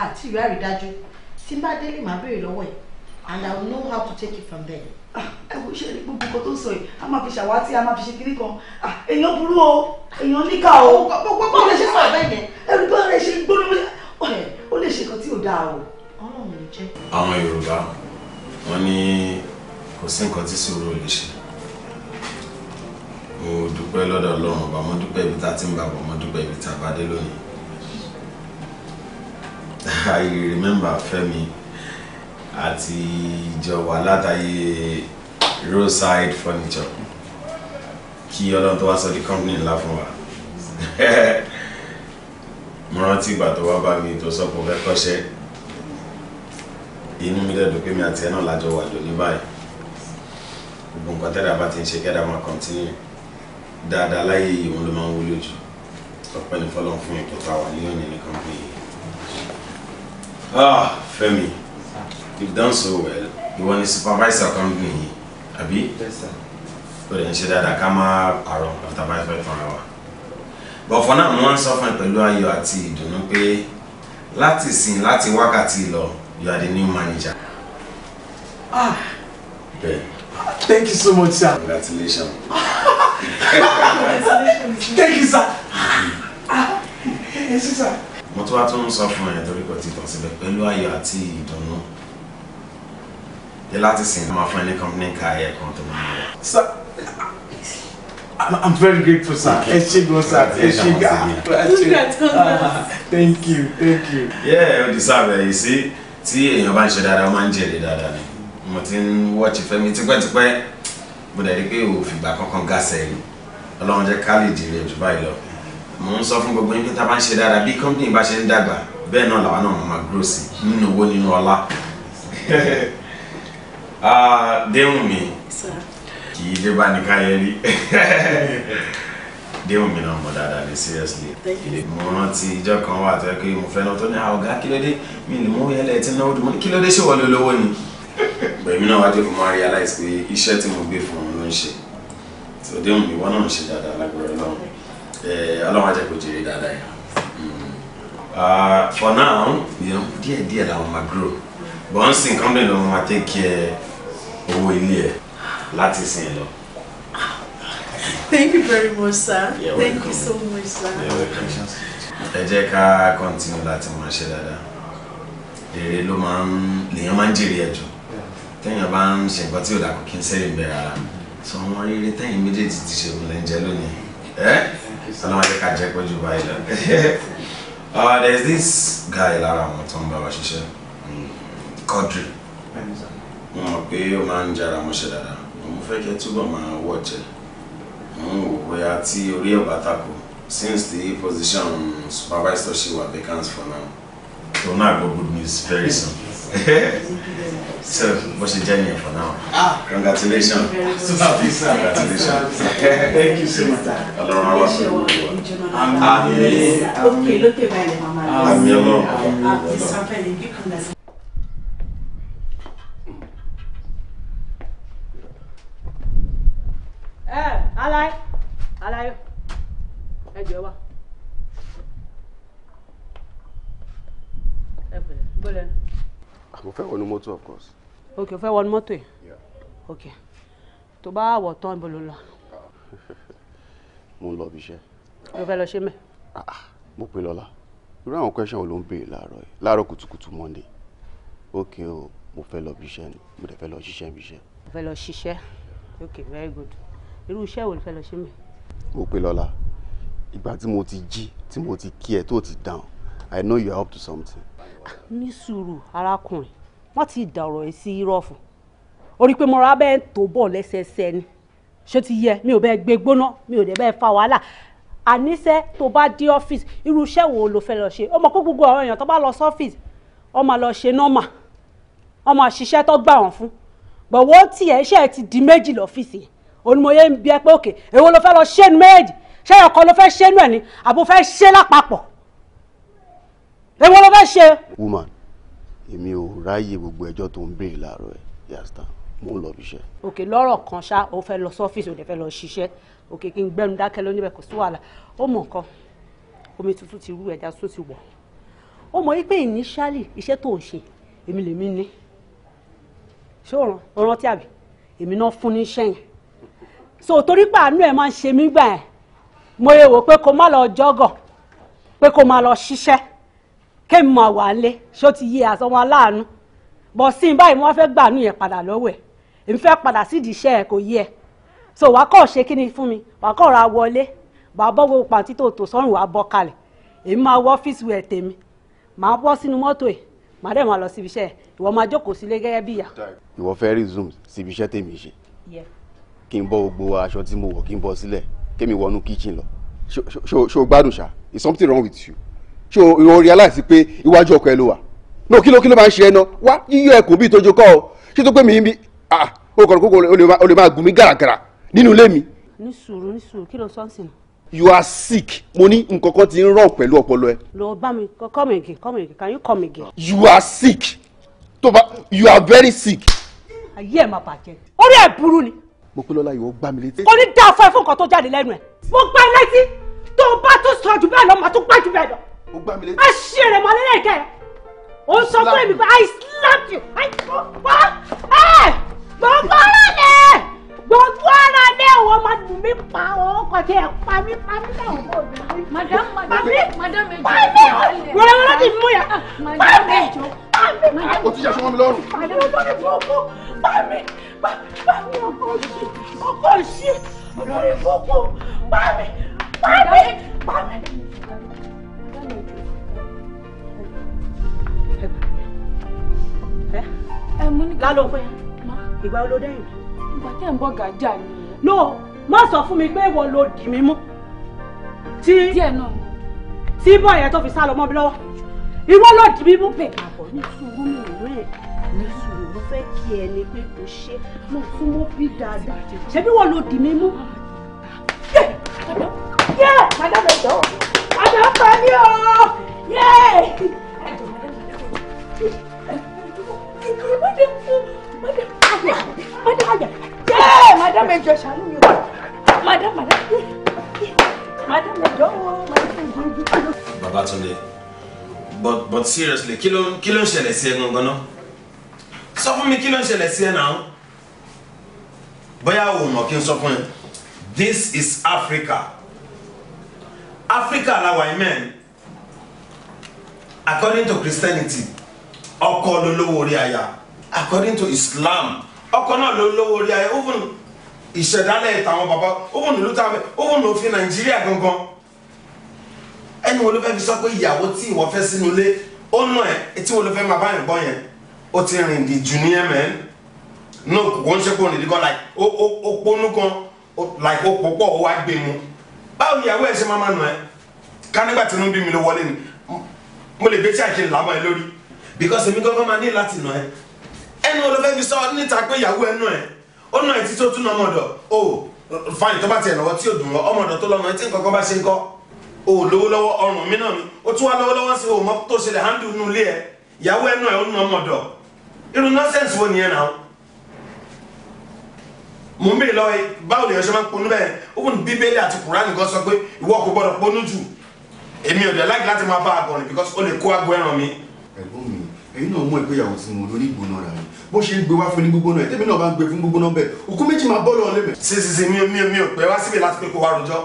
Speaker 1: àti ìwé àrídájú tí bá délé màá béèrè lọ́wọ́ ẹ̀ and I will know how to take it from there. Ah, ẹ wo ṣe gbogbo nǹkan tó sọ yìí a máa fi ṣàwátì a máa fi ṣe kiri kan ah, èèyàn burú o èèyàn níkà o gbogbo bó lè ṣe sọ bẹ́ẹ̀ yẹn ẹrú bá rẹ̀ ṣe gbóná ó lè ṣe nǹkan tí ò dáa o. ọlọ́run ló jẹ́.
Speaker 5: àwọn yorùbá wọn ní kò sí nǹkan tí sùúrù lè ṣe mo dúpẹ́ lọ́dọ̀ ọlọ́run ọba mo dúpẹ́ ibi tá a ti ń bá bọ̀ mo dúpẹ́ ibi tá a bá dé lónìí I remember Femi at àti ìjọba látàyè roadside furniture kí ọlọ́run tó wá sọ di company ńlá fún wa mo rántí ìgbà tó wá bá mi tó sọ pé fẹ́ kọ́ṣẹ́ inú mi dẹ̀ dùn pé mi àti ẹ̀ náà lájọ wà lóní báyìí gbogbo nǹkan tẹ́lẹ̀ abá ti ń ṣe kẹ́dà máa continue dáadáa láyé ìwọ̀n ló máa ń wúlò jù ọpẹ́ ní fọlọ́n fún ipò wà ní òní ní company yìí. Ah, Femi, you've done so well. You Ìwọ ni supervisor company yìí, àbí? Yes, sir. O lè ń ṣe dáadáa ká máa pààrọ̀ after five five fún wa. But for now, mo ń sọ fún ẹ pẹ̀lú ayọ̀ àti ìdùnnú pé láti sìn láti wákàtí lọ, you are the new manager. Ah. Bẹ́ẹ̀.
Speaker 4: Thank you so much, sir.
Speaker 5: Congratulations.
Speaker 4: Congratulations. Thank you, sir. Ah, yes, sir
Speaker 5: mo tún wá tún ń sọ fún ẹ̀ torí kò tí tàn síbẹ̀ pẹ̀lú ayọ̀ àti ìdùnnú láti sìn máa fún ẹ ní company car ẹ̀ kan tó máa wà. sir I'm, very grateful sir ẹ ṣé gan sir ẹ ṣé gan
Speaker 2: thank you thank you.
Speaker 5: yeah o deserve it you see tí èèyàn bá ń ṣe dáadáa ó máa ń jèrè dáadáa ni mo ti ń wọ́ọ̀tì fẹ́mi tipẹ́tipẹ́ mo dẹ̀ rí pé òfìgbà kankan gàṣẹ́ rí ọlọ́run jẹ́ ká lè jèrè jù báyìí lọ mo ń sọ fún gbogbo yín pé tá a bá ń ṣe dára bí company bá ṣe ń dàgbà bẹ́ẹ̀ náà làwa náà máa grow sí nínú owó nínú ọlá. Ah, Déwùnmí kì í dé bá ní káyé rí Déwùnmí náà mọ̀ dáadáa ní seriously mo rántí ìjọ kan wà tó yẹ pé mo fẹ́ náà tó ní ah, ọ̀gá kí ló dé mi ni mo yẹ lẹ́ẹ̀tì náà ó dùn mọ́ kí ló dé ṣèwọ lólówó ni. Bẹ̀mí náà wájú fún wa realize pé iṣẹ́ tí mo gbé fún un ló ń ṣe. Tòdéhùn ìwọ náà ń ṣe dáadáa lágbára Ọlọ́run. Eh, ọlọ́run àti ẹ̀kọ́ jèrè dáadáa yẹn ah, for now díẹ̀ díẹ̀ làwọn máa grow but once sin company lọ́wọ́ máa take care owó ilé ẹ̀ láti sin lọ.
Speaker 6: Thank you very much, sir. You're Thank you so much, sir. You're
Speaker 5: welcome. Ẹ jẹ́ ká continue láti máa ṣe dáadáa. Èrè ló máa ń lèèyàn máa ń jèrè ẹ̀jọ̀. Téèyàn bá ń ṣe nǹkan tí ò dàkú kí n sẹ́yìn bẹ̀rẹ̀ ara. Sọ wọn rere téèyàn méjèèjì ti ṣe òun lẹ́ lónìí. Uh, there's this guy lára àwọn tó ń bá wa ṣiṣẹ́ mm, Quadri mo mọ̀ pé ó máa ń jara mọ́ṣẹ́ dáadáa mo fẹ́ kí ẹ túbọ̀ máa wọ̀jẹ̀ mo ń wò bóyá tí orí tako since the position supervisor ṣì wà vacant for now. so now i go good news very soon. So, what's the journey for now? Ah, congratulations. So sir. Congratulations. Thank you so much.
Speaker 3: Ọlọ́run awa fún mi. Àmín. Òkè ló pè báyìí màmá rẹ̀. Àmín Ọlọ́run. Àmín Sáfẹ́lì bí kan náà.
Speaker 1: Ẹ aláì aláì ẹ jọ wá. Ẹ pẹ̀lẹ́ bọ́lẹ̀. Àmọ́ ah, fẹ́ wọnú mọ́tò of course ok o fẹ́ wọnú mọ́tò yìí ok tó bá wọ̀ tán ibo ló lọ. mo ń lọ ibi iṣẹ́. mo fẹ́ lọ ṣe mẹ́. Ah,
Speaker 2: ah, mo pè lọ́la irú àwọn question wo ló ń béèrè láàárọ̀ yìí láàárọ̀ kùtùkùtù monday ok o mo fẹ́ lọ ibi iṣẹ́ ni mo dẹ̀ fẹ́ lọ ṣiṣẹ́ ibi iṣẹ́.
Speaker 1: mo fẹ́ lọ ṣiṣẹ́ ok very good irú iṣẹ́ wo ló fẹ́ lọ ṣe mẹ́.
Speaker 2: mo pè lọ́la ìgbà tí mo ti jí tí mo ti kí ẹ tó ti dáhùn i know you are up to something.
Speaker 1: Ah, ní sùúrù arákùnrin wọ́n ti dà ọ̀rọ̀ yìí sí rọ́ọ̀fù orí pé mo ra bẹ́ẹ̀ tó bọ̀ lẹ́sẹẹsẹ ni ṣé ti yẹ mi ò bẹ́ẹ̀ gbé gbóná mi ò dẹ̀ bẹ́ẹ̀ fa wàhálà àníṣe tó bá dé ọ́fíìsì irú iṣẹ́ wo ló fẹ́ lọ ṣe ó mọ̀ pé gbogbo àwọn èèyàn tó bá lọ sí ọ́fíìsì wọ́n máa lọ ṣe nọ́mà wọ́n máa ṣiṣẹ́ tó gbà wọ́n fún gbọ̀wọ́ tiẹ̀ iṣẹ́ ti di méjì lọ́fíìsì onímọ̀ye ń bí ẹ pé òkè èwo ló fẹ́ lọ ṣe nu méjì ṣé ọkọ ló fẹ́ ṣe nu ẹ̀ ni àbò fẹ́ ṣe lápapọ̀ èwo ló fẹ́ ṣe.
Speaker 2: woman èmi ò ráyè gbogbo ẹjọ́ tó ń béèrè láàárọ̀ ẹ̀ yàtà mo ń lọ bí iṣẹ́.
Speaker 1: òkè lọ́rọ̀ kan ṣá o fẹ́ lọ sọ́fíìsì o dẹ̀ fẹ́ lọ ṣiṣẹ́ òkè kí n gbẹ́nu dákẹ́ lónìí bẹ́ẹ̀ kò sí wàhálà ó mọ̀ nǹkan omi tuntun ti rú ẹja sún ti wọ̀ ó mọ̀ wípé ìníṣálì iṣẹ́ tó ń ṣe èmi lèmi ní ṣé òràn òràn tí àbí èmi náà fún ní sẹ́yìn so torí pé àánú ẹ̀ máa ń ṣe mí gbà ẹ̀ mo yẹ wò pé kó má lọ jọ́gọ̀ pé kó má lọ ṣiṣẹ́ kẹ́mi máa wà ń lé ṣó ti yé àsọmọ aláàánú bọ̀ sí i báyìí wọ́n fẹ́ gbàánú yẹn padà lọ́wọ́ ẹ̀ èmi fẹ́ padà sídìí iṣẹ́ ẹ̀ kò yé ẹ̀ so wàá kọ́ ṣe kí ni fún mi wàá kọ́ ra wọlé wàá bọ́ gbogbo pàǹtí tó tò sọ́run wàá bọ́ kalẹ̀ èmi máa wọ ọ́fíìsì ẹ̀ tèmi màá bọ́ sínú mọ́tò ẹ̀ màá dẹ̀ máa lọ síbi iṣẹ́ ẹ̀ ìwọ máa jókòó sílé gẹ́gẹ́ bí ìyá.
Speaker 2: ìwọ fẹ́ rí zoom síbi iṣẹ́ tèmi ṣe kí n bọ́ gbogbo aṣọ tí mo wọ̀ kí n bọ́ sílẹ̀ kémi wọnú kíchìn lọ ṣó gbádùn ṣá is something wrong with you ṣé o realize pé iwájú ọkọ ẹ ló wà no kí ló kí ló máa ń ṣe ẹ náà wá yíyọ ẹ kò bí ìtọ́jú ọ ṣé tó pé mi mi ah o kàn kókò o lè máa gùn mí gàràgàrà nínú ilé mi.
Speaker 1: ní sùúrù ní sùúrù kí ló sọ sí.
Speaker 2: you are sick mo ní nǹkan kan ti ń rọ̀ pẹ̀lú ọpọlọ ẹ.
Speaker 1: lọ bá mi come again come again can you come again.
Speaker 2: you are sick tó bá you are very sick.
Speaker 1: ayé ẹ̀ máa bàjẹ́
Speaker 2: orí ẹ̀ burú
Speaker 1: ni. mo pé lọ́la ìwọ gbá mi létí. kò ní dáa fún ẹ fún nǹkan tó jáde lẹ́nu ẹ̀ mo gbá ẹ létí tó o bá tó sọ jù bẹ́ẹ̀
Speaker 4: lọ ó gbá mi létí. a ṣe rẹ̀ mọ́ lẹ́lẹ́ ìkẹ́
Speaker 1: o sọ fún èmi pé
Speaker 4: i slap you i gbọ́ ẹ gbogbo ara dẹ gbogbo ara
Speaker 1: dẹ wọ́n máa dùn mí pa ọ́ kọ̀ tí pa mí pa mí náà madam madam
Speaker 3: madam ejò pa mí wọ́n wọ́n ti mú yà ah, pa mí
Speaker 4: pa mí. o ti yàtọ̀ wọn mi lọ́rùn. madam ejò ni fúnfún pa mí pa mí ọkọ̀ ṣí ọkọ̀ ṣí olórí fúnfún pa mí pa mí pa mí lálejò.
Speaker 1: ẹ mú ní. lálọ́ pé ìgbà wo ló dẹ́yìn. ìgbà tẹ́ ń bọ̀ gàjà ni. no má sọ fún mi pé ìwọ ló dì mí mú. tí díẹ̀ náà ni. tí bọ́ọ̀ yẹn tó fi sá lọ mọ́ mi lọ́wọ́. ìwọ ló dì mí mú. bẹ́ẹ̀
Speaker 3: àbọ̀ ní sùúrù mi ìlú ẹ̀
Speaker 1: ní sùúrù fẹ́ kí ẹni pé kò ṣe mo fún mọ́ bí dáadáa. ṣebí wọ́n ló dì mí mú. yẹ́ẹ̀ padà lọ jọ ṣàpá ní o yé. madam ẹjọ ṣàánú
Speaker 4: mi o madam madam madam ẹjọ o madam
Speaker 3: ẹjọ.
Speaker 5: Babatunde but but seriously kí ló kí ló ń ṣẹlẹ̀ sí ẹ gangan náà sọ fún mi kí ló ń ṣẹlẹ̀ sí ẹ náà bóyá òun mọ̀ kí n sọ fún ẹ this is Africa. Africa la wà amen according to Christianity ọkọ ló lówó orí aya according to Islam ọkọ náà ló lówó orí aya even ìṣẹ̀dálẹ̀ ìtàwọn bàbá even ìlú tàwọn even òfin Nàìjíríà gangan ẹni wo ló fẹ́ fi sọ pé ìyàwó tí ìwọ fẹ́ sínú ilé ó nà ẹ tí wo ló fẹ́ máa bá yẹn bọ́ yẹn ó ti rìn di jù ní ẹ̀mẹ́ no kò ń ṣe kó rìn di like ó ponú gan like ó pọ̀ pọ̀ ó wá gbé mu báwo ìyàwó ẹ ṣe máa máa nù ẹ ká tí inú bí mi ló wọlé ni mo lè gbé tí àkìrì ẹ lórí because èmi gangan máa ní láti nù ẹ ẹnu olófẹ́ fi sọ níta pé ìyàwó ẹ ẹ ó nù ẹ títí ó tún ọmọdọ̀ o fine tó bá tiẹ̀ lọ́wọ́ tí ò dùn lọ ọmọdọ̀ tó lọ́mọ etí nǹkan bá ṣe ń kọ́ o lówó lọ́wọ́ ọrùn mi náà ni ó tún wá lọ́wọ́ lọ́wọ́ sí o mọ́ tó ṣe handle nù ìyàwó ẹ ẹ ó nù ọmọdọ̀ irú nọ́sẹ̀nsì wo nìyẹn náà mò ń béèrè lọ́wọ́ báwo lèèyàn ṣe máa ń ponú bẹ́ẹ̀ ó fún bíbélì àti kùránì kan sọ pé ìwọ kò gbọdọ̀ ponú jù èmi
Speaker 2: ò dẹ̀ láì láti máa bá àgọ̀ rìn because ó lè kó àgọ̀ ẹran mi. ẹ̀gbọ́n mi èyí náà mú ìgbéyàwó tí mo lórí ìgbóná rà bó ṣe ń gbé wá fún ní gbogbo tẹ́mi náà bá ń gbé fún gbogbo bẹ́ẹ̀ òkú méjì máa bọ́ lọ́ọ́ lébẹ̀. sí sí sí mi ò mi ò mi ò pé wá síbi láti pé kó wá rojọ́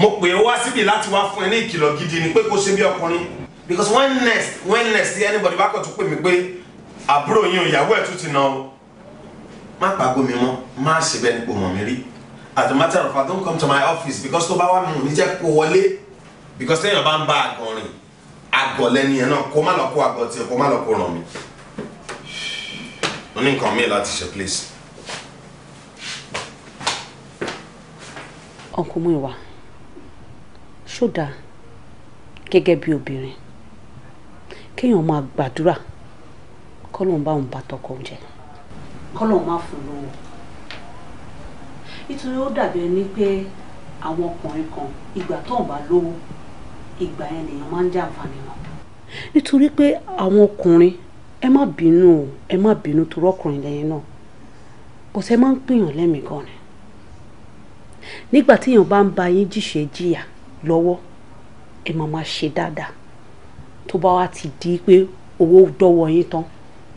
Speaker 2: mo pè é wá síbi láti wá fún ẹ ní ìkìlọ̀ gidi ni
Speaker 5: pé kó ṣe bí ọkùnrin because when next when next anybody bá kàn tún pè mí pé àbúrò yín ìyàwó ẹ̀ tún ti nà ọ́ má pàgọ́ mi mọ́ má ṣe bẹ́ẹ̀ nípò mọ̀ mi rí as a matter of fact don't come to my office because tó bá wà mí jẹ́ kó wọlé because téèyàn bá ń bá àgàn rìn àgàn lẹ́ni yẹn náà kó má lọ kó àgàn tiẹ̀ kó má lọ kó ràn mí oní nǹkan mi láti ṣe please.
Speaker 1: ọkùnrin mú ìwà ṣódà gẹ́gẹ́ bí obìnrin kéèyàn máa gbàdúrà kọ́lọ́n bá òun bá tọkọ jẹ́ kọ́lọ̀ má fún lówó nítorí ó dàbí ẹni pé àwọn ọkùnrin kan ìgbà tó ń bá lówó ìgbà yẹn lèèyàn máa ń jẹ àǹfààní wọn. nítorí pé àwọn ọkùnrin ẹ má bínú o ẹ má bínú torí ọkùnrin lẹ́yìn náà kò sẹ́ máa ń pèèyàn lẹ́mìí gan ni nígbà téèyàn bá ń ba yín jìṣẹ́ jìyà lọ́wọ́ ẹ máa máa ṣe dáadáa tó bá wá ti di pé owó dọ́wọ́ yín tán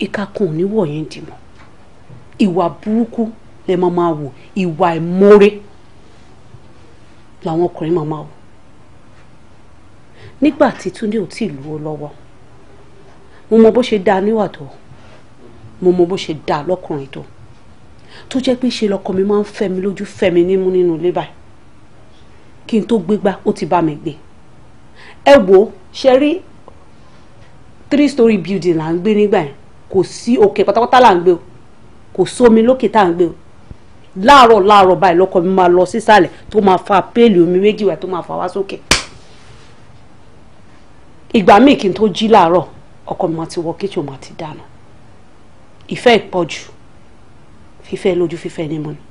Speaker 1: ìka kan yín dì mọ́ ìwà burúkú lẹ máa máa wò ìwà ìmọ̀re làwọn ọkùnrin máa máa wò nígbà tí Túndé ò tí ì lówó lọ́wọ́ mo mọ bó ṣe dáa níwà tó mo mọ bó ṣe dáa lọ́kùnrin tó tó jẹ́ pé ṣe lọ́kọ mi máa ń fẹ́ mi lójú fẹ́ mi nímú nínú ilé báyìí kí n tó gbégbá ó ti bá mi gbé ẹ wò ṣe rí three story building là ń gbé nígbà yẹn kò sí òkè pátápátá là ń gbé o kò sómi lókè tá à ń gbé o láàárọ̀ láàárọ̀ báyìí lọ́kọ mi máa lọ sísàlẹ̀ tó máa fa péèlì omi méjì wá tó máa fa wá sókè ìgbà míì kí n tó jí láàárọ̀ ọkọ mi máa ti wọ kíchìn máa ti dáná ìfẹ́ ìpọ̀jù fífẹ́ lójú fífẹ́ nímú ni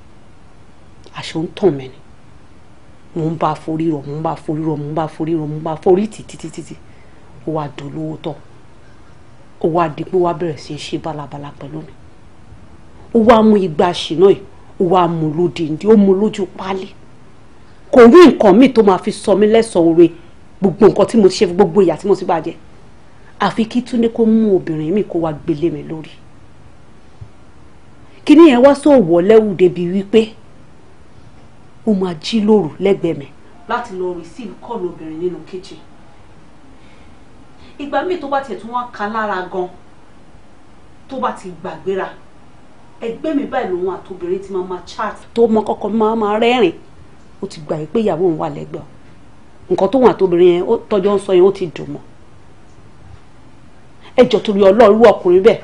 Speaker 1: àṣọ ń tàn mí ni mò ń bá forí rọ mò ń bá forí rọ mò ń bá forí rọ mò ń bá forí títí títí ó wá dolówó tọ ó wá dìgbò wá bẹ̀rẹ̀ sí í ṣe bálabàla pẹ̀lú mi ó wá mú igba àṣìná ẹ̀ ó wá mú lódìndí ó mú lójú pálí kò rí nǹkan míì tó máa fi sọ mí lẹ́sàn-án gbogbo nǹkan tí mo ti ṣe fún gbogbo ìyà tí mo ti bàjẹ́ àfi kí Túndé kó mú obìnrin mi kó wá gbélé mi lórí kíní yẹn wá sọ wọ lẹ́wù débi wípé ó máa jí lóru lẹ́gbẹ̀ẹ́ mi láti lọ receive call obìnrin nínú kitchen ìgbà míì tó bá tiẹ̀ tún wá ka lára gan tó bá ti gbàgbéra ẹgbẹ́ mi báyìí lòun àtobìnrin ti máa ma chat tó mọ kọ́kọ́ máa ma rẹ́rìn ó ti gbà pé ìyàwó òun wà lẹ́gbẹ̀ẹ́ nǹkan tóun àtobìnrin yẹn tọ́jọ́ ń sọ yẹn ó ti dùn mọ́ ẹjọ́ torí ọlọ́run ọkùnrin bẹ́ẹ̀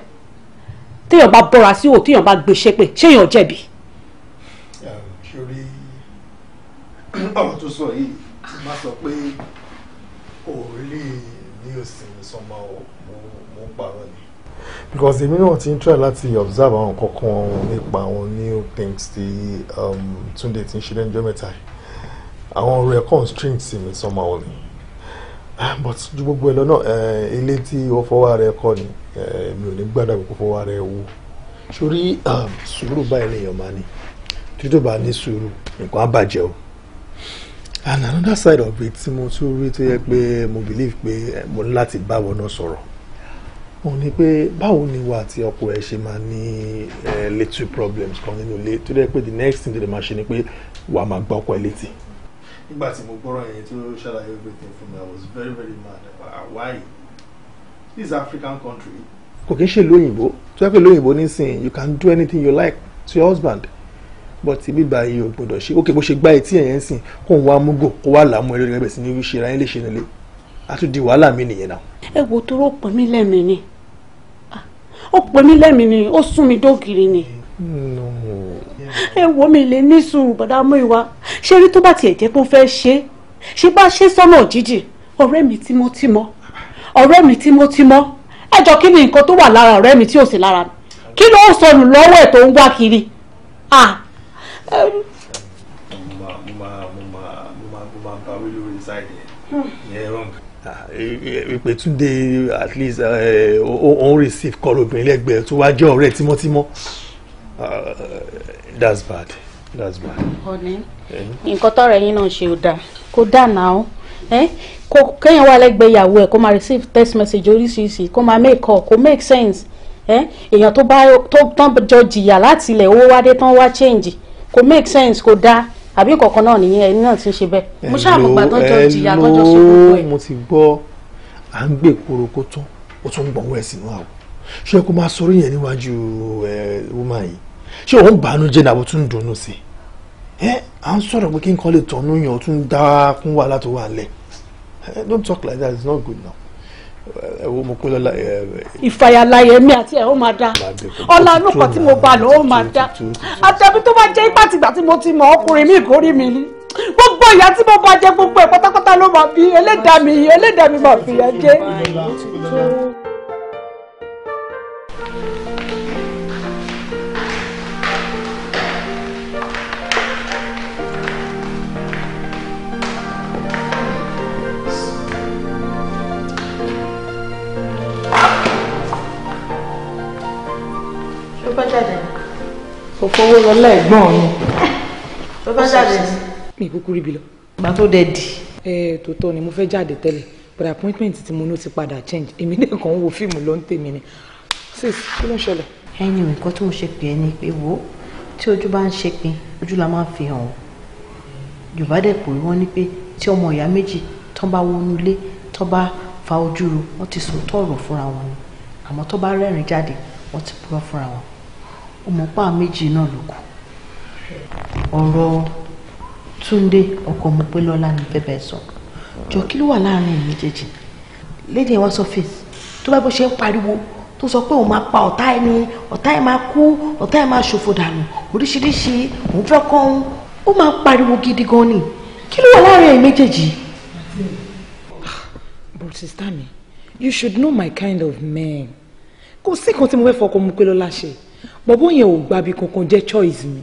Speaker 1: téèyàn bá bọ́ra sí òun téèyàn bá gbé ṣépè séèyàn jẹ̀bi.
Speaker 2: sori ọ̀rọ̀ tó sọ yìí ti máa sọ pé òòlì ni òsì sọmọ because èmi náà ti ń try láti observe àwọn kankan nípa àwọn new things tí um, Túndé ti ń ṣe lẹ́njọ́ mẹ́ta àwọn ọ̀rọ̀ ẹ̀ constraint sí mi somehow ni ah, but ju gbogbo ẹ̀ lọ náà eh, ilé tí ó fọwọ́ rẹ̀ kọ́ ni eh, mi ò ní gbàdá kó fọwọ́ rẹ̀ wò sórí um, sùúrù báyìí lèèyàn máa ní títí ó bá ní sùúrù nǹkan á bàjẹ́ o and another side of it tí mo tún rí tó yẹ pé mo believe pé eh, mo ní láti bá wọn náà sọ̀rọ̀ òun ni pé báwo ni ìwà àti ọkọ ẹ ṣe máa ní little problems kan nínú ilé tó dẹ́ pé the next thing tó lè máa ṣe ni pé wà á máa gbọ́ ọkọ ẹ létí. nígbà tí mo gbọ́rọ̀ yẹn tó ṣàlàyé everything fún mi I was very very mad why this African country. kò kí ń ṣe lóyìnbó tó yẹ pé lóyìnbó nísìnyí you can do anything you like to your husband but ibi báyìí o gbọ́dọ̀ ṣe ókè bó ṣe gbá etí ẹ̀yẹ́ ń sìn kó ń wá múgò kó wá làámú ẹ lórí ẹgbẹ́ sí ní ṣe ra yín léṣe nílé a tún di wàhálà mi nìyẹn náà.
Speaker 1: ẹ wo toró pọ̀ mí lẹ́nu ni ó pè mí lẹ́mìí ni ó sún mi dógiri ni. ẹ wo mi lè ní sùn bàdá mú ìwà ṣé rí tó bá tiẹ̀ jẹ́ pé ó fẹ́ ṣe é ṣe bá ṣe sọ́nà jíjì ọ̀rẹ́ mi tímọ́tímọ́ ọ̀rẹ́ mi tímọ́tímọ́ ẹ jọ kí ni nǹkan tó wà lára ọ̀rẹ́ mi tí ò sí lára mi kí ló ń sọnù lọ́wọ́ ẹ̀ tó ń wá kiri mo máa mo
Speaker 2: máa mo máa mo máa bawí lórí ṣáìdì yẹn wrong ìpè túnde at least eh, ó ń receive call obìnrin lẹ́gbẹ̀ẹ́ tó wá jẹ́ ọ̀rẹ́ tímọ́tímọ́ uh, that's bad that's bad.
Speaker 1: ọ̀nì eh? nǹkan tọrọ ẹyin náà ṣe ò dáa kó dáa náà eh? kó kéèyàn wà lẹ́gbẹ̀ẹ́ ìyàwó ẹ̀ kó máa receive text message oríṣiríṣi kó máa make call kó make sense èèyàn tó bá tó tán jọ jìyà láti ilẹ̀ owó wá dé tán wá change kò make sense kò dáa àbí kọ̀ọ̀kan náà nìyẹn ẹni náà ti ń ṣe bẹ́ẹ̀ mo ṣáà mọ̀ gbà tó jọ jìyà tó jọ ṣe gbogbo ẹ̀.
Speaker 2: mo ti gbọ́ à ń gbé ìkoro kó tán ó tún ń gbọ̀n wẹ̀ sínú àwọ̀ ṣé kó máa sọ̀rọ̀ yẹn níwájú wúmà yìí ṣé òun bàánú jẹ́ nàbó tún dùnú sí i ẹ à ń sọ̀rọ̀ pé kí nǹkan lè tọ́nú yàn ó tún dá fún wàhálà tó wà lẹ̀ don't talk like that it's not good now owó mo kó lọ́la. ìfàyàlàyé mi
Speaker 1: àti ẹ̀ ó máa dá ọ̀la àlùkò tí mo bá lọ ó máa dá àtẹ̀bí tó bá jẹ́ ipá tìgbà tí mo ti mọ ọkùnrin mi ìkórè mi ni gbogbo ìyá tí mo bá jẹ gbogbo ẹ̀ pátápátá ló máa bí ẹlẹ́dàá mi ẹlẹ́dàá
Speaker 4: mi máa fìyà jẹ.
Speaker 6: kò fowó lọ lẹ́gbọ̀n mi.
Speaker 1: tó bá jáde mi kúkú ríbi lọ. gbà tó dẹ di. ẹ tòótọ́ ni mo fẹ́ jáde tẹ́lẹ̀ but appointment tí mo ní ó ti padà change èmi náà kàn ń wo fíìmù ló ń tèmi ni sis kí ló ń ṣẹlẹ̀. ẹni nǹkan tó ń ṣe pè é pé wo tí ojú bá ń ṣe pin ojú la máa fi hàn o yorùbá dẹ̀ pé wọ́n ní pé tí ọmọ ìyá méjì tán bá wọnú ilé tán bá fa ojú ro wọ́n ti sòótọ́ ọ̀rọ̀ fúnra wọn ni àmọ́ tó bá rẹ́rìn-ín jáde wọ́n ti purọ́ fúnra wọn ọmọ méjì náà ló kù ọ̀rọ̀ Túndé ọkọ Mọ́pẹ́lọ́lá ni bẹ́bẹ̀ sọ jọ kí ló wà láàrin méjèèjì lédi ẹ̀ wá tó bá bó ṣe ń pariwo tó sọ pé òun máa pa ọ̀tá ẹni ọ̀tá ẹ̀ máa kú ọ̀tá ẹ̀ máa ṣòfò dànù oríṣiríṣi òun fẹ́ kọ́ òun ó máa pariwo gidi gan ni kí ló wà láàrin ẹ̀ but sister mi you should know my kind of men kò sí nǹkan tí mo fẹ́ fọkọ Mọ́pẹ́lọ́lá ṣe bọ̀bọ̀ yẹn ò gbàbí kankan jẹ́ choice mi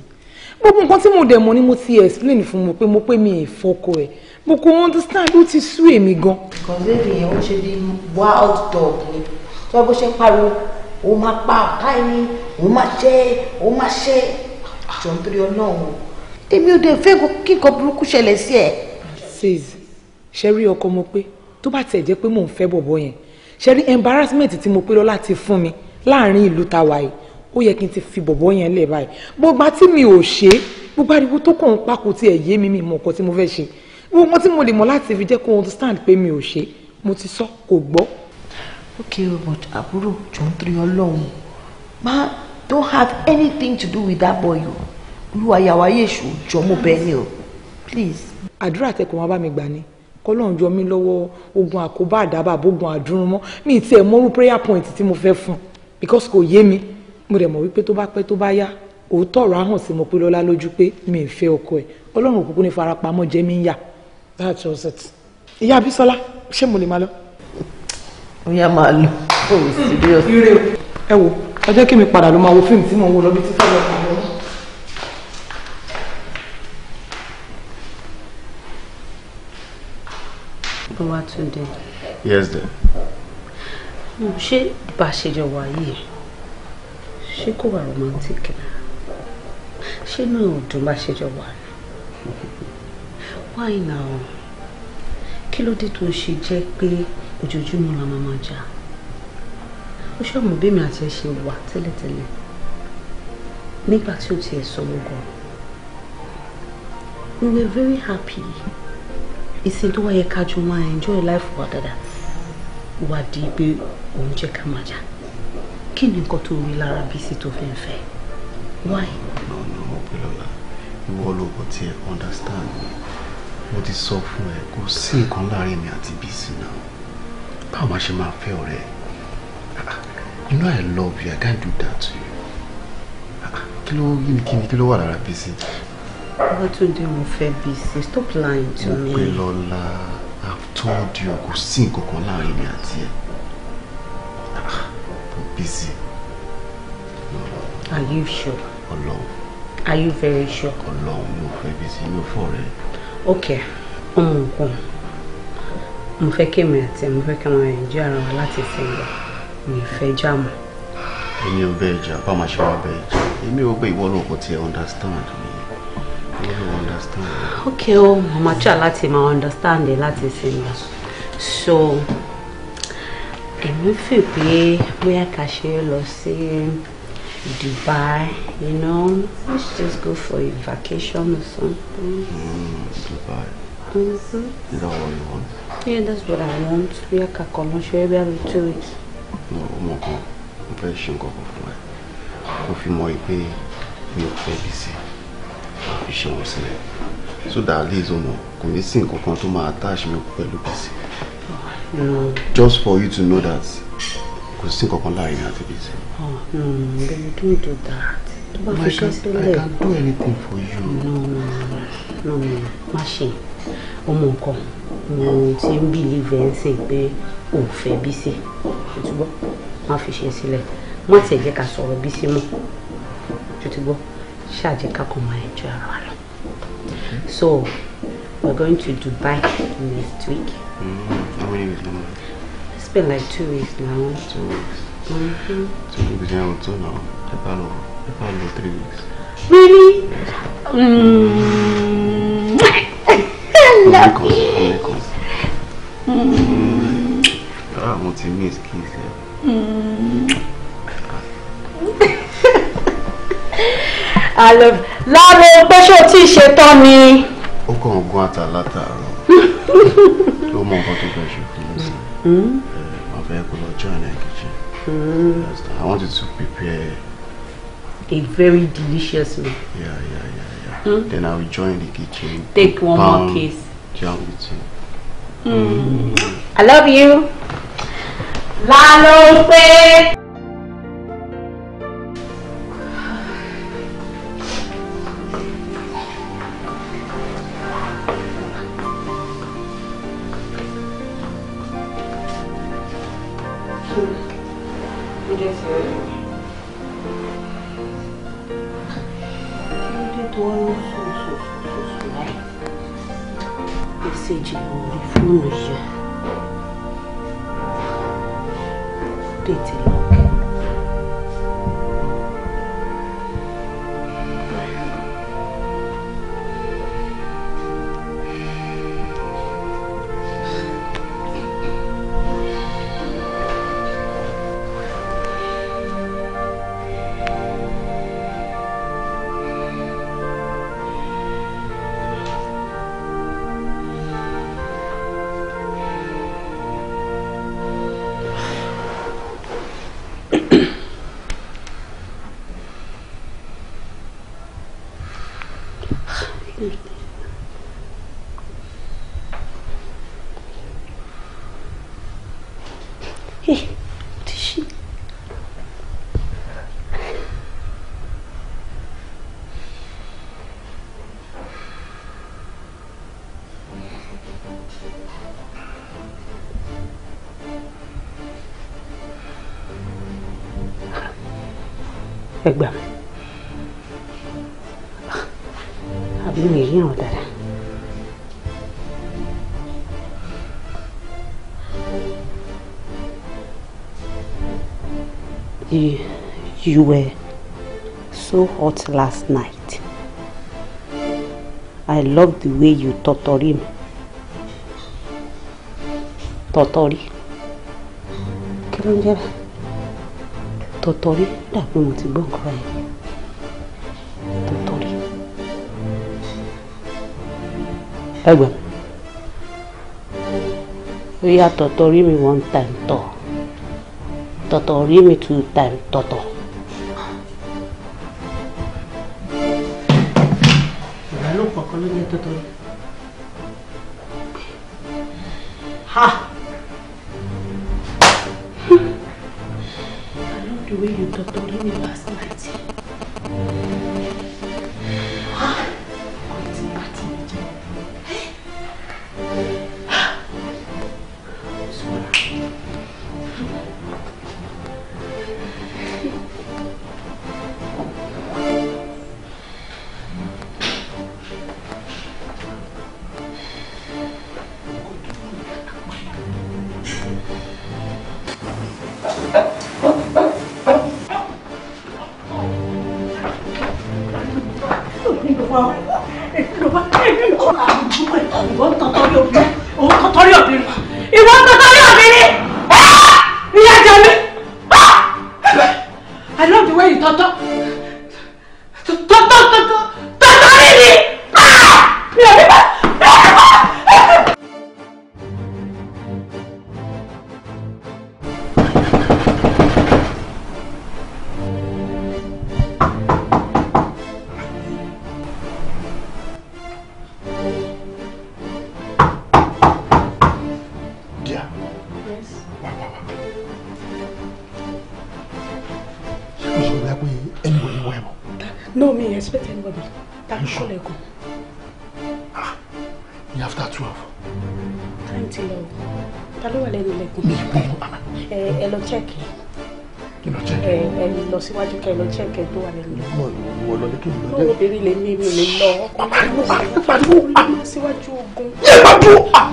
Speaker 1: gbogbo nǹkan tí mo dẹ̀ mọ̀ ni mo ti explain fún mo pé mo pé mi ì fọkọ ẹ̀ mo kò understand ó ti sú èmi gan. kọ̀ǹdẹ́rì yẹn ó ṣe bí wild dog ni tí wọ́n bó ṣe pariwo òun máa pa báyìí ni òun máa ṣe òun máa ṣe jọ̀ọ́ nítorí ọlọ́run èmi ò dẹ̀ fẹ́ kí burúkú ṣẹlẹ̀ sí ẹ̀. says ṣe rí ọkọ mo pé tó bá tiẹ̀ jẹ́ pé mò ń fẹ́ bọ̀bọ̀ yẹn ṣe rí embarrassment tí mo pé lọ́la ti fún mi láàrin ìlú tàwa yìí ó yẹ kí n ti fi bọ̀bọ̀ yẹn lẹ̀ báyìí gbogbo àti mi ò ṣe gbogbo ariwo tó kàn ń pa kò tiẹ̀ yé mi mi mọ̀ nǹkan tí mo fẹ́ ṣe gbogbo nǹkan tí mo lè mọ̀ láti fi jẹ́ kó understand pé mi ò ṣe mo ti sọ kò gbọ́. ok but àbúrò jọ ń torí Ma, don't have anything to do with that boy o olúwa yàwá yéṣu jọ mo bẹ ni o please. àdúrà tẹkùn wọn bá mi gbà ni kọlọ́run jọ mí lọ́wọ́ ogun àkóbá àdábà bógun àdúrún mọ́ mi ì tiẹ̀ mọ́rú prayer point tí mo fẹ́ fún because kò yé mi mo dẹ̀ mọ̀ wípé tó bá pẹ́ tó bá yá òótọ́ ọ̀rọ̀ ahàn sí mo pé lọ́lá lójú pé mi ì fẹ́ ọkọ ẹ̀ ọlọ́run òkùnkùn ní farapamọ́ jẹ́ mi ń yà that's all set. ìyá abisola ṣé mo lè máa lọ. ìyá máa lọ kò sí bí ọsẹ. ire ẹ wo ẹ kí mi padà ló máa wo fíìmù tí mò ń wo lọ bí
Speaker 6: títí ọ̀rọ̀ kan lọ́wọ́.
Speaker 1: Bọ́lá yes dear. ṣé bá wà yìí ṣé kò wà romantic ṣé náà ò dùn bá ṣe jọ wà ní why now kí ló dé tó ṣe jẹ́ pé ojoojúmọ́ la máa máa jà ó ṣọ́mù bí mi àti ẹ ṣe wà tẹ́lẹ̀tẹ́lẹ̀ nígbà tí ó ti ẹ̀ sọ gbogbo we were very happy ìsìn tó wáyé ká jọ máa enjoy life wa dáadáa wà di pé òun jẹ́ ká máa jà kí ni nǹkan tó rí lára Bísí tó fi ń fẹ́ why.
Speaker 2: no no Ọpẹ́lọ́lá ìwọ olóògùn tí ẹ understand mi mo ti sọ fún ẹ kò sí nǹkan láàrin mi àti Bísí náà báwo máa ṣe máa fẹ́ ọ̀rẹ́ you know I love you I can't do that to you kí ló yí ni kí ni kí ló wà lára Bísí.
Speaker 1: Babatunde mo fẹ́ Bísí stop lying to me.
Speaker 2: Ọpẹ́lọ́lá I've told you kò sí nǹkan kan láàrin mi àti ẹ busy.
Speaker 1: Are you sure? Ọlọ́run. Are you very sure? Ọlọ́run mi ò fẹ́ busy mi ò fọ Okay. Um. ọmọ I'm mo fẹ́ kémi àti ẹ̀ mo fẹ́ kémi àwọn ẹ̀jẹ̀ ara wa láti sẹ́yìn mi fẹ́ jáàmù.
Speaker 2: Èmi ò bẹ́ẹ̀ jà, bá máa ṣe wá bẹ́ẹ̀ jà. Èmi ò pé ìwọ ló kò tiẹ̀ understand mi. Ìwọ ló understand
Speaker 3: mi.
Speaker 1: Ok o, màmá tíra láti máa understand láti sẹ́yìn. So èmi fì pé bóyá ká ṣe lọ sí Dubai you know let's just go for a vacation or something. Hmm, Dubai. Mm-hmm. Is that what you want? Yeah, that's what I want. Bóyá ká kọ̀ mọ́ ṣe é bí i two weeks.
Speaker 2: No, ọmọ kan, mo fẹ́ ṣe nǹkan kan fún ẹ. Mo fi mọ̀ pé mi ò fẹ́ bí sí fi ṣe wọ́n sílẹ̀. So that at least ọmọ kò ní sí nǹkan kan tó máa attach mi pẹ̀lú bí sí. Mm. just for you to know that kò sí kankan láàrin ní activity.
Speaker 3: Ah, hmm, then don't do that. tó bá fi ṣe sílẹ̀. I can
Speaker 7: do anything for you. no no no
Speaker 1: no má ṣe ọmọ nǹkan mo ti ń believe ẹ̀ ń sìn pé òun fẹ́ bí sí ìtúbọ̀ má fi ṣe sílẹ̀ má tẹ̀ jẹ́ ká sọ̀rọ̀ bí sí mọ́ ìtúbọ̀ ṣáàjẹ́ ká kàn máa ẹ̀jọ́ ara lọ. so we're going to Dubai next week.
Speaker 3: Mm many weeks now?
Speaker 1: It's been like two weeks now. Two weeks. Mm-hmm.
Speaker 2: Two weeks now, two now.
Speaker 3: About no, about no three weeks. Really? Yes. Mm. Mm. Love you. Mm.
Speaker 2: I want to miss kiss.
Speaker 3: Mm.
Speaker 1: I love láàárọ̀ pẹ́ṣọ̀ tí ì ṣe tán
Speaker 2: come ó kàn out a lot látàárọ̀ tó mọ nǹkan tó fẹ́ ṣe fún mi sí hmm? eh, wọn fẹ́ kó lọ join ẹ̀ kitchen hmm. I want you to prepare.
Speaker 1: A very delicious meal.
Speaker 2: Yeah, yeah, yeah, yeah. Mm. Then I will join the
Speaker 3: kitchen. Take
Speaker 1: one more kiss.
Speaker 3: Jam with you. Mm. Mm.
Speaker 1: I love you. Lalo pe.
Speaker 3: ẹ gbà mí àbí mi ríran dáadáa.
Speaker 1: You, you were so hot last night. I love the way you tọ̀tọ̀rí mi. Tọ̀tọ̀rí. Kí ló ń jẹ́ bẹ́ẹ̀? tọ̀tọ̀rí dàbí mo ti gbọ́ nǹkan yẹn tọ̀tọ̀rí. ẹgbẹ́ ó yá tọ̀tọ̀rí mi one time tọ̀ tọ̀tọ̀rí mi two time tọ̀tọ̀. ìbálòpọ̀ kan ló jẹ́ tọ̀tọ̀rí. ha. Gracias. chẹ́kẹ̀ lọ chẹ́kẹ̀ tó wà nínú ilé. mo wọ lọ ní kí n lọ jẹ. obìnrin lè ní mi ò lè lọ ọkùnrin lè lọ pariwo pariwo
Speaker 6: síwájú ogun. ẹ má dùn á.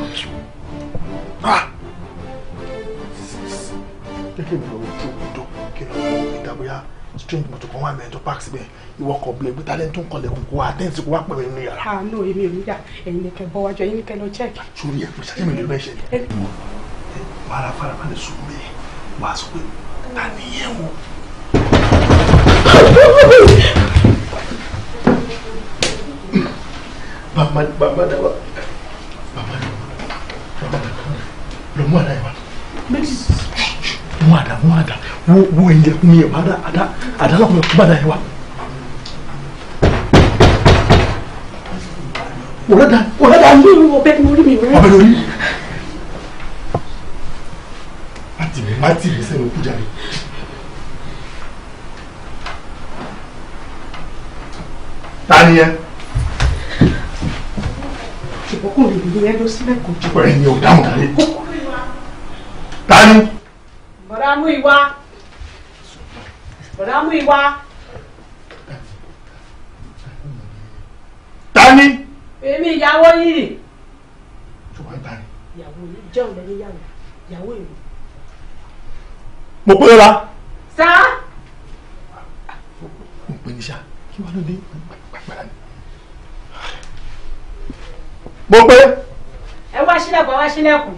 Speaker 2: jẹ́ kí n lọ ojú odò
Speaker 6: kí n lọ wọ
Speaker 2: ìdàbọ̀yà strange moto kan wà mẹ́rin tó park síbẹ̀ ìwọ kọ̀ bílẹ̀ gbé talent tó ń kọlẹ̀ kókó àtẹ́ǹsì kó wà pẹ̀lú inú yàrá.
Speaker 1: àánú ah, èmi ò ní yà ẹ̀yin lè kẹ́ bọ́ wájú ẹ̀yin kẹ́ lọ chẹ́kì.
Speaker 2: sórí ẹ̀ fún sẹ́yìn mi ló mẹ́sẹ̀ wàá farabalẹ̀ sùn mí wàá sọ pé ta ni yẹn wọ̀. baba baba daba baba daba lọ mú àdá yẹn wá mú àdá mú àdá wo wo ìyẹ̀kùn yẹn wá àdá àdá àdá lọ́kùnrin mú àdá yẹn wá.
Speaker 1: ọ̀rẹ́dà ọ̀rẹ́dà lórí ọbẹ̀ lórí mi rẹ̀. ọbẹ̀ lórí mi. obìnrin yẹn ló sílẹ̀ kò jù. ọ̀rẹ́ mi ò dáhùn dáre. tani. bọ̀dá mú ìwá. bọ̀dá mú ìwá. tani. èmi ìyàwó yìí rè. jọ̀wọ́ ẹ bá rẹ̀. ìyàwó yìí jẹun lẹ́yìn ìyàwó ìyàwó èrò. mo pé ra. sá. mo pè ní sá kí wàá ló
Speaker 6: gbàgbà ni. mo pé
Speaker 1: ẹ wá sílẹ̀kùn ẹ wá sílẹ̀kùn.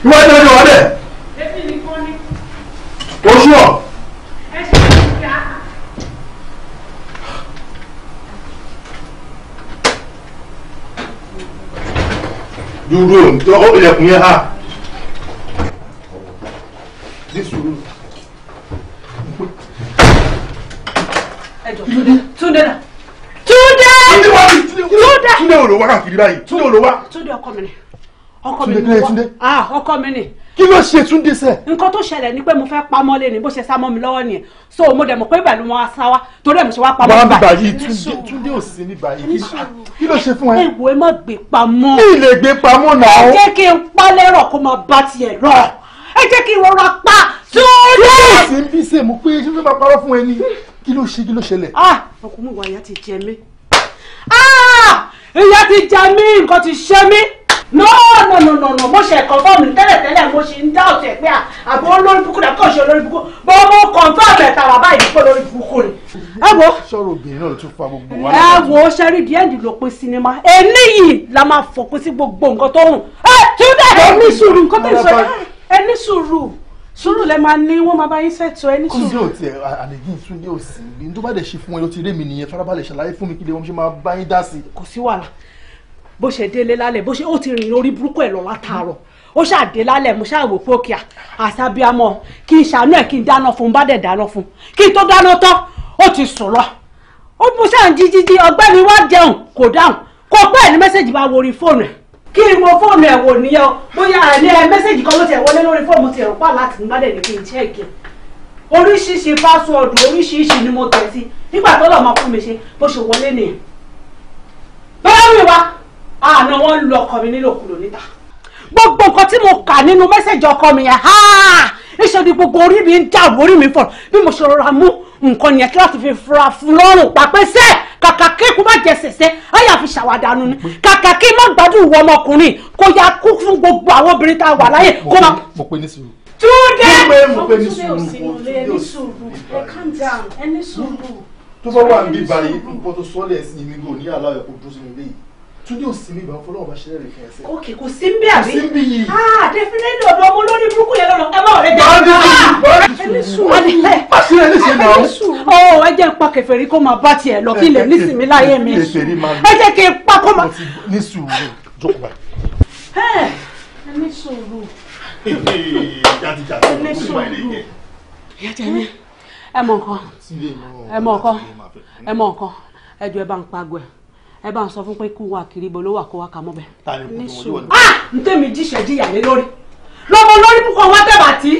Speaker 6: ìwọ ẹni ọjọ́ wọn dẹ̀. èmi nìkan ni. oṣù ọ. ẹ ṣe ìgbà.
Speaker 4: dúró ó ilẹ̀kùn yẹn há.
Speaker 3: Túndé
Speaker 2: Túndé náà. Túndé. Túndé wá. Túndé olówó wá káàkiri báyìí. Túndé
Speaker 1: olówó wá. Túndé ọkọ mi ni ọkọ mi ni wọ́n ah ọkọ mi ni. kí ló ṣe túnde sẹ. nǹkan tó ṣẹlẹ̀ ni pé mo fẹ́ pamọ́ lé ni bó ṣe sá mọ́ mi lọ́wọ́ nìyẹn so mo dẹ̀ mọ̀ pé ìbàlú wọn sá wa torí ẹ̀ mo ṣe wá pamọ́ nígbà. wàá bíbà yìí túnde ò sí níbà yìí kí ló ṣe fún ẹ. èwo ẹ má gbé pamọ́. kí lè gbé pamọ́ náà. ẹ jẹ́ kí n pa lẹ́rọ̀ kó máa bá tiẹ̀ lọ ẹ jẹ́ kí n pa túnde. kí ló ṣe ń bí ah ọkùnrin wàyà ti jẹ ah ìyá ti jẹ mí nǹkan no no no no no mo ṣe confirm tẹ́lẹ̀tẹ́lẹ̀ mo ṣe ń dá ọ̀sẹ̀ pé ah, àbọ̀ olórí búkú náà kàn ṣe olórí búkú mo confirm ẹ̀ tààrà báyìí pé olórí búkú ni.
Speaker 4: ẹ wo sọ̀rọ̀ obìnrin náà ló tún fa gbogbo wa. ẹ
Speaker 1: wo ṣẹ́rí di ẹ́ndì ló pe sinimá èmi yìí la máa fọkún sí gbogbo nǹkan tó hùn. ẹ túbẹ̀ ẹ ní sùúrù nǹkan tó ń sọ ẹ ní sùúrù sùúrù lẹ máa ní wọn máa bá yín ṣètò ẹni sùúrù. kúndé òtí ẹ àlejò ìtúndé òsì ní tó bá dẹ̀ ṣe fún ẹ ló ti rí mi nìyẹn farabalẹ̀ ṣàlàyé fún mi kí lè wọ́n ṣe máa bá yín dá sí i bó ṣe délé lálẹ́ bó ṣe ó ti rìn orí burúkú ẹ̀ lọ látàárọ̀ ó ṣàdé lálẹ́ mo ṣàwò pókíà àṣàbíamọ kí n ṣàánú ẹ̀ kí n dáná fún un bá dẹ̀ dáná fún un kí n tó dáná tán ó ti sùn lọ ó mú sáà ń jíjíjí ọgbẹ́ mi wá jẹun kò dáhùn kó pẹ́ ní mẹ́sẹ̀gì bá wọrí fóònù ẹ̀ kí n wo fóònù ẹ̀ wò nìyẹn bóyá àní ẹ mẹ́sẹ̀gì kan ló ti ẹ̀ wọlé lórí fóònù ti ẹ̀rọ láti nígbà dẹ̀ ní kí n ṣẹ́ẹ̀kì oríṣiríṣi pásíwọ̀dù oríṣiríṣi ni mo tẹ̀ sí nígbà tó lọ́ọ́ máa fún mi ṣe bó ṣe wọlé nìyẹn bẹ́ẹ̀ mi wá àná wọn lu ọkọ mi nílòkulò níta. gbogbo nǹkan tí mo kà nínú mẹ́sẹ̀jì ọkọ mi yẹn iṣẹ́ ni gbogbo orí mi ń dàrú orí mi fọ̀ bí mo ṣe rọra mú nǹkan yẹn kí láti fi fura fún lọ́rùn pàpẹ́sẹ́ kàkà kí kú má jẹ sẹ̀sẹ̀ àyà fi ṣàwádànù ni kàkà kí má gbádùn ìwọ ọmọkùnrin kó yá kú fún gbogbo àwọn obìnrin tá a wà láyé kó má. mo pe ní sùúrù. túndé mo pe ní sùúrù mo pe ní sùúrù ẹ calm down ẹ ní sùúrù.
Speaker 2: tó bá wà ní bíbá yìí nǹkan tó sọ́ọ́lẹ̀ sí mi gò ní àlọ́ ẹ̀kọ́ dúró sínú ilé yìí túnde ò
Speaker 4: sí mi ìbá fọlọ́wọ́ bá ṣẹlẹ̀ nìkan ẹsẹ̀.
Speaker 1: ok kò sí ń bí àbí kò sí ń bí yìí. ah definitely ọ̀dọ̀ ọmọ olórí burúkú yẹn lọ́nà ẹ má ọ̀rẹ́ jẹ́ ẹ ní sùúrù ẹ ní sùúrù ọ oh, ẹ jẹ́ ń pa kèfèrí kó máa bá tiẹ̀ lọ kí ilẹ̀ nísìmí láyé mi ẹ jẹ́ kí n pa kó máa. ní sùúrù jókòó báyìí.
Speaker 3: ẹ ní sùúrù.
Speaker 2: jáde jáde ó ní sùúrù. ìyá
Speaker 1: jẹ́ mi ẹ mọ̀ nǹkan ẹ mọ̀ nǹkan ẹ bá ń pa àgọ́ ẹ bá ń sọ fún pé kú wa kiri ibo ló wà kó wa kà mọ́ bẹ́ẹ̀. ní sùúrù a ah! n tẹ́mi jíṣẹ́ jíyà lé lórí lọ́mọ lórí púpọ̀ wọn tẹ̀ bàtí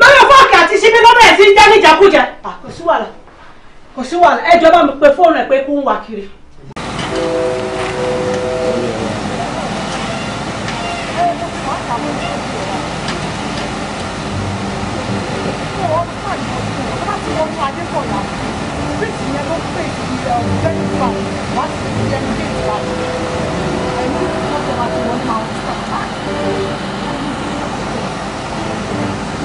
Speaker 1: lọ́yọ̀ fọ́ọ̀kì àti síbí lọ́bẹ̀ ẹ̀ ti ń jẹ́ níjàkújẹ. Ah, kò sí wàhálà kò sí wàhálà ẹ jọba mi pe fóònù ẹ pé kú wa kiri.
Speaker 4: Thank you.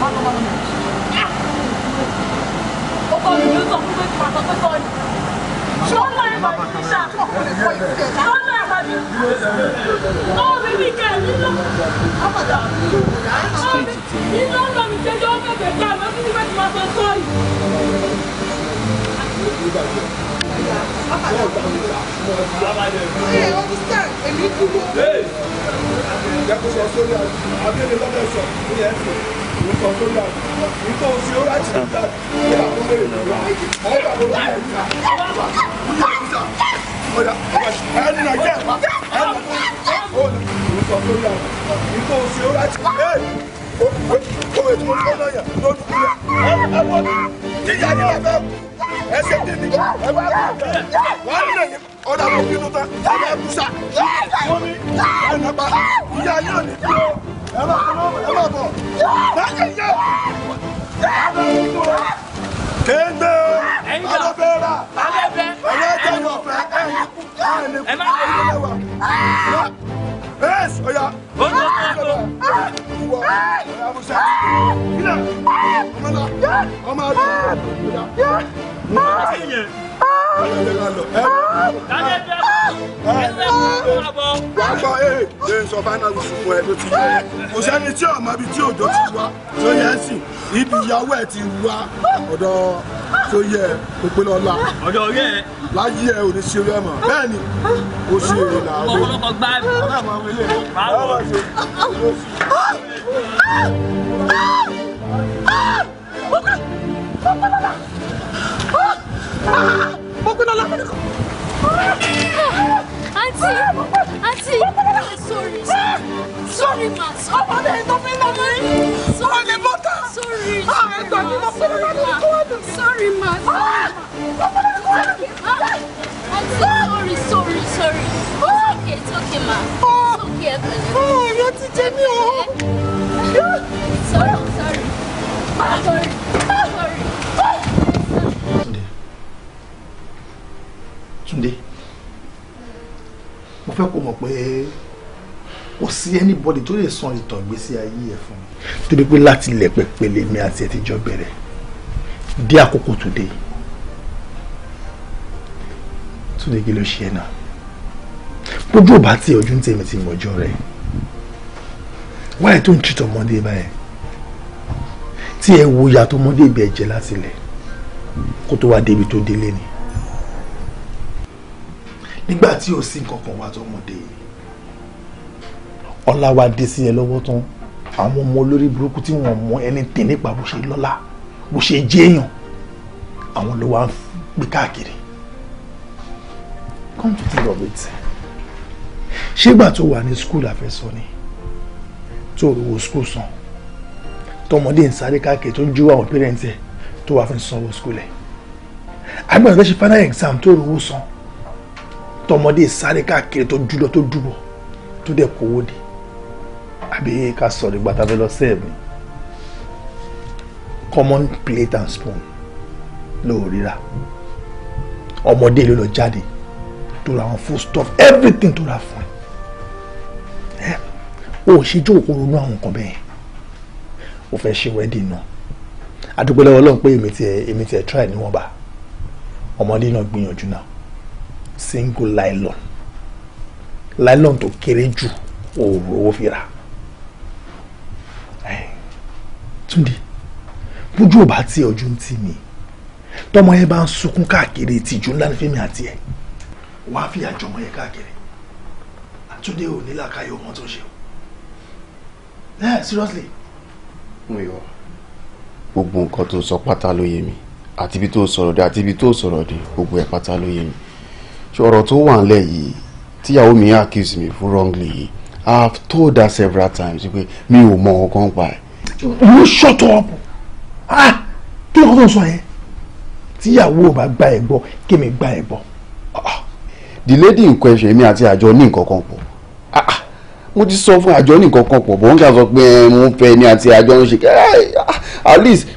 Speaker 4: Mano, mano, mano. Ó kọ́ mi ló sọ fún pé kí màá sọ pé kọ́ ni. Ṣé ó máa ń bá mi ṣá? Ṣé ó máa ń bá mi? Ó mi bí ká nínú. Ọ̀pọ̀ta. Ó mi nínú ọ̀nà mi ṣe jọ́ bẹ̀bẹ̀ ká lọ sí pé kí màá sọ kọ́ yìí. Ṣé nǹkan tó dà nǹkan oṣù ó láti lè dà ní àwọn ọmọ èèyàn rẹ àwọn bàbá wà ní
Speaker 3: ìlú
Speaker 4: ọ̀dà ẹnu náà jẹ́ ẹnu nǹkan tó dà nǹkan oṣù ó láti lè òwe tí mo fẹ́ náà yà lójú kulẹ̀ ẹ wọ́n jíjà ní ẹ̀fẹ́ ẹsẹ̀ tèmi ẹ bá wà nílẹ̀ yìí ọ̀dà tó bínú tán ẹ bá kú sa wọ́n mi ẹ̀ nàgbà ìyá yóò ní kúrò ẹ má bọ̀ ẹ má bọ̀ lákèjẹ kéńdé alẹ́bẹ̀ẹ́ra alẹ́bẹ̀ẹ́ra ẹ̀yìn ẹ̀yìn ẹ̀wà bẹ́ẹ̀sì ọ̀yà ìwọ ọ̀yàmùsà ilẹ̀ ọmọlá ọmọ àdúgbò ọ̀yà. Àgbà Kò sẹ́ni tí ọmọ ibi tí òjò
Speaker 3: ti wá tó yẹ sí.
Speaker 4: Ibi ìyàwó ẹ̀ ti wá ọ̀dọ̀ tó yẹ kó pé lọ́la. Ọ̀dọ̀ orí ẹ̀. Láyé ẹ ò ní ṣe orí ẹ̀ mọ̀. Bẹ́ẹ̀ni, ó ṣe èrè là ó. Ọ̀pọ̀lọpọ̀ gbá mi. Ọ̀dọ̀ àwọn ọmọ ilé ẹ̀ gbéná lápẹ́ nìkan. àǹtí àǹtí sorry sorry ma sorry. ọmọdé ìtọ́fẹ́ náà ní ọ̀rẹ́ ní bọ́tà. sorry ah, sorry ma ah, sorry ma sorry ma sorry Auntie, sorry sorry sorry it's okay it's okay ma it's okay ẹ pẹ̀lẹ́. ọ̀rẹ́ ti jẹ sorry sorry ah. sorry sorry.
Speaker 2: Túndé mo fẹ́ kó mọ̀ pé kò sí anybody tó lè san ìtàn ìgbésí ayé ẹ̀ fún mi. torí pé láti ilẹ̀ pẹ̀pẹ̀lẹ̀ mi àti ẹ̀ ti jọ bẹ̀rẹ̀ dé àkókò Túndé Túndé kí ló ṣe ẹ̀ náà gbogbo ò bá ti ojú ń tèmi ti mọ̀jọ́ rẹ̀ wáyé tó ń tìtọ̀ ọmọdé báyẹn tí ẹ wo ìyá tó ọmọdé ibẹ̀ jẹ́ láti ilẹ̀ kó tó wá débi tó délé ni nígbà tí ò sí nǹkan kan wá tọmọdé yìí. ọlá wa dé sí ẹ lọ́wọ́ tán àwọn ọmọ olórí burúkú tí wọ́n mọ ẹni tè nípa bó ṣe lọ́lá bó ṣe jẹ́yàn àwọn ló wá ń gbé káàkiri. come to think of it ṣégbà tó wà ní skul àfẹsọ ni tó rówó skul san tọmọdé ń sáré káàkiri tó ń jú àwọn pẹrẹntì ẹ tó wà fi sanwó skul ẹ àgbẹ̀rẹ̀ fẹ́ ṣe final exam tó rówó san tọmọdé sáré káàkiri tó júlọ tó dùbọ̀ tó dẹ̀ kówó dé àbí ká sọ̀rọ̀ ìgbà tàbí lọ sẹ́ẹ̀ mi common plate and spoon ló ríra ọmọdé ló lọ jáde tó ra àwọn food stuff everything tó ra fún ẹ o ṣe jó òkú ronú àwọn nǹkan bẹ́ẹ̀ o fẹ́ ṣe wedding náà adúgbò lọ́wọ́ Ọlọ́run pé èmi tiẹ̀ èmi tiẹ̀ try níwọ̀nba ọmọdé náà gbìyànjú náà single nylon nylon tó kéré ju òòrùn owó fi rà Túndé bójú ò bá tí ojú ń tì mí tọmọ yẹn bá ń sunkún káàkiri tìjú ńlá ní Fẹ́mi àti ẹ wàá fìyà jọmọ yẹn káàkiri Túndé ò ní làákàyè ọmọ tó ṣe o yeah seriously. mo yọ gbogbo nǹkan tó sọ pátá ló yé mi àti ibi tó sọ̀rọ̀ dé àti ibi tó sọ̀rọ̀ dé gbogbo ẹ̀ pátá ló yé mi ṣọ̀rọ̀ tó wà nílẹ̀ yìí tíyàwó mi accuse me fún wrongly i have told her several times pé mi ò mọ ọkàn pa ẹ. you shut up ah kí ló ń sọ yẹn tíyàwó ò bá gba ẹ̀ gbọ́ kí mi gba ẹ̀ gbọ́. Ah, the lady in question èmi àti àjọ ní nǹkan kan pọ̀ ah, mo ti sọ fún àjọ ní nǹkan kan pọ̀ bọ́n kà sọ pé eh, mo ń fẹ́ ni àti àjọ ń ṣe ah, at least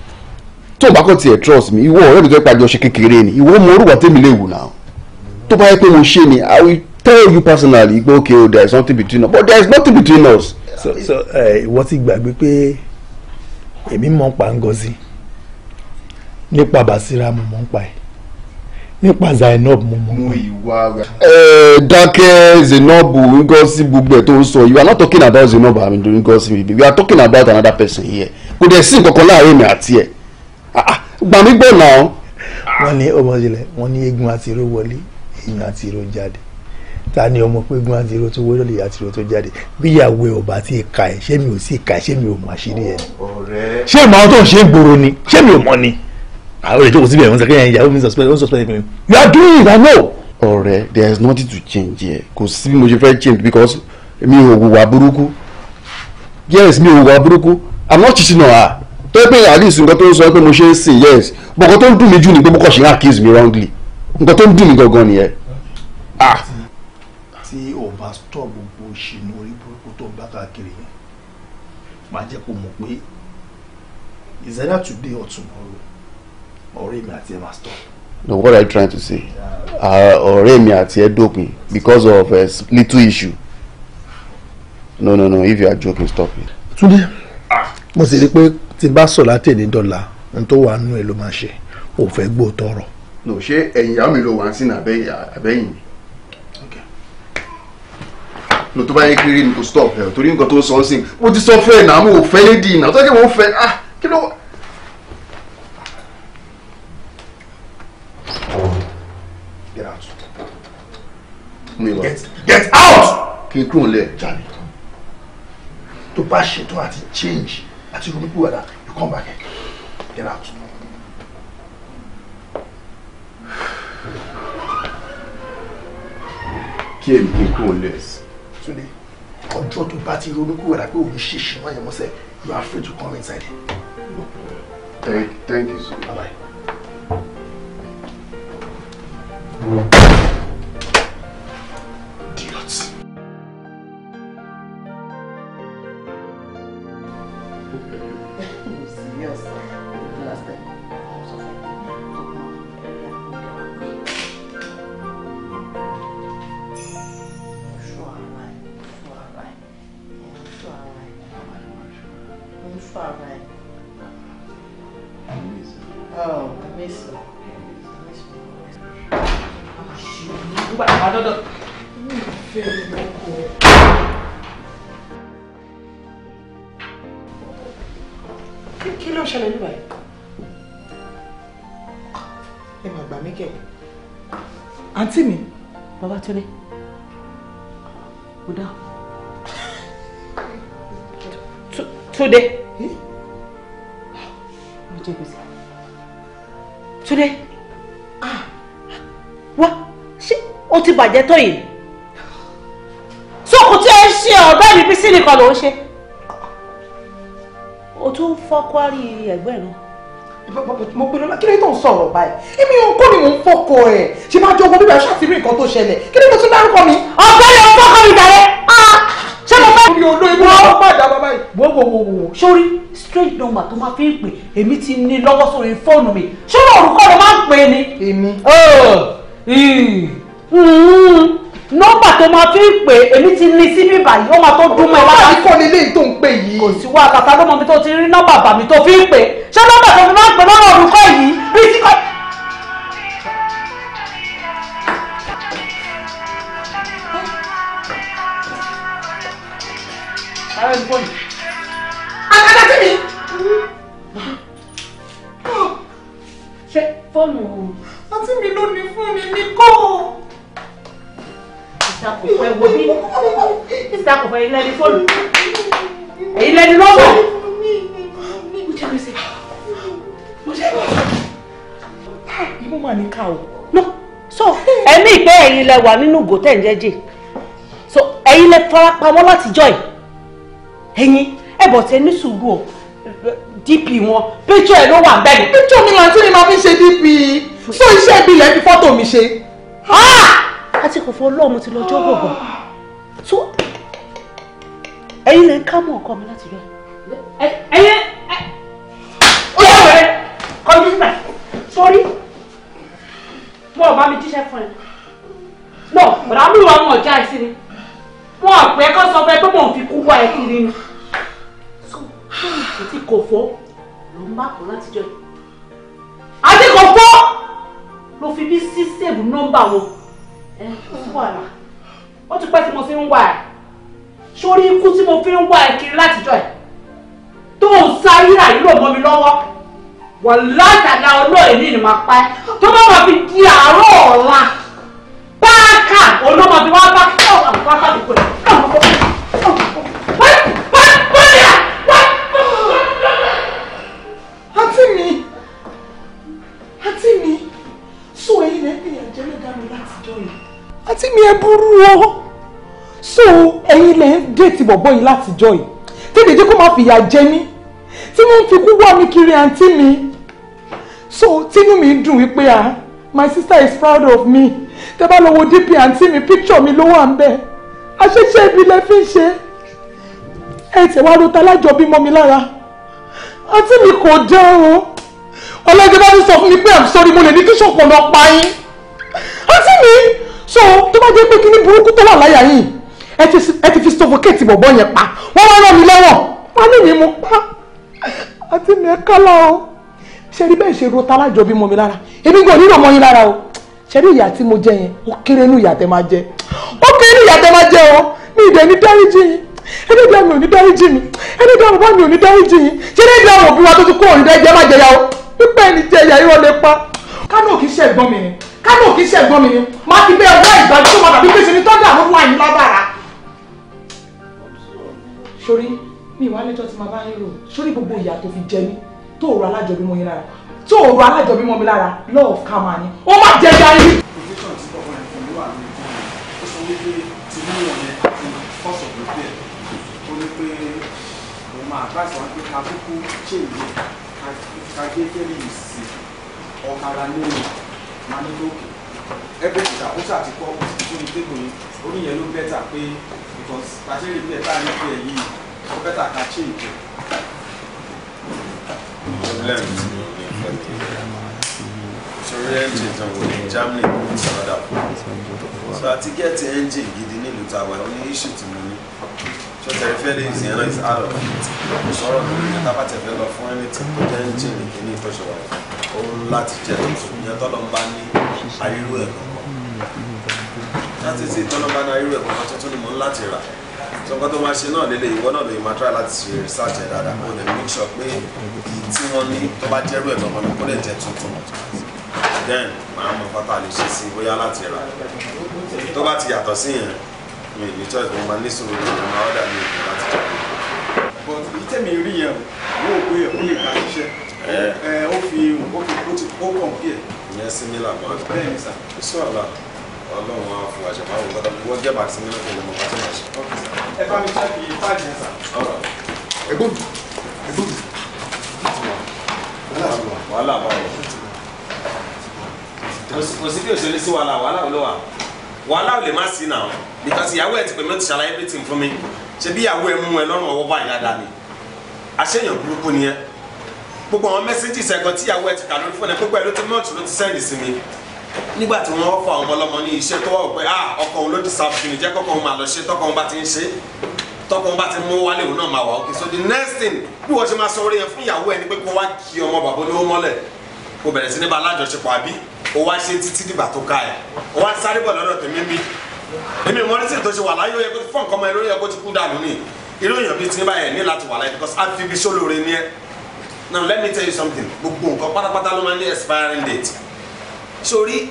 Speaker 2: tó o bá kàn tiẹ̀ trust me. ìwọ ọ̀rẹ́ mi tó ń pàjọ ṣe kékeré ni ìwọ mo orúkọ tèmi léwu náà tó bá yẹ pé mo ṣe ni i will tell you personally pé okay o oh, there is something between us but there is nothing between us. so so ìwọ ti gbàgbé pé èmi mọ̀ ń pa Ngozi nípa Basira mo mọ̀ ń pa ẹ̀ nípa Zainab mo mọ̀ ń pa ẹ̀. dákẹ́ Zainab Ngozi gbogbo ẹ̀ tó ń sọ you are not talking about Zainab amidu Ngozi mi we are talking about another person here kò dẹ̀ sí nǹkan kan láàrin mi àti ẹ̀ ah, ah, gbàmígbọ̀nà. wọ́n ní ọmọ ìjìnlẹ̀ wọ́n ní eégún àti irú wọlé ìyàn àti ìró jáde ta ni ọmọ pé gun àti ìró tó wọlé àti ìró tó jáde bíyàwó ẹ ọba tí ka ẹ ṣé mi ò sí ka ẹ ṣé mi ò mọ àṣírí ẹ ṣé ìmọ̀ àwọn tó ń ṣe gbòòrò ni ṣé mi ò mọ ni. àwọn olùjókòó síbẹ̀ wọ́n sọ pé ìyàwó mi suspect wọ́n suspect you are doing it i know. ọ̀rẹ́ there is nothing to change here kò sí bí mo ṣe fẹ́ change because mi ò wùwà burúkú yes mi ò wùwà burúkú i'm not cheating on her tó pé àdìsí nǹkan tó ń sọ pé mo ṣe é sìn yes bọ̀kọ̀ tó ń dùn mí jù ní pé mo kọ̀ ṣe ń accuse me wrongly nǹkan tó ń dùn mí gangan nìyẹn. Ah. tí o bá stọ gbogbo ìṣìnà orí burúkú tó ń bá káàkiri yẹn máa jẹ́ kó mọ̀ pé is either today or tomorrow ọ̀rẹ́ mi àti ẹ̀ máa stọ. no what are you trying to say ah, ọ̀rẹ́ mi àti ẹ̀ dópin because of a little issue no no no if you are joking stop it.
Speaker 4: Túndé ah. mo
Speaker 2: sì rí i pé tí bá sọ̀ látẹ̀ ní dọ́là n tó wà nù ẹ̀ ló máa ṣe òfẹ́ gbòòtọ̀ ọ̀rọ̀ no ṣé ẹ̀yìn ìyàwó mi ló wà ń sìn àbẹ́yìn mi no to bá yẹ kiri ni kò stop ẹ torí nǹkan tó ń sọ ń sìn mo ti sọ fún ẹ náà mo ò fẹ́ lédi ìnà tó
Speaker 4: kí mo fẹ́ ah kí ló.
Speaker 2: get out. mi wá get get out. kí n kúrò nílẹ̀ jáde tó bá ṣètò àti change àti ronúpìwàdà you come back here get out. kí èmi kí n kúrò lẹ. Túndé ọjọ́ tó bá ti ronú kúrò lápẹ́ òun ṣì ṣì wọ́n yẹn mọ́sẹ̀ you are free to come inside. Thank, thank you so much. Bye bye.
Speaker 3: Mm -hmm. bàjẹ́ tó yìí sókùn tí ó ń ṣe ọ̀gbẹ́ mi bí sí nìkan ló ń ṣe
Speaker 1: o tún fọ́ kwari ẹ̀gbẹ́ náà mo pinnu náà kí ló tó ń sọ̀rọ̀ báyìí èmi ò kó ni mò ń fọ́kọ ẹ̀ ṣe máa jogún bíbá ṣàtìrí nǹkan tó ṣẹlẹ̀ kí ló tún dárúkọ mi. ọ̀gbẹ́ ló ń fọ́kọ mi dàrẹ́ ah, ṣé mo bá. orí olóyún ló má dá bàbá yìí. wo wo wo wo sórí straight number tó máa fi ń pè èmi ti ní lọ́wọ́ sórí fóònù mi ṣé orúkọ ló máa ń pè é ni. èmi. Oh, Hmm. nọ́mbà tó máa fi ń pè èmi ti ní síbí báyìí ó máa tó dún mọ́ ẹ lára. ọlọ́run kọ́ ni léyìí tó ń pè yìí. kò sí wa kàtà ló mọ ibi tó ti rí nọ́mbà bàmí tó fi ń pè ṣé nọ́mbà tó fi máa ń pè lọ́rọ̀ olùkọ́ yìí bí ti kọ́. akadá tí mi. ṣe fóònù.
Speaker 6: àti mi ló ní fún mi ní kó ṣàkóso ẹ wo bí
Speaker 1: sísá kò fẹ́ ilé ẹni fóònù èyí lẹni lọ́wọ́. mo jẹ́ ní ká o. no so ẹ̀mí ìpẹ́ ẹ̀yin lẹ wà nínú ìgò tẹ̀ ń jẹ́jẹ́ so ẹ̀yin lẹ fara pamọ́ láti jọ́ ẹ̀ ẹ̀yin ẹ̀bọ̀ tẹ ní sùúrù o dp wọn píjọ ẹ ló wà bẹ́ẹ̀ ni. mi làǹtí ni màá fi ṣe dp so iṣẹ́ ibi ilẹ̀ fi fọ́tò mi ṣe. Ah! kò fọ ọlọ́run ti lọ́jọ́ gbọ̀ngàn so ẹ̀yin lè ń ká mọ́ ọkọ mi láti rẹ̀. ẹyẹ ó yẹ wẹ̀rẹ̀ kọjú sórí mo ò bá mi jíṣẹ́ fún ẹ mo ọ̀rá mi wà wọn ọ̀já ìsinmi wọn àpẹ kọ́ sọ fẹ́ pé mo fi kú wá ẹ kiri ni
Speaker 3: so àti
Speaker 1: kò fọ́ ló ń bá kọ́ látijọ́ yìí àti kò fọ́ ló fi bí sísèbù nọ́mbà wọn wàhálà ó ti pẹ́ tí mo fi ń wà ẹ́ sórí ikú tí mo fi ń wà ẹ́ kiri látijọ́ ẹ̀ tó ń sáré àyúrò mọ́ mi lọ́wọ́ wà látàlá olóòní ni màá pa ẹ́ tó bá wà fi di àárọ̀ ọ̀la báàkà olómọ fi wá bá kí ọ̀gá mi wá bá mi pè
Speaker 6: é. àti mi ẹ burú o
Speaker 1: so ẹ̀yin lẹ ń déètì bọ̀bọ̀ yìí látijọ́ yìí tètè jẹ́ kó máa fìyà jẹ ní
Speaker 6: tí wọ́n ń fi kú wá mi kiri àǹtí mi so tínú mi dùn wípé ah my sister is proud of me tẹ bá lọ wo dp àǹtí mi picture mi ló wà ń bẹ àṣeṣe ibi lẹ fi ń ṣe ẹ tẹ wá rota alájọ bímọ mi lára
Speaker 4: àǹtí mi kò dá o ọlọ́jọ́ bá ti sọ fún mi pé I'm sorry mo lè ní kí ṣọ̀pọ̀ lọ pa yín àǹtí mi so tó bá jẹ́ pé kíní burúkú tó wà láyà yìí
Speaker 1: ẹ ti fi suffocate bọ̀bọ̀ yẹn pa wọ́n wá rán mi lẹ́wọ̀n wọ́n ní mi mú pa
Speaker 6: àti mi ẹ̀ka lọ o ṣe rí bẹ́ẹ̀ ṣe ro talájọ bí mo mi lára èmi gbọ́n nínú ọmọ yín lára o ṣe rí ìyà tí mo jẹ yẹn ó kéré nínú ìyà tẹ máa jẹ
Speaker 1: ó kéré nínú ìyà tẹ máa jẹ o
Speaker 6: mi ìdẹ ní dáríjì yín ẹlẹ́dàá mi ò ní dáríjì mi ẹlẹ́dàá bàbá mi ò ní dáríjì yín ṣé ẹlẹ́dàá òbí wa tó ti kó òrìndẹ́jẹ́ má jẹyà o pípẹ́ ẹni jẹyà irọ́ lè pa kánò kì í ṣẹ̀gbọ́n
Speaker 1: mi ni kánú òkè sí ẹ̀gbọ́n mi ni máa ti bẹ ọwọ́ ìgbàgbọ́ wọn tàbí pèsè ní tọ́jú àwọn wáyé lágbára. sori mi ìwà lẹ́jọ́ ti máa bá yín rò sori gbogbo ìyà tó fi jẹ mí tó rọ alájọbí mọ́ yín lára tó rọ alájọbí mọ́ mi lára lọ́ọ̀ ká máa ní
Speaker 4: ó má jẹ ya yín. advice wa pé ká kúkú
Speaker 2: ṣèlú ká ọ̀kadà nínú máa ní lókè ẹgbẹ́ ìta ó ṣàti kọ́ sórí tébù yìí ó ní yẹn ló bẹ́tà pé because bàṣẹ́rì bí ẹ̀ bá ní pé yìí ó bẹ́tà ká change. problem
Speaker 5: sórí engine tó wò ní Germany is another problem so àti get engine gidi nílùú tàwa ó ní issue tí so tẹ̀lé fẹ́ lè sìn ẹ̀rọ is out of kò sọ̀rọ̀ lórí ìyẹn tá a bá tẹ̀ fẹ́ lọ fún ẹni tí kò jẹ́ ń jìn nìkan ní ìtọ́jú wa ó ń láti jẹ tuntun ìyẹn tọ́lọ́ ń bá ní ayírú ẹ̀ kankan láti sí tọ́lọ́ ń bá ní ayírú ẹ̀ kankan tuntun ni mò ń láti rà so nǹkan tó máa ṣe náà lélẹ̀ ìwọ náà lè máa try láti ṣe research ẹ̀ dáadáa kó lè make sure pé èyí tí then màá mọ pátá lè ṣe sí bóyá láti rà tó bá ti mi ní choice mo máa ní sùúrù mi mo ọ̀dà mi ìgbà láti jẹ.
Speaker 2: but èyí tẹ̀mí rí yẹn o wò ó
Speaker 5: pé ó lè ká ṣiṣẹ́ ẹ ó fi ó fi ó ti ó kàn pí ẹ̀. ìyẹn sí mílà bẹ́ẹ̀ ni sà. sọ àlà ọlọ́run á fún àṣà máa wò lọ́dọ̀ wọ́n jẹ́ bàtí mílà kò lè mọ̀ bàtí màá ṣe. ẹ bá mi tẹ́lẹ̀ yìí ẹ̀ sà. ẹ̀gbọ́n ẹ̀gbọ́n wàhálà bá wọ̀ wàhálà wàhálà ò lè má sí náà because ìyàwó ẹ ti pè mí ó ti ṣàlàyé everything fún mi ṣe bí ìyàwó ẹ mú ẹ lọ́rùn ọwọ́ báyìí dáadáa ni àṣeyàn burúkú ni ẹ gbogbo àwọn mẹsẹ́gì sẹ́gun tí ìyàwó ẹ ti kà lórí fún ẹ gbogbo ẹ ló ti mọ́ọ̀tù ló ti sẹ́ndì sí mi nígbà tí wọ́n fọ àwọn ọmọlọ́mọ ní iṣẹ́ tó wà pé ah ọkọ òun ló ti sàfihàn jẹ́ kọ́kọ́ òun máa lọ ṣe tọ́kọ òun bá ti ń ṣe tọ́kọ òun bá ti mú wálé òun so the next thing bí wọ́n ṣe máa sọ orí yẹn fún ìyàwó ẹ ni pé kó wá kí ọmọ bàbá olówó mọ́lẹ̀ kó o wá ṣe títí dìgbà tó ká ẹ o wá sáré bọ̀ lọ́dọ̀ tèmi bí èmi mọ́nísìn tó ṣe wà láyé ó yẹ kó fọ́n kọ́mọ ẹ ló yẹ kó ti kú dànù ni irú èèyàn bíi tí ń báyẹn ní láti wà láyé because a fi ibi sólóore ní ẹ now let me tell you something gbogbo nǹkan pátápátá ló máa ní expiring date sórí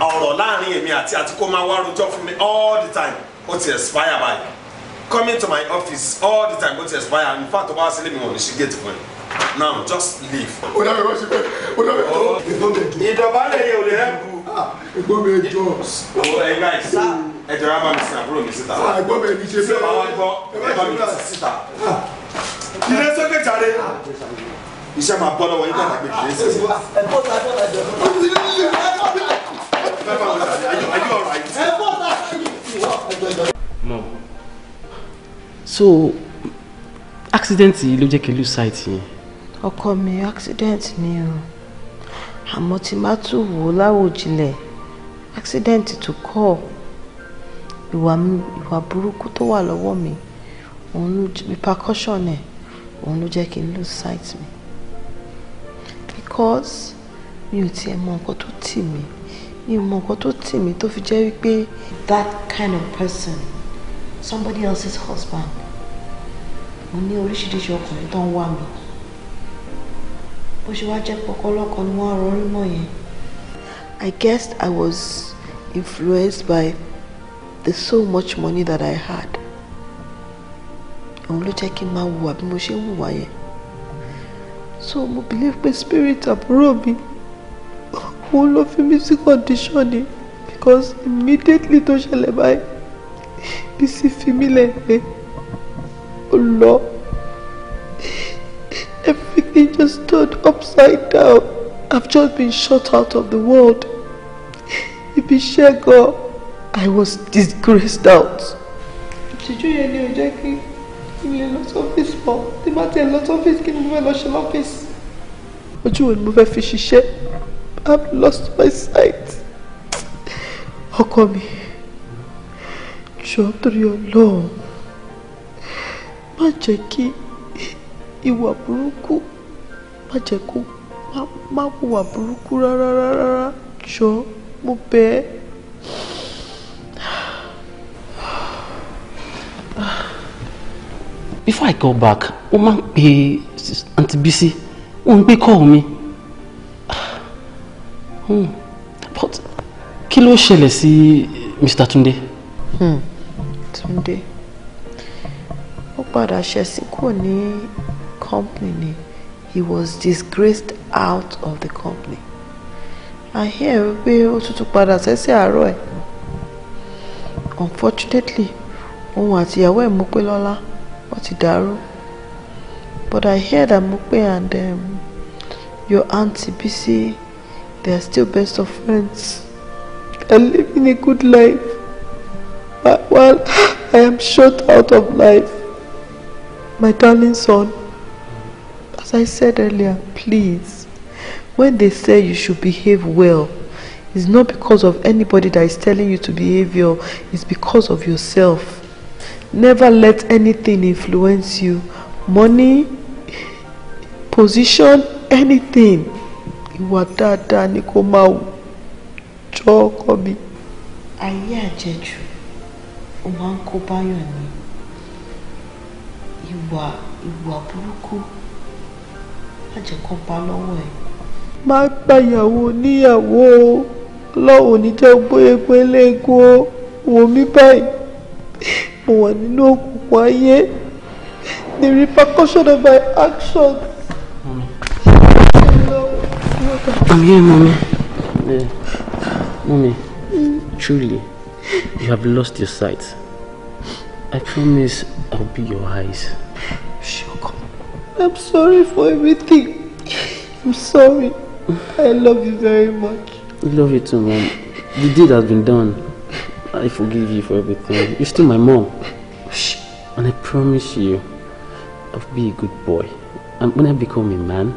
Speaker 5: ọ̀rọ̀ láàrin èmi àti àti kó máa wá rojọ́ fún mi all the time ó ti expire báyìí coming to my office all the time ó ti expire in fact ó bá wá sílé mi wọn ò ní ṣí gate fún ẹ now just leave. ó dàbí wọ́n ṣe bẹ́ẹ̀ ó dàbí wọ́n ṣe bẹ́ẹ̀. ìdọ̀bálẹ̀ yẹn ò lè rẹ́pù.
Speaker 2: ẹ̀gbọ́n ah, mi ẹjọ́. o
Speaker 3: ẹ oh, guys ẹ jọ̀rọ̀ abá mi sin àbúrò mi síta. ẹ̀gbọ́n
Speaker 4: ah, mi ẹni ṣe bẹ́ẹ̀. ṣé bàbá gbọ́ ẹ bá mi síta. ilé sókè jáde iṣẹ́ máa bọ́ lọ́wọ́ nígbà tàbí ìdílé sí.
Speaker 7: so accident yìí ló jẹ́ kí lose sight yẹn
Speaker 1: ọkọ mi accident ni o àmọ́ tí má tún wò ó láwòjinlẹ̀ accident tó kọ́ ìwà ìwà burúkú tó wà lọ́wọ́ mi òun ló repercussion ẹ̀ òun ló jẹ́ kí n lose sight mi because mi ò tiẹ̀ mọ nǹkan tó tì mí mi ò mọ nǹkan tó tì mí tó fi jẹ́ wípé that kind of person somebody else's husband mo ní oríṣiríṣi ọkùnrin tó ń wá mi
Speaker 6: bó ṣe wá jẹ́ pọ̀kọ́ ni wọ́n rọrí mọ̀ yẹn. I guess I was influenced by the so much money that I had. òun ló jẹ́ kí n máa hùwà bí mo ṣe ń hùwà yẹn. so mo believe pé spirit àbúrò mi òun ló fi mí sí condition ni because immediately tó ṣẹlẹ̀ báyìí Bísí fi mí lẹ́ẹ̀ẹ́ lọ. It just stood upside down. I've just been shut out of the world. If God, I was disgraced out. Ìtìjú you ni ò jẹ́ kí n lè lọ sọ́fíìsì pọ̀. Tí bá tiẹ̀ lọ sọ́fíìsì kí ni mo fẹ́ lọ ṣe lọ́fíìsì? Ojú wo ni mo fẹ́ fi ṣiṣẹ́? I've lost my sight. How come mi, jọ torí Ọlọ́run, má Jackie, you are burúkú má jẹ́ kó má hùwà burúkú rárá rárá jọ mo bẹ̀ ẹ́.
Speaker 7: before i go back ó máa ń pe aunty Bisi ó ń gbé call mi hmm, but kí ló ṣẹlẹ̀ sí Mr. Tunde.
Speaker 6: Hmm. Tunde ó padà ṣẹ̀sìn kò ní company ni he was disgraced out of the company i hear pé ó tún padà sẹ́sẹ̀ àárọ̀ ẹ̀ unfortunately òun àti ìyàwó ẹ̀ Mọ́pẹ́lọ́lá wọ́n ti dàrú but i hear that Mọ́pẹ́ and um, your auntie Bisi they are still best of friends They and living a good life while i am short out of life my darling son. As I said earlier, please, when they say you should behave well, it's not because of anybody that is telling you to behave well, it's because of yourself. Never let anything influence you. Money, position, anything. Ìwà dáadáa ni kó máa jọ ọkọ mi. Ayé ni. Ìwà ìwà burúkú má jẹ́ kó bá lọ́wọ́ ẹ̀. má gbàyàwó níyàwó o ọlọ́run ò ní wò mí báyìí mo wà nínú òkùnkùn ayé the repercussion of my actions.
Speaker 3: I'm here, mommy.
Speaker 6: Yeah.
Speaker 7: truly, you have lost your sight. I promise I'll be your eyes.
Speaker 6: I'm sorry for everything. I'm sorry. I love you very much.
Speaker 7: I love you too, mom. The deed has been done. I forgive you for everything. You're still my mom. And I promise you, I'll be a good boy. And when I become a man,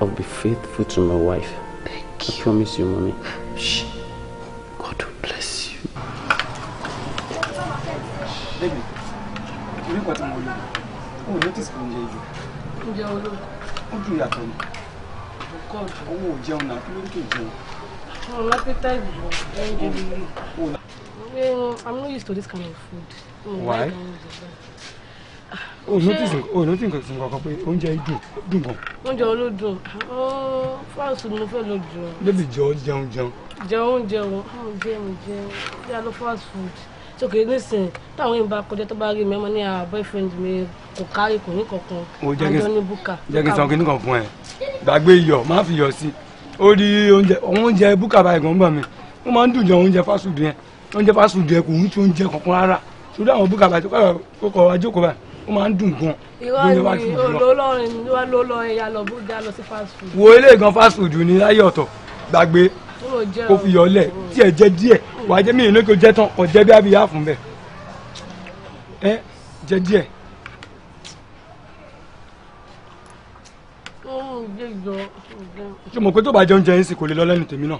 Speaker 7: I'll be faithful to my wife. Thank you. I promise you, mommy. Shh.
Speaker 6: tell you, well, I'm not used to this kind of food. Oh, Why? Oh, nothing.
Speaker 2: Oh, nothing. nǹkan kankan pé oúnjẹ dùn dùn gan.
Speaker 6: oúnjẹ wo ló dùn oh, france Oh, mo fẹ́ lọ jù.
Speaker 2: bébì jọ jẹun jẹun.
Speaker 6: Ah, jẹun jẹun àwọn jẹun jẹun bí a lọ fast food sókè nísìnyí táwọn
Speaker 1: yìí bá kọjá tó bá rí mi my money. My boyfriend my kò kárí kò Oh, kankan àjọ ní búkà. jẹ́
Speaker 2: kí n sọ kí n kankan ẹ̀ ó di oúnjẹ àwọn oúnjẹ búkà báyìí
Speaker 4: gan gbọ̀n mi wọ́n máa ń dùn jọ oúnjẹ fásùdù yẹn oúnjẹ fásùdù yẹn kò ń tún oúnjẹ kankan rárá sórí àwọn búkà báyìí tó kọ́ ajókòó báyìí ó máa ń dùn gan
Speaker 6: lóúnjẹ fásùdù lọ. wo
Speaker 2: ilé gan fásùdù ni láyé ọ̀tọ̀ gbàgbé kó fi yọ ọlẹ̀ tí ẹ jẹ díẹ̀ wàá jẹ́ mílíọ̀nù kó jẹ́ tán kò jẹ́ bí abiyá fún bẹ́ẹ̀ ẹ jẹ díẹ̀.
Speaker 3: ó ń gbé jọ ṣé mo pé tó bá jẹ
Speaker 2: oúnjẹ yín sì kò lè lọ lẹ́nu tèmi náà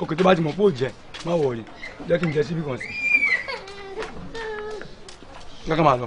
Speaker 2: òkè tó bá ti mọ̀ pé ò jẹ má wọ̀ rí jẹ́ kí n jẹ síbí kan sí i. kí wọ́n máa lọ.